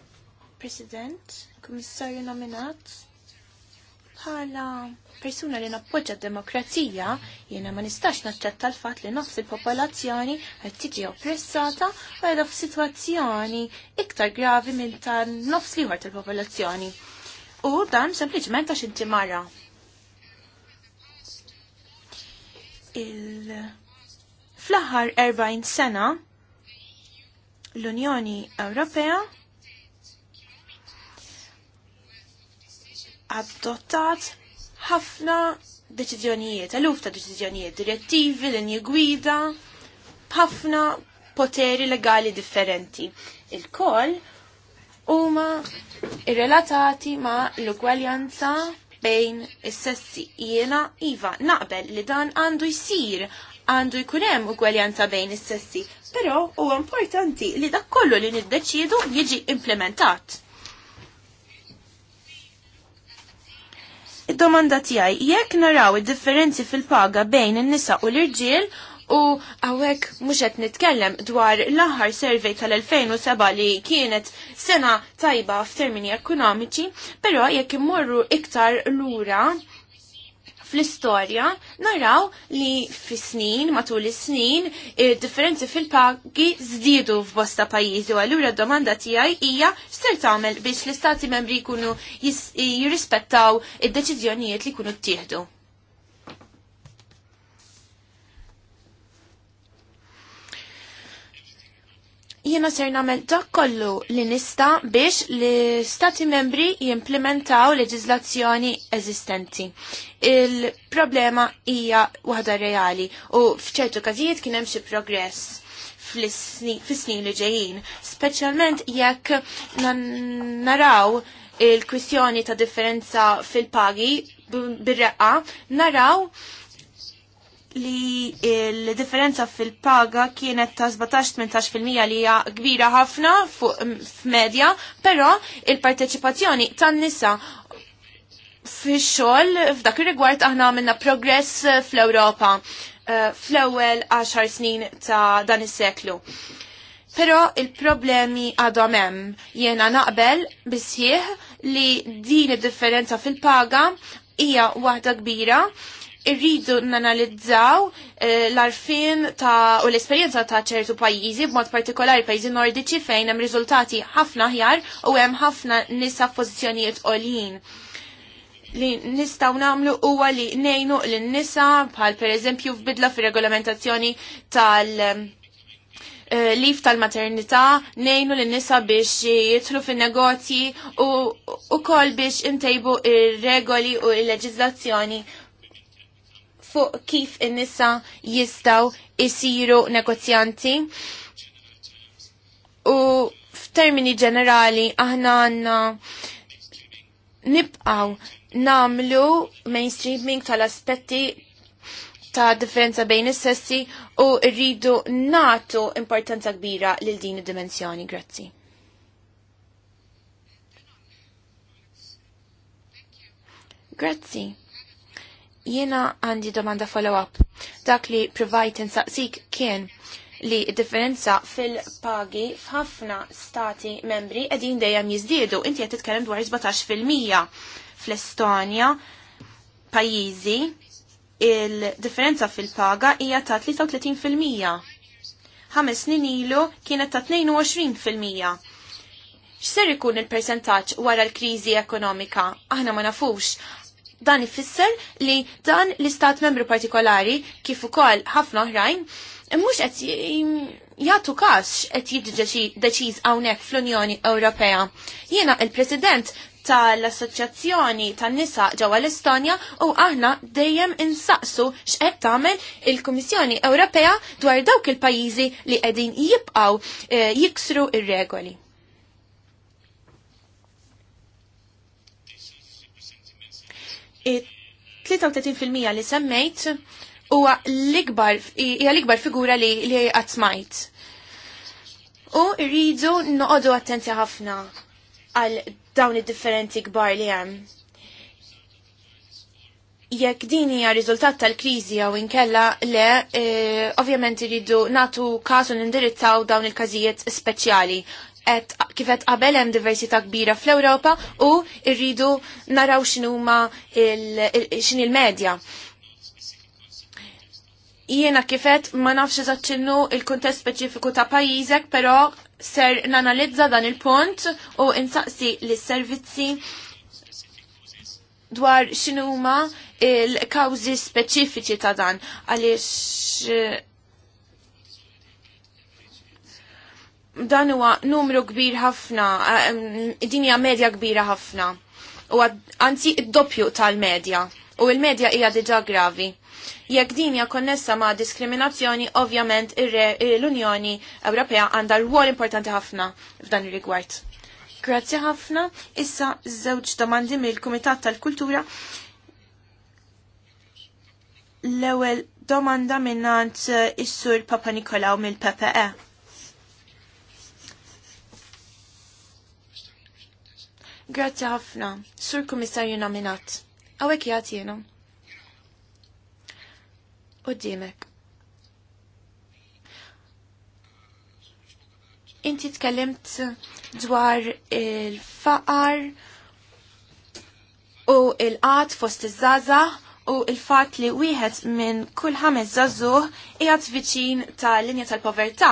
President, Kummissarju nominat, bħala persuna li nappoġġa d-demokrazija, jiena ma nistax naċċetta l-fatt li nofs il-popolazzjoni qed tiġi oppressata u qiegħda f'sitwazzjoni iktar gravi minn ta' nofs liħor tal-popolazzjoni. U dan sempliċement għax inti marra. Il... Fl-aħħar 40 sena l-Unjoni Ewropea adottat ħafna deċiżjonijiet, għaluf ta' deċiżjonijiet, direttivi, linji gwida, ħafna poteri legali differenti. Il-koll huma irrelatati ma' l-ugwaljanza bejn is-sessi jiena iva naqbel li dan għandu jsir għandu jkun hemm ugwaljanza bejn is-sessi, però huwa importanti li dak kollu li niddeċiedu jiġi implementat. Id-domanda tiegħi jekk naraw id-differenzi fil-paga bejn in-nisa u l-irġiel u għawek mhux qed nitkellem dwar l-aħħar survey tal-2007 li kienet sena tajba f'termini ekonomiċi, però jekk immorru iktar lura fl-istorja naraw li fis-snin, matul is-snin, differenzi fil-pagi żdiedu f'bosta pajjiżi u allura d-domanda tiegħi hija x'ser tagħmel biex l-istati membri jkunu jirrispettaw id-deċiżjonijiet li jkunu ttieħdu. jiena ser namel dak kollu li nista' biex li stati membri jimplementaw leġiżlazzjoni eżistenti. Il-problema hija waħda reali u f'ċertu każijiet kien hemm xi progress fis-snin li ġejjin, speċjalment jekk naraw il-kwistjoni ta' differenza fil-pagi bir-reqqa, naraw li il-differenza fil-paga kienet ta' 17-18% li hija kbira ħafna f'medja, però il-parteċipazzjoni tan-nisa fix-xogħol f'dak ir-rigward aħna għamilna progress fl-Ewropa eh, fl-ewwel 10 snin ta' dan is-seklu. Però il-problemi għadhom hemm. Jiena naqbel bisħieħ li din id-differenza fil-paga hija waħda kbira irridu nanalizzaw eh, l-arfin ta' u l-esperienza ta' ċertu pajjiżi b'mod partikolari pajjiżi nordiċi fejn hemm riżultati ħafna ħjar u hemm ħafna nisa f'pożizzjonijiet għoljin li nistaw namlu huwa li nejnu l-nisa bħal per eżempju f'bidla fir-regolamentazzjoni tal- eh, lif tal-maternità nejnu l-nisa biex jitlu fin negozji u, u kol biex intejbu il-regoli u il-leġizlazzjoni fuq kif in-nisa jistaw isiru negozjanti. U f'termini ġenerali aħna għanna nibqaw namlu mainstreaming tal-aspetti ta' differenza bejn is-sessi u rridu natu importanza kbira lil din id-dimensjoni. Grazzi. Grazzi. Jiena għandi domanda follow-up. Dak li provajt insaqsik kien li differenza fil-pagi f'ħafna stati membri qegħdin dejjem jiżdiedu. Inti qed titkellem dwar 17% fl-Estonja pajjiżi il-differenza fil-paga hija ta' 33%. Ħames snin ilu kienet ta' 22%. X'ser ikun il-persentaġġ wara l-kriżi ekonomika? Aħna ma nafux Dan ifisser li dan l-istat membru partikolari kif ukoll ħafna oħrajn mhux qed jagħtu każ qed jiġi deċiż hawnhekk fl-Unjoni Ewropea. Jiena il-President tal-Assoċjazzjoni tan-nisa ġewwa l-Estonja u aħna dejjem insaqsu x'qed tagħmel il-Kummissjoni Ewropea dwar dawk il-pajjiżi li qegħdin jibqgħu eh, jiksru ir-regoli. 33% li semmejt huwa l-ikbar hija l-ikbar figura li li qatt smajt. U rridu noqogħdu attenti ħafna għal dawn id-differenti kbar li hemm. Jekk din hija riżultat tal-kriżi jew inkella le, e, ovvjament irridu natu kasu nindirizzaw dawn il-każijiet speċjali kifet qabel hemm diversità kbira fl-Ewropa u rridu naraw x'inhuma x'in il-medja. Jiena kifet ma nafx eżatt x'inhu il-kuntest speċifiku ta' pajjiżek, però ser nanalizza dan il-punt u insaqsi lis-servizzi dwar x'inhuma il-kawżi speċifiċi ta' dan għaliex dan huwa numru kbir ħafna, din hija medja kbira ħafna. U anzi id-doppju tal-medja. U il-medja hija diġà gravi. Jekk din hija konnessa ma' diskriminazzjoni, ovvjament l-Unjoni Ewropea għandha rwol importanti ħafna f'dan ir-rigward. Grazzi ħafna. Issa żewġ domandi mill-Kumitat tal-Kultura. L-ewwel domanda minnant eh, is-Sur Papa Nikolaw mill-PPE. Grazzi ħafna, sur kummissarju nominat. Għawek jgħat jenu. U d-dimek. Inti tkellimt dwar il-faqar u il-qat fost iż-żaza u il-fat li wieħed minn kull ħames żagħżugħ qiegħed viċin tal-linja tal-povertà.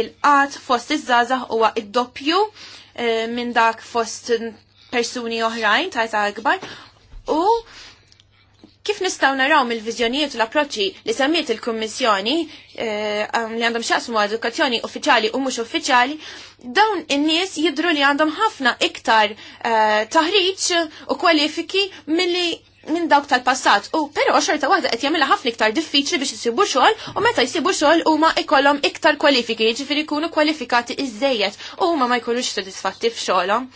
Il-qat fost iż-żgħażagħ huwa id-doppju eh, minn dak fost persuni oħrajn tajta akbar u kif nistaw naraw mill viżjonijiet u l-approċċi li semmiet il-Kummissjoni eh, um, li għandhom xaqsmu edukazzjoni uffiċjali u mhux uffiċjali, dawn in-nies jidru li għandhom ħafna iktar eh, taħriġ u kwalifiki milli minn dawk tal-passat. U però xorta waħda qed jagħmilha ħafna iktar diffiċli biex isibu xogħol u meta jsibu xogħol huma ikollhom iktar kwalifiki, jiġifieri jkunu kwalifikati iżejjed u huma ma jkunux sodisfatti f'xogħolhom.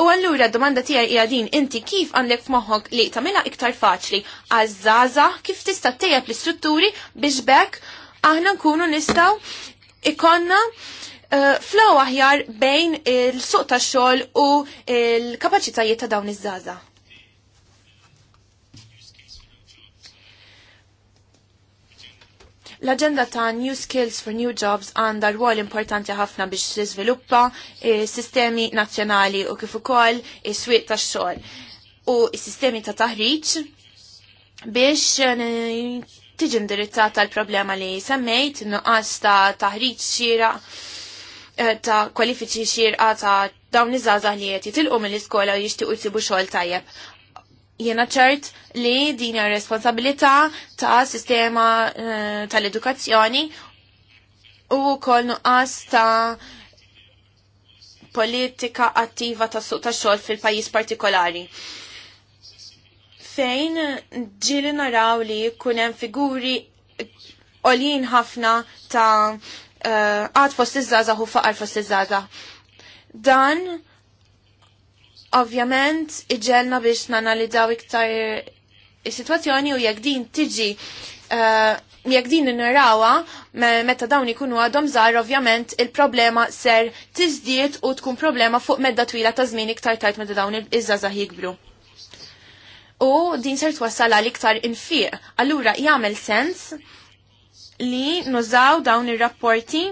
U allura domanda tiegħi hija din inti kif għandek f'moħħok li tagħmilha iktar faċli għazzaza kif tista' tejjeb l-istrutturi biex bekk aħna nkunu nistgħu ikonna eh, flow aħjar bejn il-suq ta' xogħol u l-kapaċitajiet ta' dawn iż-żaża. L-agenda ta' New Skills for New Jobs għandha rwol importanti ħafna biex tiżviluppa sistemi nazzjonali u kif ukoll is-swieq tax-xogħol u s-sistemi ta' taħriġ biex eh, tiġi indirizzata l-problema li semmejt, nuqqas ta' taħriġ xira eh, ta' kwalifiċi xirqa ta' dawn iż-żgħażagħ li qed jitilqu mill-iskola u jixtiequ jsibu xogħol tajjeb. Jiena ċert li din hija responsabilità ta' sistema uh, tal-edukazzjoni u kol nuqqas ta' politika attiva ta' suq ta' xogħol fil-pajjiż partikolari. Fejn ġili naraw li hemm figuri olin ħafna ta' eh, għad uh, fost iż-żaza u faqar fost iż-żaza. Dan Ovvjament, iġelna biex nanalizzaw iktar is-sitwazzjoni u jekk din tiġi uh, jekk din me, meta dawn ikunu għadhom żgħar ovvjament il-problema ser tiżdied u tkun problema fuq medda twila ta' żmien iktar tajt meta dawn iż-żgħażagħ jikbru. U din ser twassal għal iktar infiq. Allura jagħmel sens li nużaw dawn ir-rapporti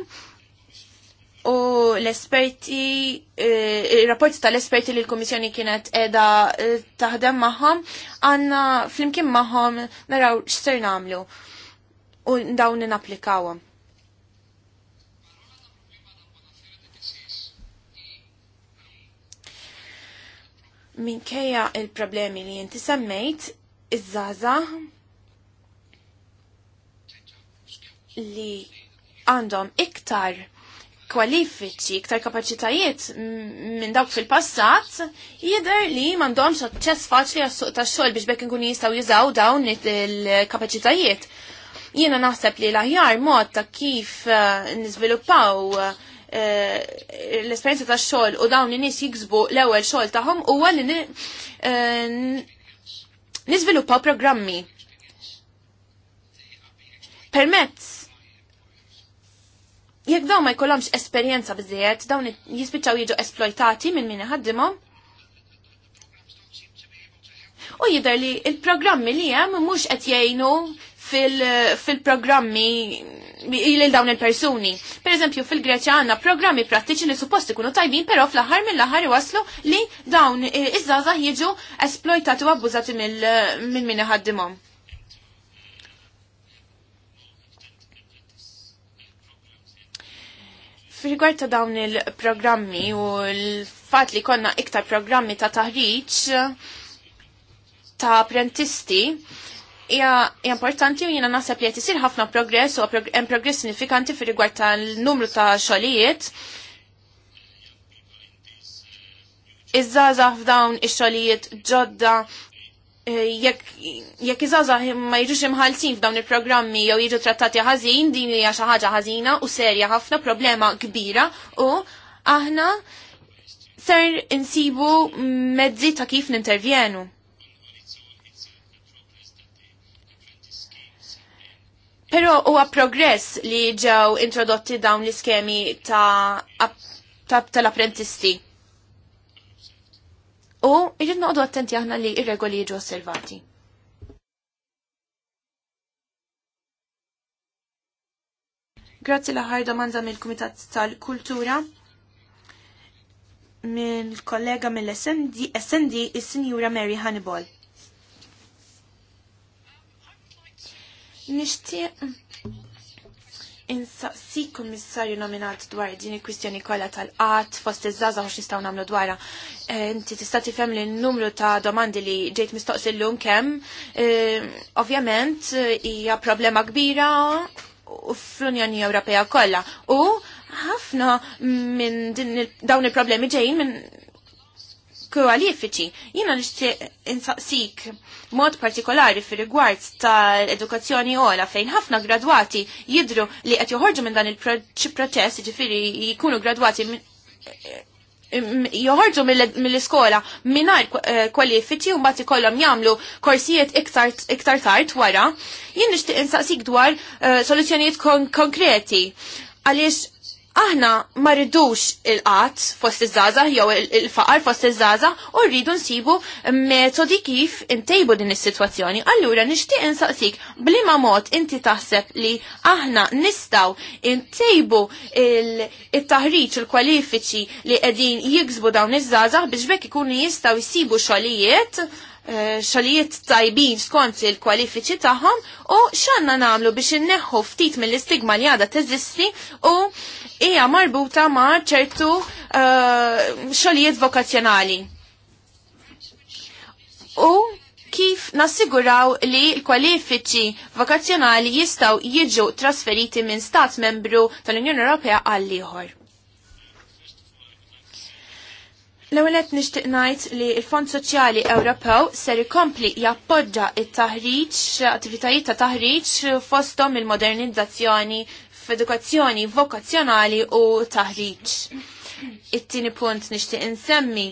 u l-esperti, eh, il-rapport tal-esperti li l-Komissjoni kienet edha eh, taħdem maħom, għanna flimkien maħom naraw x'ser namlu u dawn n-applikawam. minkejja il-problemi li jinti semmejt, iż-żaza li għandhom iktar kwalifiċi, iktar kapacitajiet minn dawk fil-passat, jider li mandom aċċess faċli għas-suq tax-xogħol biex bekk nkun jistgħu jizaw dawn il kapacitajiet Jiena naħseb li l-aħjar mod ta' kif eh, niżviluppaw eh, l-esperienza ta' xogħol u dawn in-nies jiksbu l-ewwel xogħol tagħhom huwa għalli nizviluppaw eh, programmi permezz jekk dawn ma jkollhomx esperjenza biżejjed, dawn jispiċċaw jiġu esploitati minn min iħaddimhom. U jidher li il-programmi li hemm mhux qed jgħinu fil-programmi lil dawn il-persuni. Per eżempju, fil-Greċja għandna programmi prattiċi li suppost ikunu tajbin, però fl-aħħar mill-aħħar waslu li dawn iż-żgħażagħ jiġu esploitati u abbużati minn min iħaddimhom. Fil-rigward ta' dawn il-programmi u l-fat li konna iktar programmi ta' taħriġ ta' apprentisti, hija importanti u jiena naħseb li qed isir ħafna progress u hemm progress sinifikanti fir rigward numru ta' xogħlijiet. Iż-żgħażagħ f'dawn ix-xogħlijiet ġodda jekk iżaza ma jiġux imħalsin f'dawn il-programmi jew jiġu trattati ħażin, din hija xi ħaġa ħażina u serja ħafna problema kbira u aħna ser insibu mezzi ta' kif nintervjenu. Pero huwa progress li ġew introdotti dawn l-iskemi ta' tal-apprentisti. Ta U irrid noqogħdu attenti aħna li ir-regoli jiġu osservati. Grazzi l-aħħar domanda mill-Kumitat tal-Kultura minn kollega mill-SND is-Sinjura Mary Hannibal. Nixtieq insaqsi kummissarju nominat dwar din il-kwistjoni kollha tal qat fost iż żaza u xistaw nagħmlu dwarha. Eh, inti tista' tifhem li n-numru ta' domandi li ġejt mistoqsi llum kemm eh, ovvjament eh, hija problema kbira fl-Unjoni Ewropea kollha u ħafna minn dawn il-problemi ġejjin minn kwalifiċi. Jina nixtieq insaqsik mod partikolari fir rigward tal-edukazzjoni ola fejn ħafna gradwati jidru li qed joħorġu minn dan il-proċess, ġifiri jkunu gradwati joħorġu mill-iskola mingħajr eh, kwalifiċi u mbagħad ikollhom jagħmlu korsijiet iktar tard wara. Jien nixtieq insaqsik dwar eh, soluzzjonijiet konkreti għaliex Aħna ma ridux il-qat fost iż-żaza jew il-faqar fost iż-żaza u rridu nsibu metodi kif intejbu din is-sitwazzjoni. Allura nixtieq insaqsik bliema mod inti taħseb li aħna nistgħu intejbu il-taħriġ il-kwalifiċi li qegħdin jiksbu dawn iż-żaza biex bekk ikunu jistgħu jsibu xogħlijiet Eh, xalijiet tajbin skont il-kwalifiċi tagħhom u x'għandna nagħmlu biex inneħħu ftit mill-istigma li għada teżisti u hija marbuta ma' ċertu eh, xogħlijiet vokazzjonali. U kif nassiguraw li l-kwalifiċi vokazzjonali jistaw jiġu trasferiti minn stat membru tal-Unjoni Ewropea għall ieħor. L-ewwel nixtieq ngħid li l-Fond Soċjali Ewropew ser ikompli jappoġġa it-taħriġ, attivitajiet ta' taħriġ fosthom il-modernizzazzjoni f'edukazzjoni vokazzjonali u taħriġ. It-tieni punt nixtieq insemmi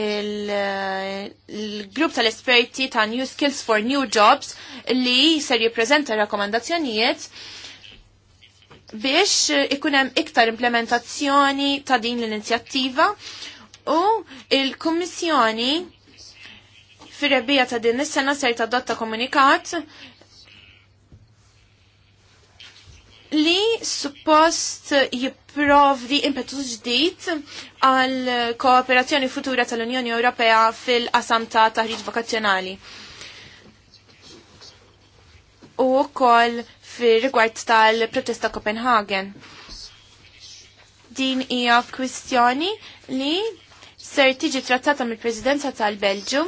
il-grupp tal-esperti ta' New Skills for New Jobs li ser jippreżenta rakkomandazzjonijiet biex ikun hemm iktar implementazzjoni ta' din l-inizjattiva U il-Kummissjoni fir rebija ta' din is-sena ser tadotta komunikat li suppost jipprovdi impetu ġdid għal kooperazzjoni futura tal-Unjoni Ewropea fil-qasam ta' taħriġ vokazzjonali. U wkoll fir-rigward tal-protesta Copenhagen. Din hija kwistjoni li ser tiġi trattata mill-Presidenza tal-Belġu.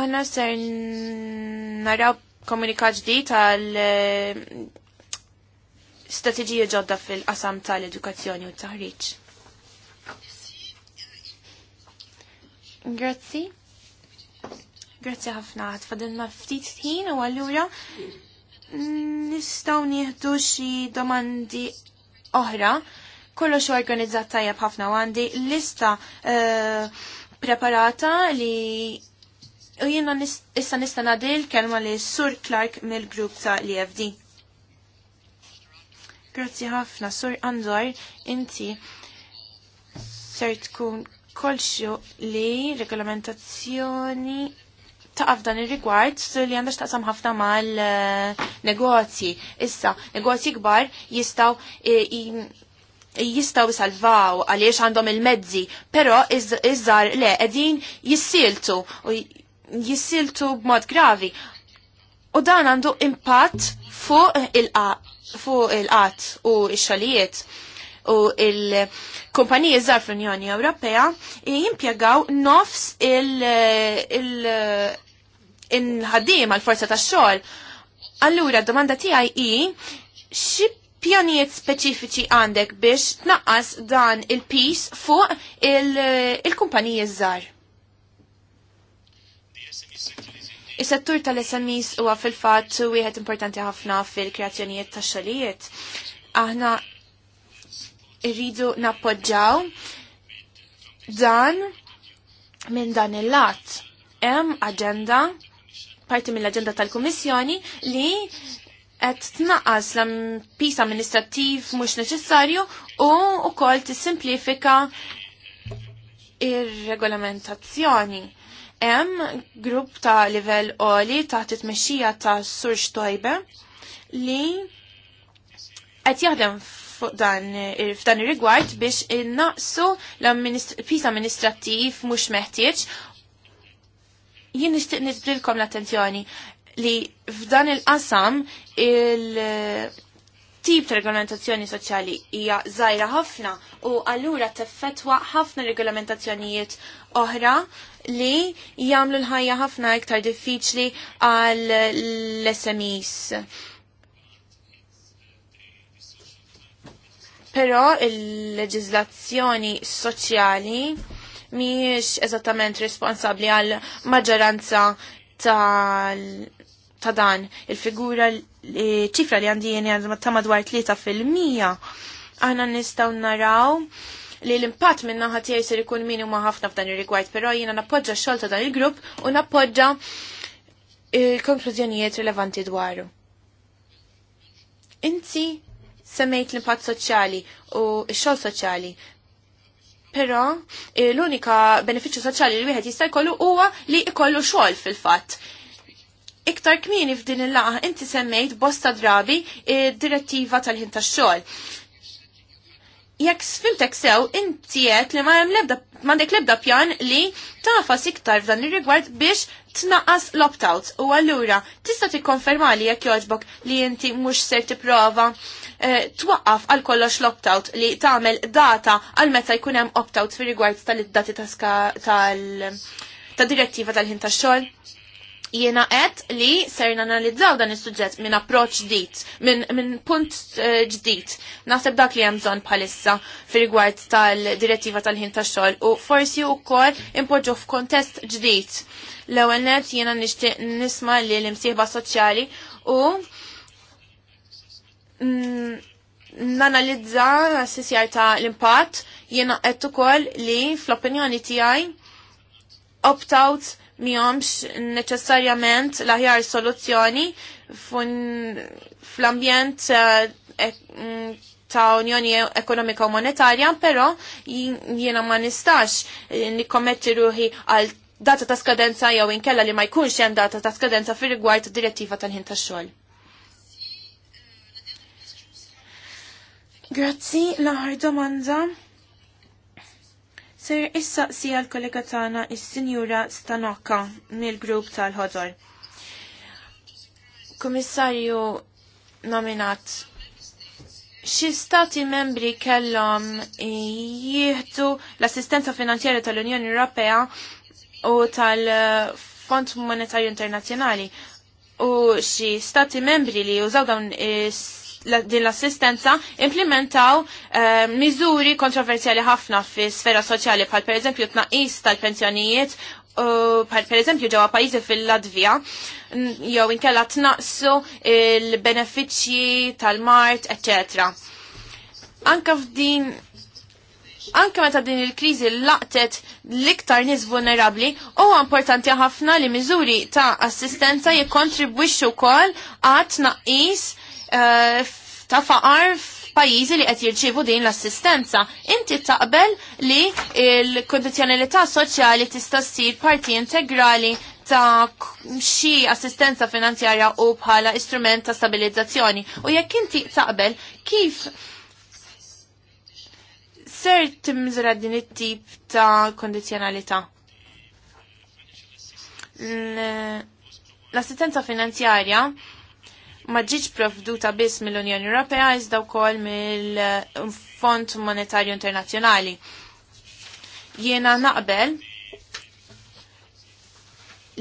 Għanna ser naraw komunikat ġdid tal eh, strategija ġodda fil-qasam tal-edukazzjoni u taħriġ. Grazzi. Grazzi ħafna, tfadilna ftit ħin u għallura nistaw nieħdu xi domandi oħra. xo organizzat tajjeb ħafna għandi lista eh, preparata li u jiena issa nista' nagħdi l-kelma li Sur Clark mill-grupp ta' LFD. E Grazzi ħafna, Sur Andor, inti ser tkun kolxu li regolamentazzjoni taqaf f'dan ir-rigward li għandha taqsam ħafna mal-negozji. Issa, negozji kbar jistgħu jistaw e, salvaw għaliex għandhom il-mezzi, pero iż-żar le qegħdin jissiltu jissiltu b'mod gravi. U dan għandu impatt fuq il qat u il xalijiet u il-kumpaniji zar fl-Unjoni Ewropea jimpjegaw nofs il-, il in-ħaddim għal-forza tax-xogħol. Allura, domanda tiegħi hi xi pjanijiet speċifiċi għandek biex tnaqqas dan il-pis fuq il-kumpaniji żgħar? Is-settur tal-SMEs huwa fil-fatt wieħed importanti ħafna fil-kreazzjonijiet ta' xogħlijiet. Aħna rridu nappoġġaw dan minn dan il-lat. Hemm aġenda parti mill-aġenda tal-Kummissjoni li qed tnaqqas l-pis amministrattiv mhux neċessarju u wkoll tissimplifika ir-regolamentazzjoni. Hemm grupp ta' livell oli ta' titmexxija ta' Sur Xtojbe li qed jaħdem fuq dan f'dan ir-rigward biex innaqsu l-pis amministrattiv mhux meħtieġ jien nixtieq nitbrilkom l-attenzjoni li f'dan il-qasam il-tip eh, ta' regolamentazzjoni soċjali hija żgħira ħafna u allura teffettwa ħafna regolamentazzjonijiet oħra li jagħmlu l-ħajja ħafna iktar diffiċli għal l-SMEs. Però il-leġizlazzjoni soċjali miex eżattament responsabli għal maġġoranza ta' dan il-figura ċifra li għandi jeni ta' madwar 3% aħna nistaw naraw li l-impatt minna ħati tiegħi ser ikun minimu ħafna f'dan ir-rigward, però jiena nappoġġa x-xogħol ta' dan il-grupp u nappoġġa il-konklużjonijiet rilevanti dwaru. Inti semmejt l-impatt soċjali u x-xogħol soċjali. Però eh, l-unika benefiċċju soċjali li wieħed jista' jkollu huwa li jkollu xogħol fil-fatt. Iktar kmieni f'din il laqgħa inti semmejt bosta drabi eh, direttiva tal-ħin tax-xogħol. Jekk sfimtek sew, inti qed li ma hemm lebda m'għandek lebda pjan li tafas iktar f'dan ir-rigward biex tnaqqas l-opt-out u allura tista' tikkonferma li jekk jogħġbok li inti mhux ser tipprova Eh, twaqqaf għal kollox l-opt-out li tagħmel data għal meta jkun hemm opt-out fi rigward tal-dati tal-direttiva tal-ħin tax-xogħol. Jiena qed li ser nanalizzaw dan is-suġġett minn approċċ ġdid, minn punt eh, ġdid. Naħseb dak li hemm bżonn bħalissa fir-rigward tal-direttiva tal-ħin tax-xogħol u forsi wkoll impoġġu f'kontest ġdid. L-ewwel net jiena nixtieq nisma' li l-imsieħba soċjali u nanalizza s-sisjar ta' l-impatt jena qed ukoll li fl-opinjoni tiegħi opt-out miħomx neċessarjament laħjar soluzzjoni fl-ambjent eh, ta' Unjoni Ekonomika u Monetarja, pero jiena ma nistax eh, nikkommetti ruħi għal data ta' skadenza jew inkella li ma jkunx hemm data ta' skadenza fir rigward direttiva tal-ħin tax-xogħol. Grazzi, l domanda. Sir, issa si l-kollega tagħna is-Sinjura Stanoka mill-grupp tal-ħodor. Komissarju nominat xi stati membri kellhom jieħdu l-assistenza finanzjarja tal-Unjoni Ewropea u tal-Fond Monetarju Internazzjonali u xi stati membri li użaw dawn is din l-assistenza implementaw eh, miżuri kontroversjali ħafna fi sfera soċjali bħal per eżempju tnaqis tal-pensjonijiet bħal per eżempju ġewwa pajjiżi fil-Latvija jew inkella tnaqsu il-benefiċċji tal-mart, eċetera. Anka f'din Anke meta din il-kriżi laqtet l-iktar nies vulnerabbli, huwa importanti ħafna li miżuri ta' assistenza jikkontribwixxu wkoll għat uh, Eh, ta' faqar f'pajjiżi li qed jirċivu din l-assistenza. Inti taqbel li l-kondizjonalità soċjali tista' ssir parti integrali ta' xi assistenza finanzjarja u bħala istrument ta' stabilizzazzjoni. U jekk inti taqbel, kif ser timżra din it-tip ta' kondizjonalità? L-assistenza finanzjarja ma ġiġ provduta biss mill-Unjoni Ewropea iżda wkoll mill-Fond Monetarju Internazzjonali. Jiena naqbel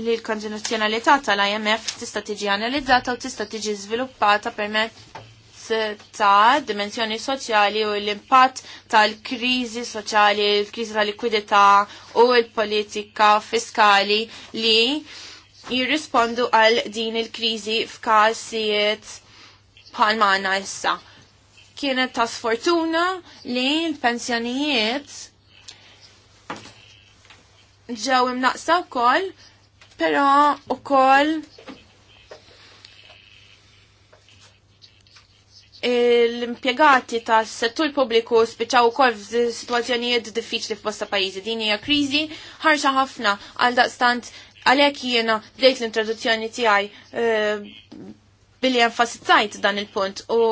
li l-kondizjonalità tal-IMF tista' tiġi analizzata u tista' tiġi żviluppata permezz ta' dimensjoni soċjali u l-impatt tal-kriżi soċjali, l-kriżi tal-likwidità u l-politika fiskali li jirrispondu għal din il-krizi f'każijiet bħal maħna issa. Kienet ta' sfortuna li l-pensjonijiet ġew imnaqsa wkoll, però wkoll l-impiegati ta' settur pubbliku spiċaw kol f'sitwazzjonijiet diffiċli f'bosta pajjiżi. Din hija kriżi ħarxa ħafna għal daqstant Għalhekk jiena dejt l-introduzzjoni tiegħi e, billi enfasizzajt dan il-punt u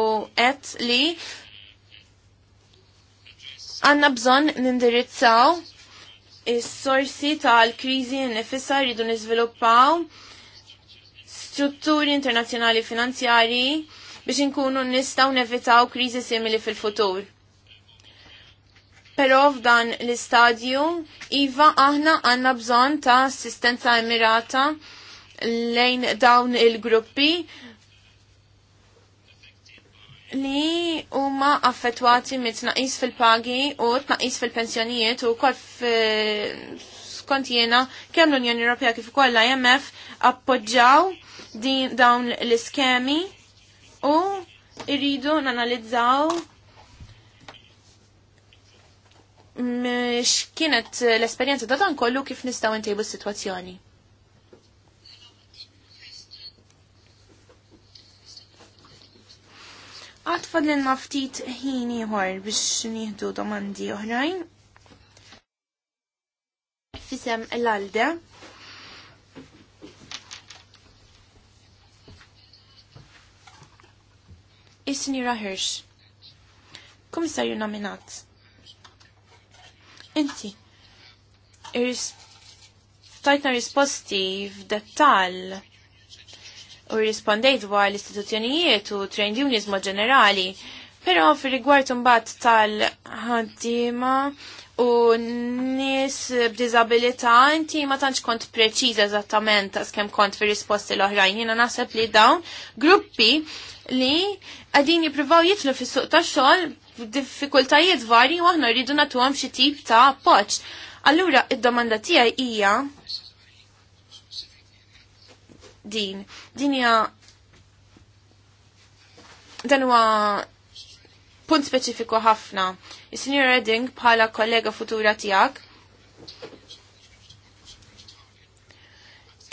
għet li għandna bżonn nindirizzaw is-sorsi tal-kriżi nifissa rridu niżviluppaw strutturi internazzjonali finanzjarji biex inkunu nistgħu nevitaw kriżi simili fil-futur Pero f'dan l-istadju, Iva, aħna għanna bżon ta' assistenza emirata lejn dawn il-gruppi li huma affettwati mit tnaqis fil-pagi u tnaqis fil-pensjonijiet u kol skont jena kemm l-Unjoni Ewropea kif ukoll l-IMF appoġġaw din dawn l-iskemi u irridu nanalizzaw kienet l esperienza ta' dan kollu kif nistaw intejbu s situazzjoni Għatfad li naftit ħin ieħor biex nieħdu domandi oħrajn. Fisem l għalde Is-Sinjura Hirsch, komissarju nominat. Inti, tajtna risposti f'dettall u rispondejt dwar l-istituzzjonijiet u trade mod ġenerali, però fir rigward imbagħad tal-ħaddiema u nies b'diżabilità inti ma tantx kont preċiża eżattament kemm kont fir risposti l-oħrajn. Jiena naħseb li dawn gruppi li qegħdin jippruvaw jitlu fis-suq tax-xogħol diffikultajiet varji u aħna rridu natuhom xi tip ta' appoġġ. Allura id-domanda tiegħi hija din. Din hija dan huwa punt speċifiku ħafna. Is-Sinjor Redding bħala kollega futura tiegħek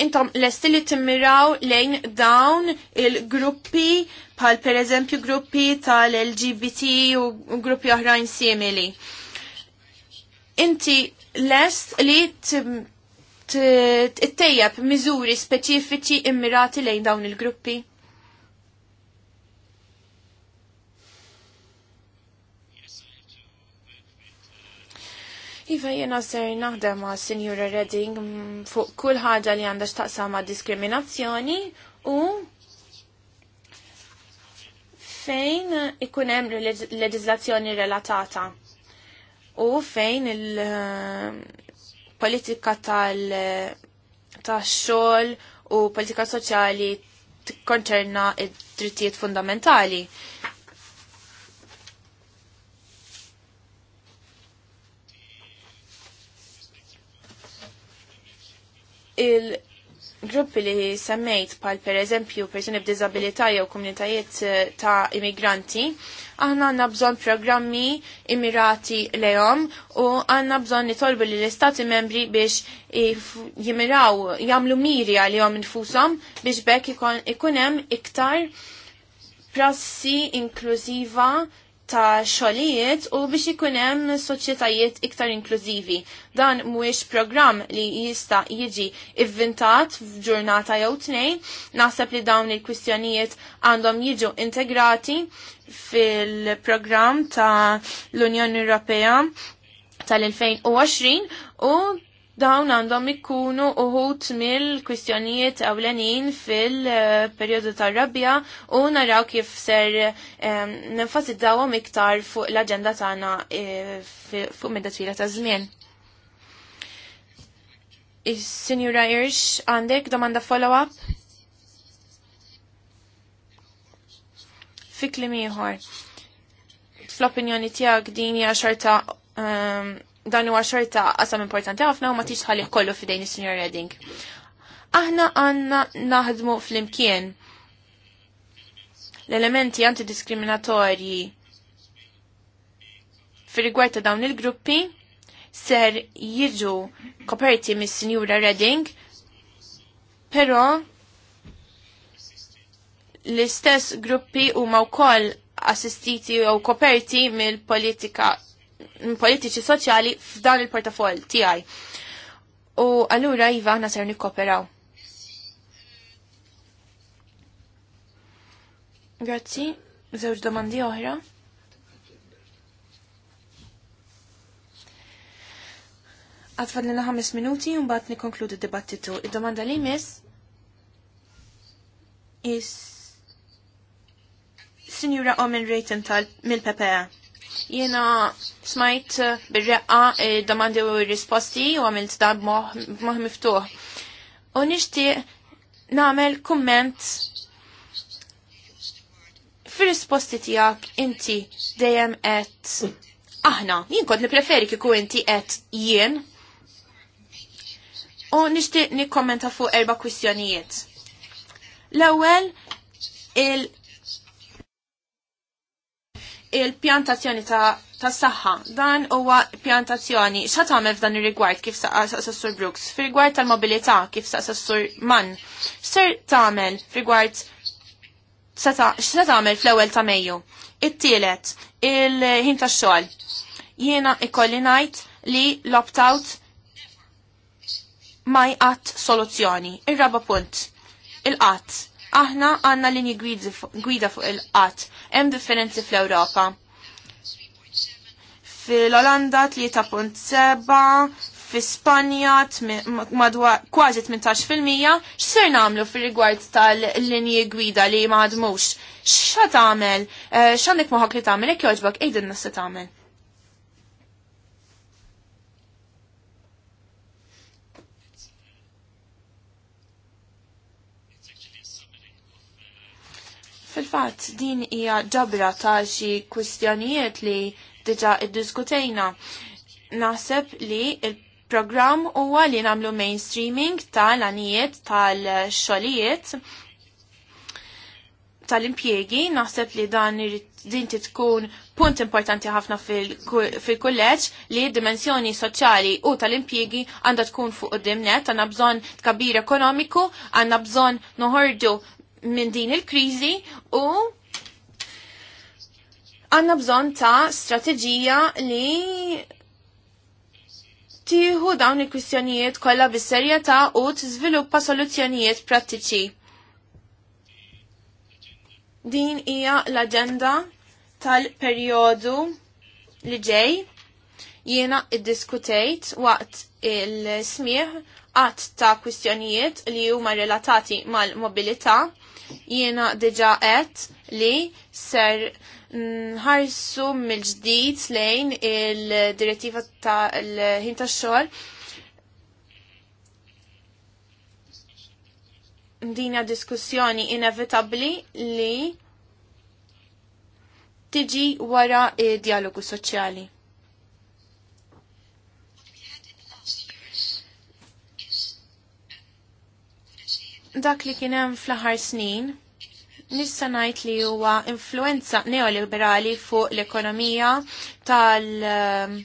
intom lesti li timmiraw lejn dawn il-gruppi pal per eżempju gruppi tal-LGBT u gruppi oħrajn simili. Inti lest li t-tejjab miżuri speċifiċi immirati lejn dawn il-gruppi? Iva jena ser naħdem ma' Signora Redding fuq kull ħaġa li għandha x'taqsam ma' diskriminazzjoni u fejn ikun hemm leġiżlazzjoni relatata u fejn il-politika eh, tal tax-xogħol u politika soċjali tikkonċerna id-drittijiet fundamentali. il-gruppi li semmejt pal per eżempju persuni b'dizabilità jew komunitajiet eh, ta' immigranti, aħna għanna bżon programmi immirati lejom u għanna bżon nitolbu li l-istati membri biex jimiraw, jamlu miri għalihom infushom nfusom biex bekk ikunem iktar prassi inklużiva ta' xolijiet u biex ikun hemm soċjetajiet iktar inklużivi. Dan mhuwiex programm li jista' jiġi ivvintat f'ġurnata jew tnejn, naħseb li dawn il-kwistjonijiet għandhom jiġu integrati fil-programm ta' l-Unjoni Ewropea tal-2020 u dawn għandhom ikkunu uħut mill-kwistjonijiet ewlenin fil-periodu tar rabja u naraw kif ser dawom iktar fuq l-aġenda tagħna e, fuq medda twila ta' żmien. Is-Sinjura Irx, għandek domanda follow-up? Fikli miħor. Fl-opinjoni tijak din hija xorta dan huwa xorta qasam importanti ħafna u ma tix tħallih kollu f'idejn is-Senior Reading. Aħna għandna naħdmu fl-imkien l-elementi antidiskriminatorji fir-rigward ta' dawn il-gruppi ser jiġu koperti mis-Sinjura Reading, però l-istess gruppi huma wkoll assistiti jew koperti mill-politika politiċi soċjali f'dan il-portafol tiegħi. U allura iva aħna ser nikkoperaw. Grazzi, żewġ domandi oħra. Għatfad l-na ħames minuti un bat nikonkludu dibattitu. Id-domanda li mis is Signora Omen Rejten tal mill-PPA. Jena smajt eh, bil-reqqa eh, domandi u risposti u għamilt da b'moħ miftuħ. U nishti namel komment fir risposti tijak inti dejjem et aħna. Jien kont nipreferi kiku inti et jien. U nishti nikommenta fuq erba kwistjonijiet. L-ewwel il- il-pjantazzjoni ta' ta' saħħa. Dan huwa pjantazzjoni. X'ħat tagħmel f'dan ir-rigward kif saqsa Sur Brooks? Fir-rigward tal-mobilità kif saqsa Sur Mann. ser tagħmel f'rigward x'sa tagħmel fl-ewwel ta' Mejju? It-tielet, il-ħin tax-xogħol. Jiena ikolli ngħid li l-opt-out ma jqatt soluzzjoni. Ir-raba punt. Il-qatt Aħna għanna linji gwida fuq il qat Hemm differenzi fl-Ewropa. Fil-Olanda 3.7, fil-Spanja madwar kważi 18%. X'ser nagħmlu fir-rigward tal-linji gwida li ma għadmux? X'għad tagħmel? Eh, x'għandek moħħok li tagħmel? Jekk jogħġbok, ejdin nista tagħmel. Fil-fatt, din hija ġabra ta' xi kwistjonijiet li diġa iddiskutejna. Naħseb li il-programm huwa li nagħmlu mainstreaming tal-anijiet tal-xogħlijiet tal-impjegi, naħseb li dan din tkun punt importanti ħafna fil-kulleġġ li dimensjoni soċjali u tal-impjegi għandha tkun fuq net. għandna bżonn tkabbir ekonomiku, għandna bżonn noħorġu minn din il-kriżi u għanna bżon ta' strategija li tiħu dawn il-kwistjonijiet kollha bis-serjetà u tiżviluppa soluzzjonijiet prattiċi. Din hija l-aġenda tal-perjodu li ġej jiena iddiskutejt waqt il-smieħ għat ta' kwistjonijiet li huma relatati mal-mobilità Jiena diġa qed li ser nħarsu mill-ġdid lejn il-direttiva ta' l-ħin tax-xogħol dina diskussjoni inevitabli li tiġi wara dialogu soċjali. dak li kien hemm fl-aħħar snin nista' ngħid li huwa influenza neoliberali fuq l-ekonomija tal- ehm,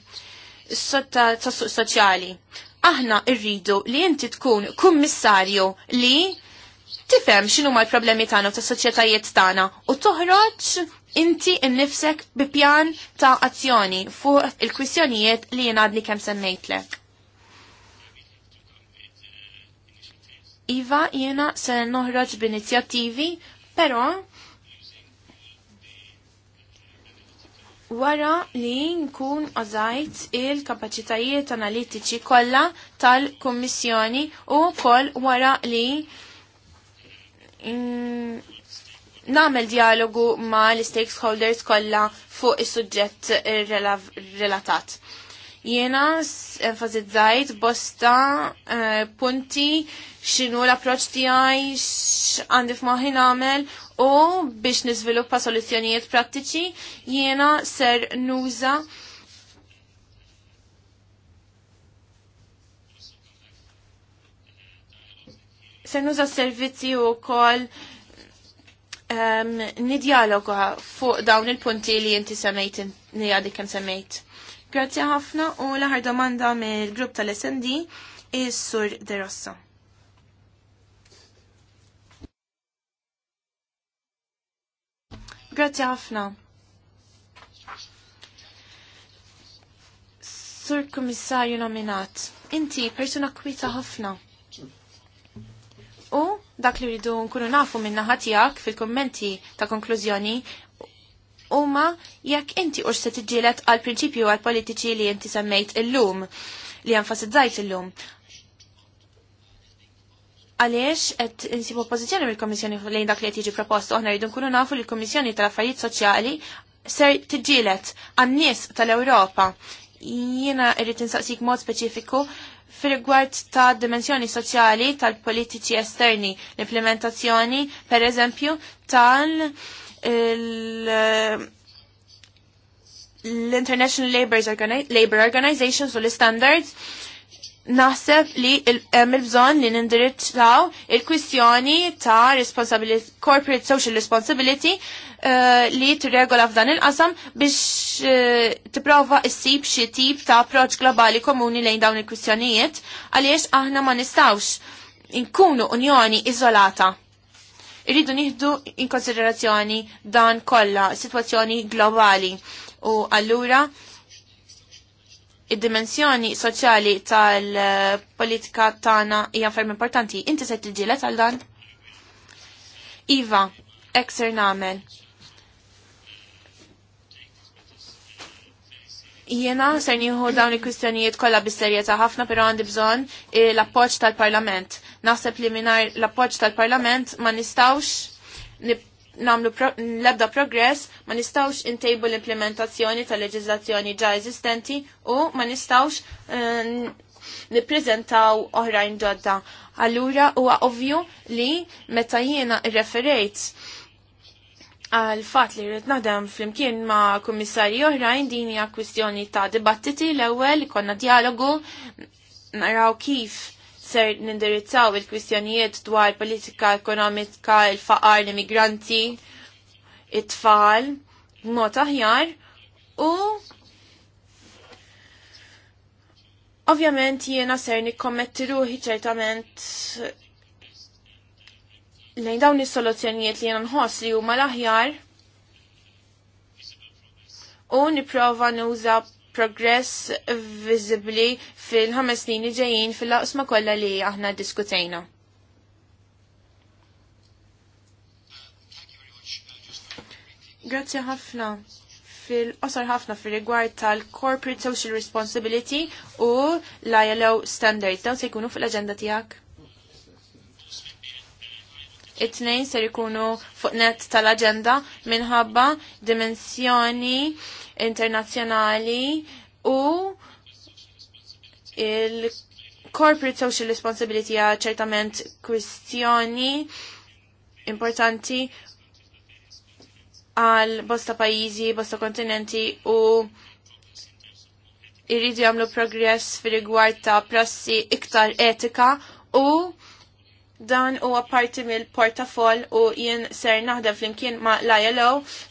tas-suq soċjali. Aħna rridu li inti tkun kummissarju li tifhem x'inhu l-problemi tagħna u tas soċjetajiet tagħna u toħroġ inti innifsek bi pjan ta' azzjoni fuq il-kwistjonijiet li jingħadni kemm semmejtlek. Iva, jena se noħroġ b'inizjattivi, però wara li nkun ożajt il-kapacitajiet analitiċi kollha tal-Kummissjoni u koll wara li mm, namel dialogu ma l-stakeholders kollha fuq is-suġġett relatat. Jena enfasizzajt bosta uh, punti xinu l-approċ għaj għandi maħin għamel u biex nizviluppa soluzzjonijiet prattiċi jiena ser nuża ser nuża servizzi u kol um, nidjaloga fuq dawn il-punti li jinti semmejt li għadi kem semmejt. Grazie ħafna u laħar domanda mill-grupp tal-SND is-sur De Rossa. Grazzi ħafna. Sur Kummissarju nominat, inti persuna kwita ħafna. U dak li rridu nkunu nafu minna ħatijak fil-kommenti ta' konklużjoni huma jekk inti ux se tiġġielet għal prinċipju għal politiċi li inti semmejt illum li enfasizzajt illum għaliex qed insibu pożizzjoni mill kummissjoni lejn dak li qed jiġi proposto aħna rridu nkunu nafu li l-Kommissjoni tal-Affarijiet Soċjali ser tiġġielet għan-nies tal-Ewropa. Jiena irrid insaqsik mod speċifiku fil-rigward ta' dimensjoni soċjali tal-politiċi esterni, l-implementazzjoni, per eżempju, tal- l-International Labor Organizations u l-standards naħseb li hemm il-bżonn li nindirizzaw il-kwistjoni ta' corporate social responsibility eh, li tirregola f'dan il-qasam biex eh, tipprova issib xi tip ta' approċċ globali komuni lejn dawn il-kwistjonijiet għaliex aħna ma nistawx inkunu unjoni iżolata. Irridu nieħdu in konsiderazzjoni dan kollha, sitwazzjoni globali. U allura id-dimensjoni soċjali tal-politika tagħna hija ferm importanti. Inti se tiġilet għal dan? Iva, ekser namel. Jiena ser nieħu dawn il-kwistjonijiet kollha bis-serjetà ħafna però għandi bżonn eh, l-appoġġ tal-Parlament. Naħseb li mingħajr l-appoġġ tal-Parlament ma nistgħux namlu pro l-ebda progress ma nistawx intejbu l-implementazzjoni tal leġizlazzjoni ġa eżistenti u ma nistawx eh, niprezentaw oħrajn ġodda. Allura huwa ovvju li meta jiena referejt għal fat li rrid naħdem flimkien ma' kummissarji oħrajn din hija kwistjoni ta' dibattiti l-ewwel konna dialogu naraw kif ser nindirizzaw il-kwistjonijiet dwar politika ekonomika, il-faqar, l-immigranti, it-tfal, mod aħjar u Ovvjament jiena ser nikkommetti ruħi ċertament lejn dawn is-soluzzjonijiet li jiena nħoss li huma l-aħjar u nipprova nuża progress viżibbli fil-ħames snin ġejjin fil-laqsma kollha li aħna diskutejna. Grazzi ħafna fil-qosor ħafna fil-rigward tal-Corporate Social Responsibility u l-ILO Standards. Dawn se jkunu fil-agenda tijak? It-tnejn ser jkunu fuq net tal-agenda minħabba dimensjoni internazzjonali u il-corporate social responsibility għal ċertament kwistjoni importanti għal bosta pajizi, bosta kontinenti u irridu jamlu progress fi rigward ta' prassi iktar etika u dan huwa parti mill portafoll u jien ser naħdem flimkien ma l-ILO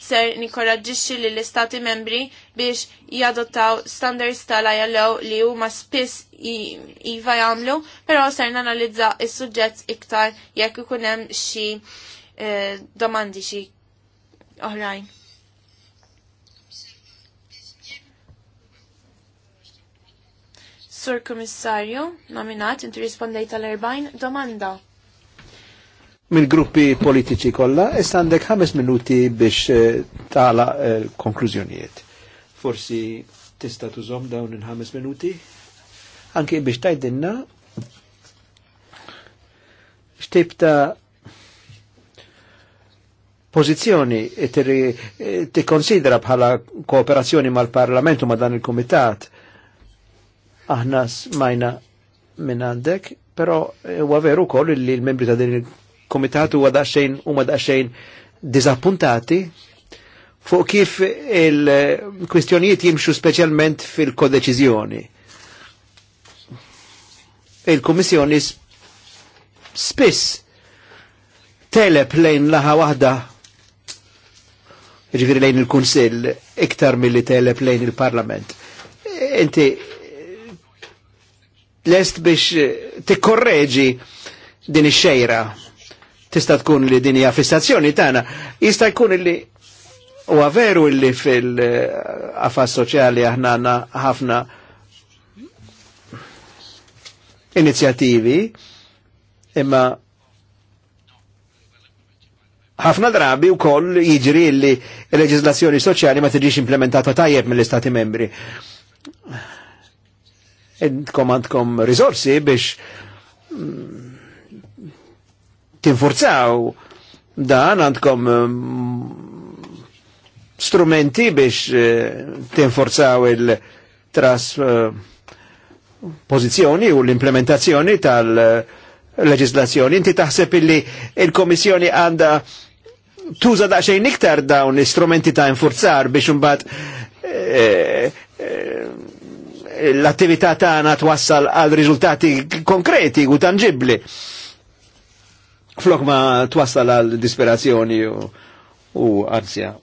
ser nikoraġġixxi li l-istati membri biex jadottaw standards tal-ILO li huma spiss iva jagħmlu, però ser nanalizza is-suġġett iktar jekk ikun hemm xi eh, domandi xi oħrajn. Sur Komissarju, nominat, inti rispondejt għal erbajn domanda minn gruppi politiċi kollha, issa għandek ħames minuti biex eh, tala eh, konklużjonijiet. Forsi tista' tużom dawn in ħames minuti? Anki biex tajdinna xtib ta' pozizjoni ti konsidra bħala kooperazzjoni mal-parlamentu ma' dan il-komitat. Aħna smajna minn għandek, pero huwa veru koll li l-membri ta' din il komitatu u huwa u huma dizappuntati diżappuntati fuq kif il-kwistjonijiet jimxu speċjalment fil-kodeċiżjoni. Il-Kummissjoni spiss telep lejn laħa waħda ġifiri lejn il-Kunsill iktar mill-li teleb lejn il-Parlament. Inti lest biex tikkorreġi din ix-xejra tista' tkun li din hija fissazzjoni tagħna, jista' jkun li u veru li fil affas soċjali aħna għandna ħafna inizjattivi, imma ħafna drabi u koll jiġri li leġizlazzjoni soċjali ma tiġix implementata tajjeb mill-Istati membri. Komandkom risorsi biex mm, tinfurzaw dan għandkom um, strumenti biex eh, tinforzaw il-tras eh, pozizjoni u l-implementazzjoni tal-leġislazzjoni. Inti taħseb illi il-Komissjoni għanda tuża daqsxejn iktar dawn istrumenti ta' infurzar biex imbagħad eh, l-attività tagħna twassal għal riżultati konkreti u tangibbli flok ma twassal għal disperazzjoni u, u ansja.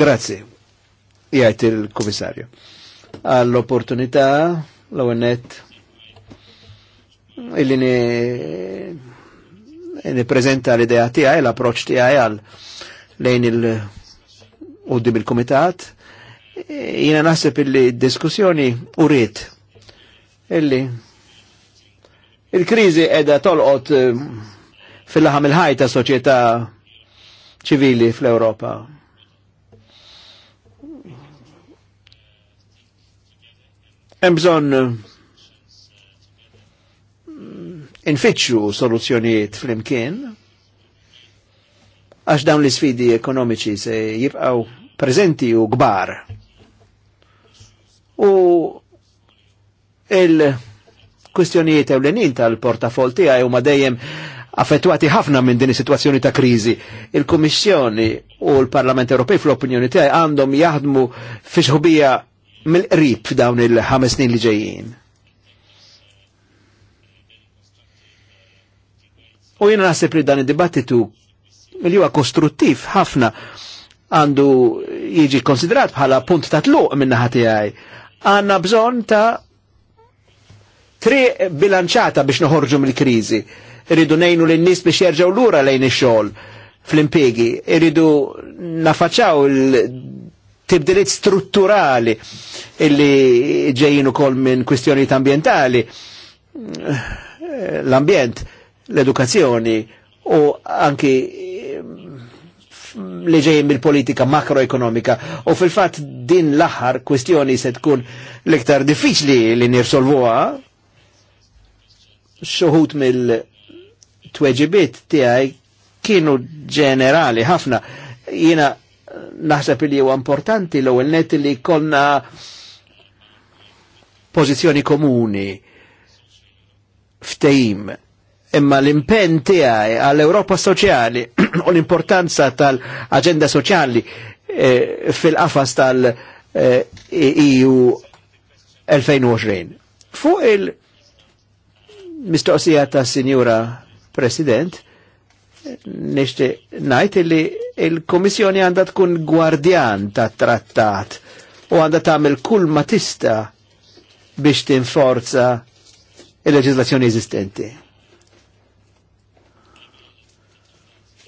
Grazzi, jgħajt il-komissarju. Għall-opportunità, l-għonet, illi ne, ne prezenta l-idea tijaj, l-approċ tijaj għal lejn il uddim il-komitat, jina nasib illi diskussjoni u rrit illi Il-krizi edha tolqot eh, fil-laħam il-ħajta soċieta ċivili fl-Europa. Hemm bżonn eh, infittxu soluzzjonijiet fl-imkien għax dawn l-sfidi ekonomiċi se jibqaw prezenti u gbar. U il- kwistjonijiet ewlenin tal-portafol tiegħi huma dejjem affettwati ħafna minn din is-sitwazzjoni ta' kriżi. Il-Kummissjoni u l-Parlament Ewropej fl-opinjoni tiegħi għandhom jaħdmu fi xħubija mill-qrib f'dawn il-ħames snin li ġejjin. U jiena naħseb li dan id-dibattitu li huwa kostruttiv ħafna għandu jiġi konsiderat bħala punt ta' tluq minn naħa tiegħi. Għanna bżon ta' Tri bilanċata biex noħorġu mill-krizi. Irridu nejnu l-nis biex jerġaw lura lejn ix-xogħol fl-impiegi. Irridu nafaċaw il-tibdiliet strutturali illi ġejjin ukoll minn kwistjonijiet ambientali l-ambjent, l-edukazzjoni u anki mm, li ġejjin mill-politika makroekonomika u fil-fatt din l-aħħar kwistjoni se tkun l-iktar diffiċli li nirsolvuha xoħut mill-tweġibiet tiegħi kienu ġenerali ħafna. Jiena naħseb li huwa importanti l-ewwel net li konna pożizzjoni komuni ftehim imma l-impenn tiegħi għall-Ewropa Soċjali [CLEARS THROAT] u l-importanza tal-Aġenda Soċjali eh, eh, e, fil-qafas tal-EU 2020. Fuq il- mistoqsija ta' Sinjura President, nishti najt li il-Komissjoni għanda tkun gwardjan ta' trattat u għanda tagħmel kull ma tista biex tinforza il-leġislazzjoni eżistenti.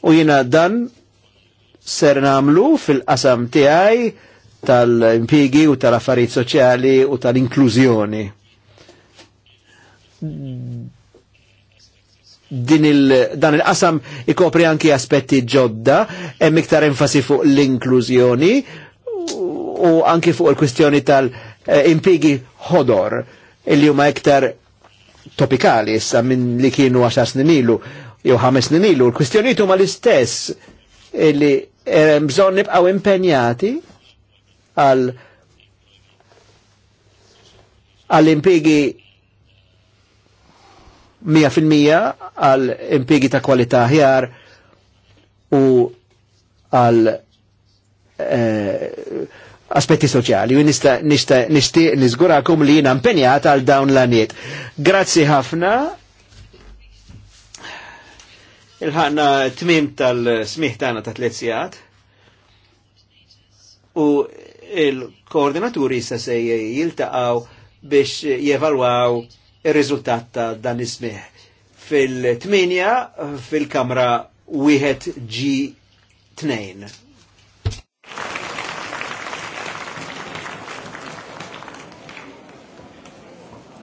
U jina dan ser namlu fil-qasam tiegħi tal impigi u tal-affarijiet soċjali u tal-inklużjoni din il, dan il-qasam ikopri anki aspetti ġodda, hemm iktar enfasi fuq l-inklużjoni u anki fuq il-kwistjoni tal-impigi ħodor illi huma iktar topikali issa minn li kienu 10 snin ilu jew 5 snin ilu, l-kwistjonijiet huma l-istess illi eh, bżonn nibqgħu impenjati għal għall-impigi 100% għal impiegi ta' kwalità ħjar u għal eh, aspetti soċjali. U nista, nista, nista, nizgurakum li jina impenjata għal dawn l-aniet. Grazzi ħafna. Il-ħanna tmim tal-smiħ tagħna ta' tliet u il-koordinaturi issa se jiltaqgħu biex jevalwaw il-rizultat ta' dan ismiħ. Fil-8 fil-kamra 1 G2.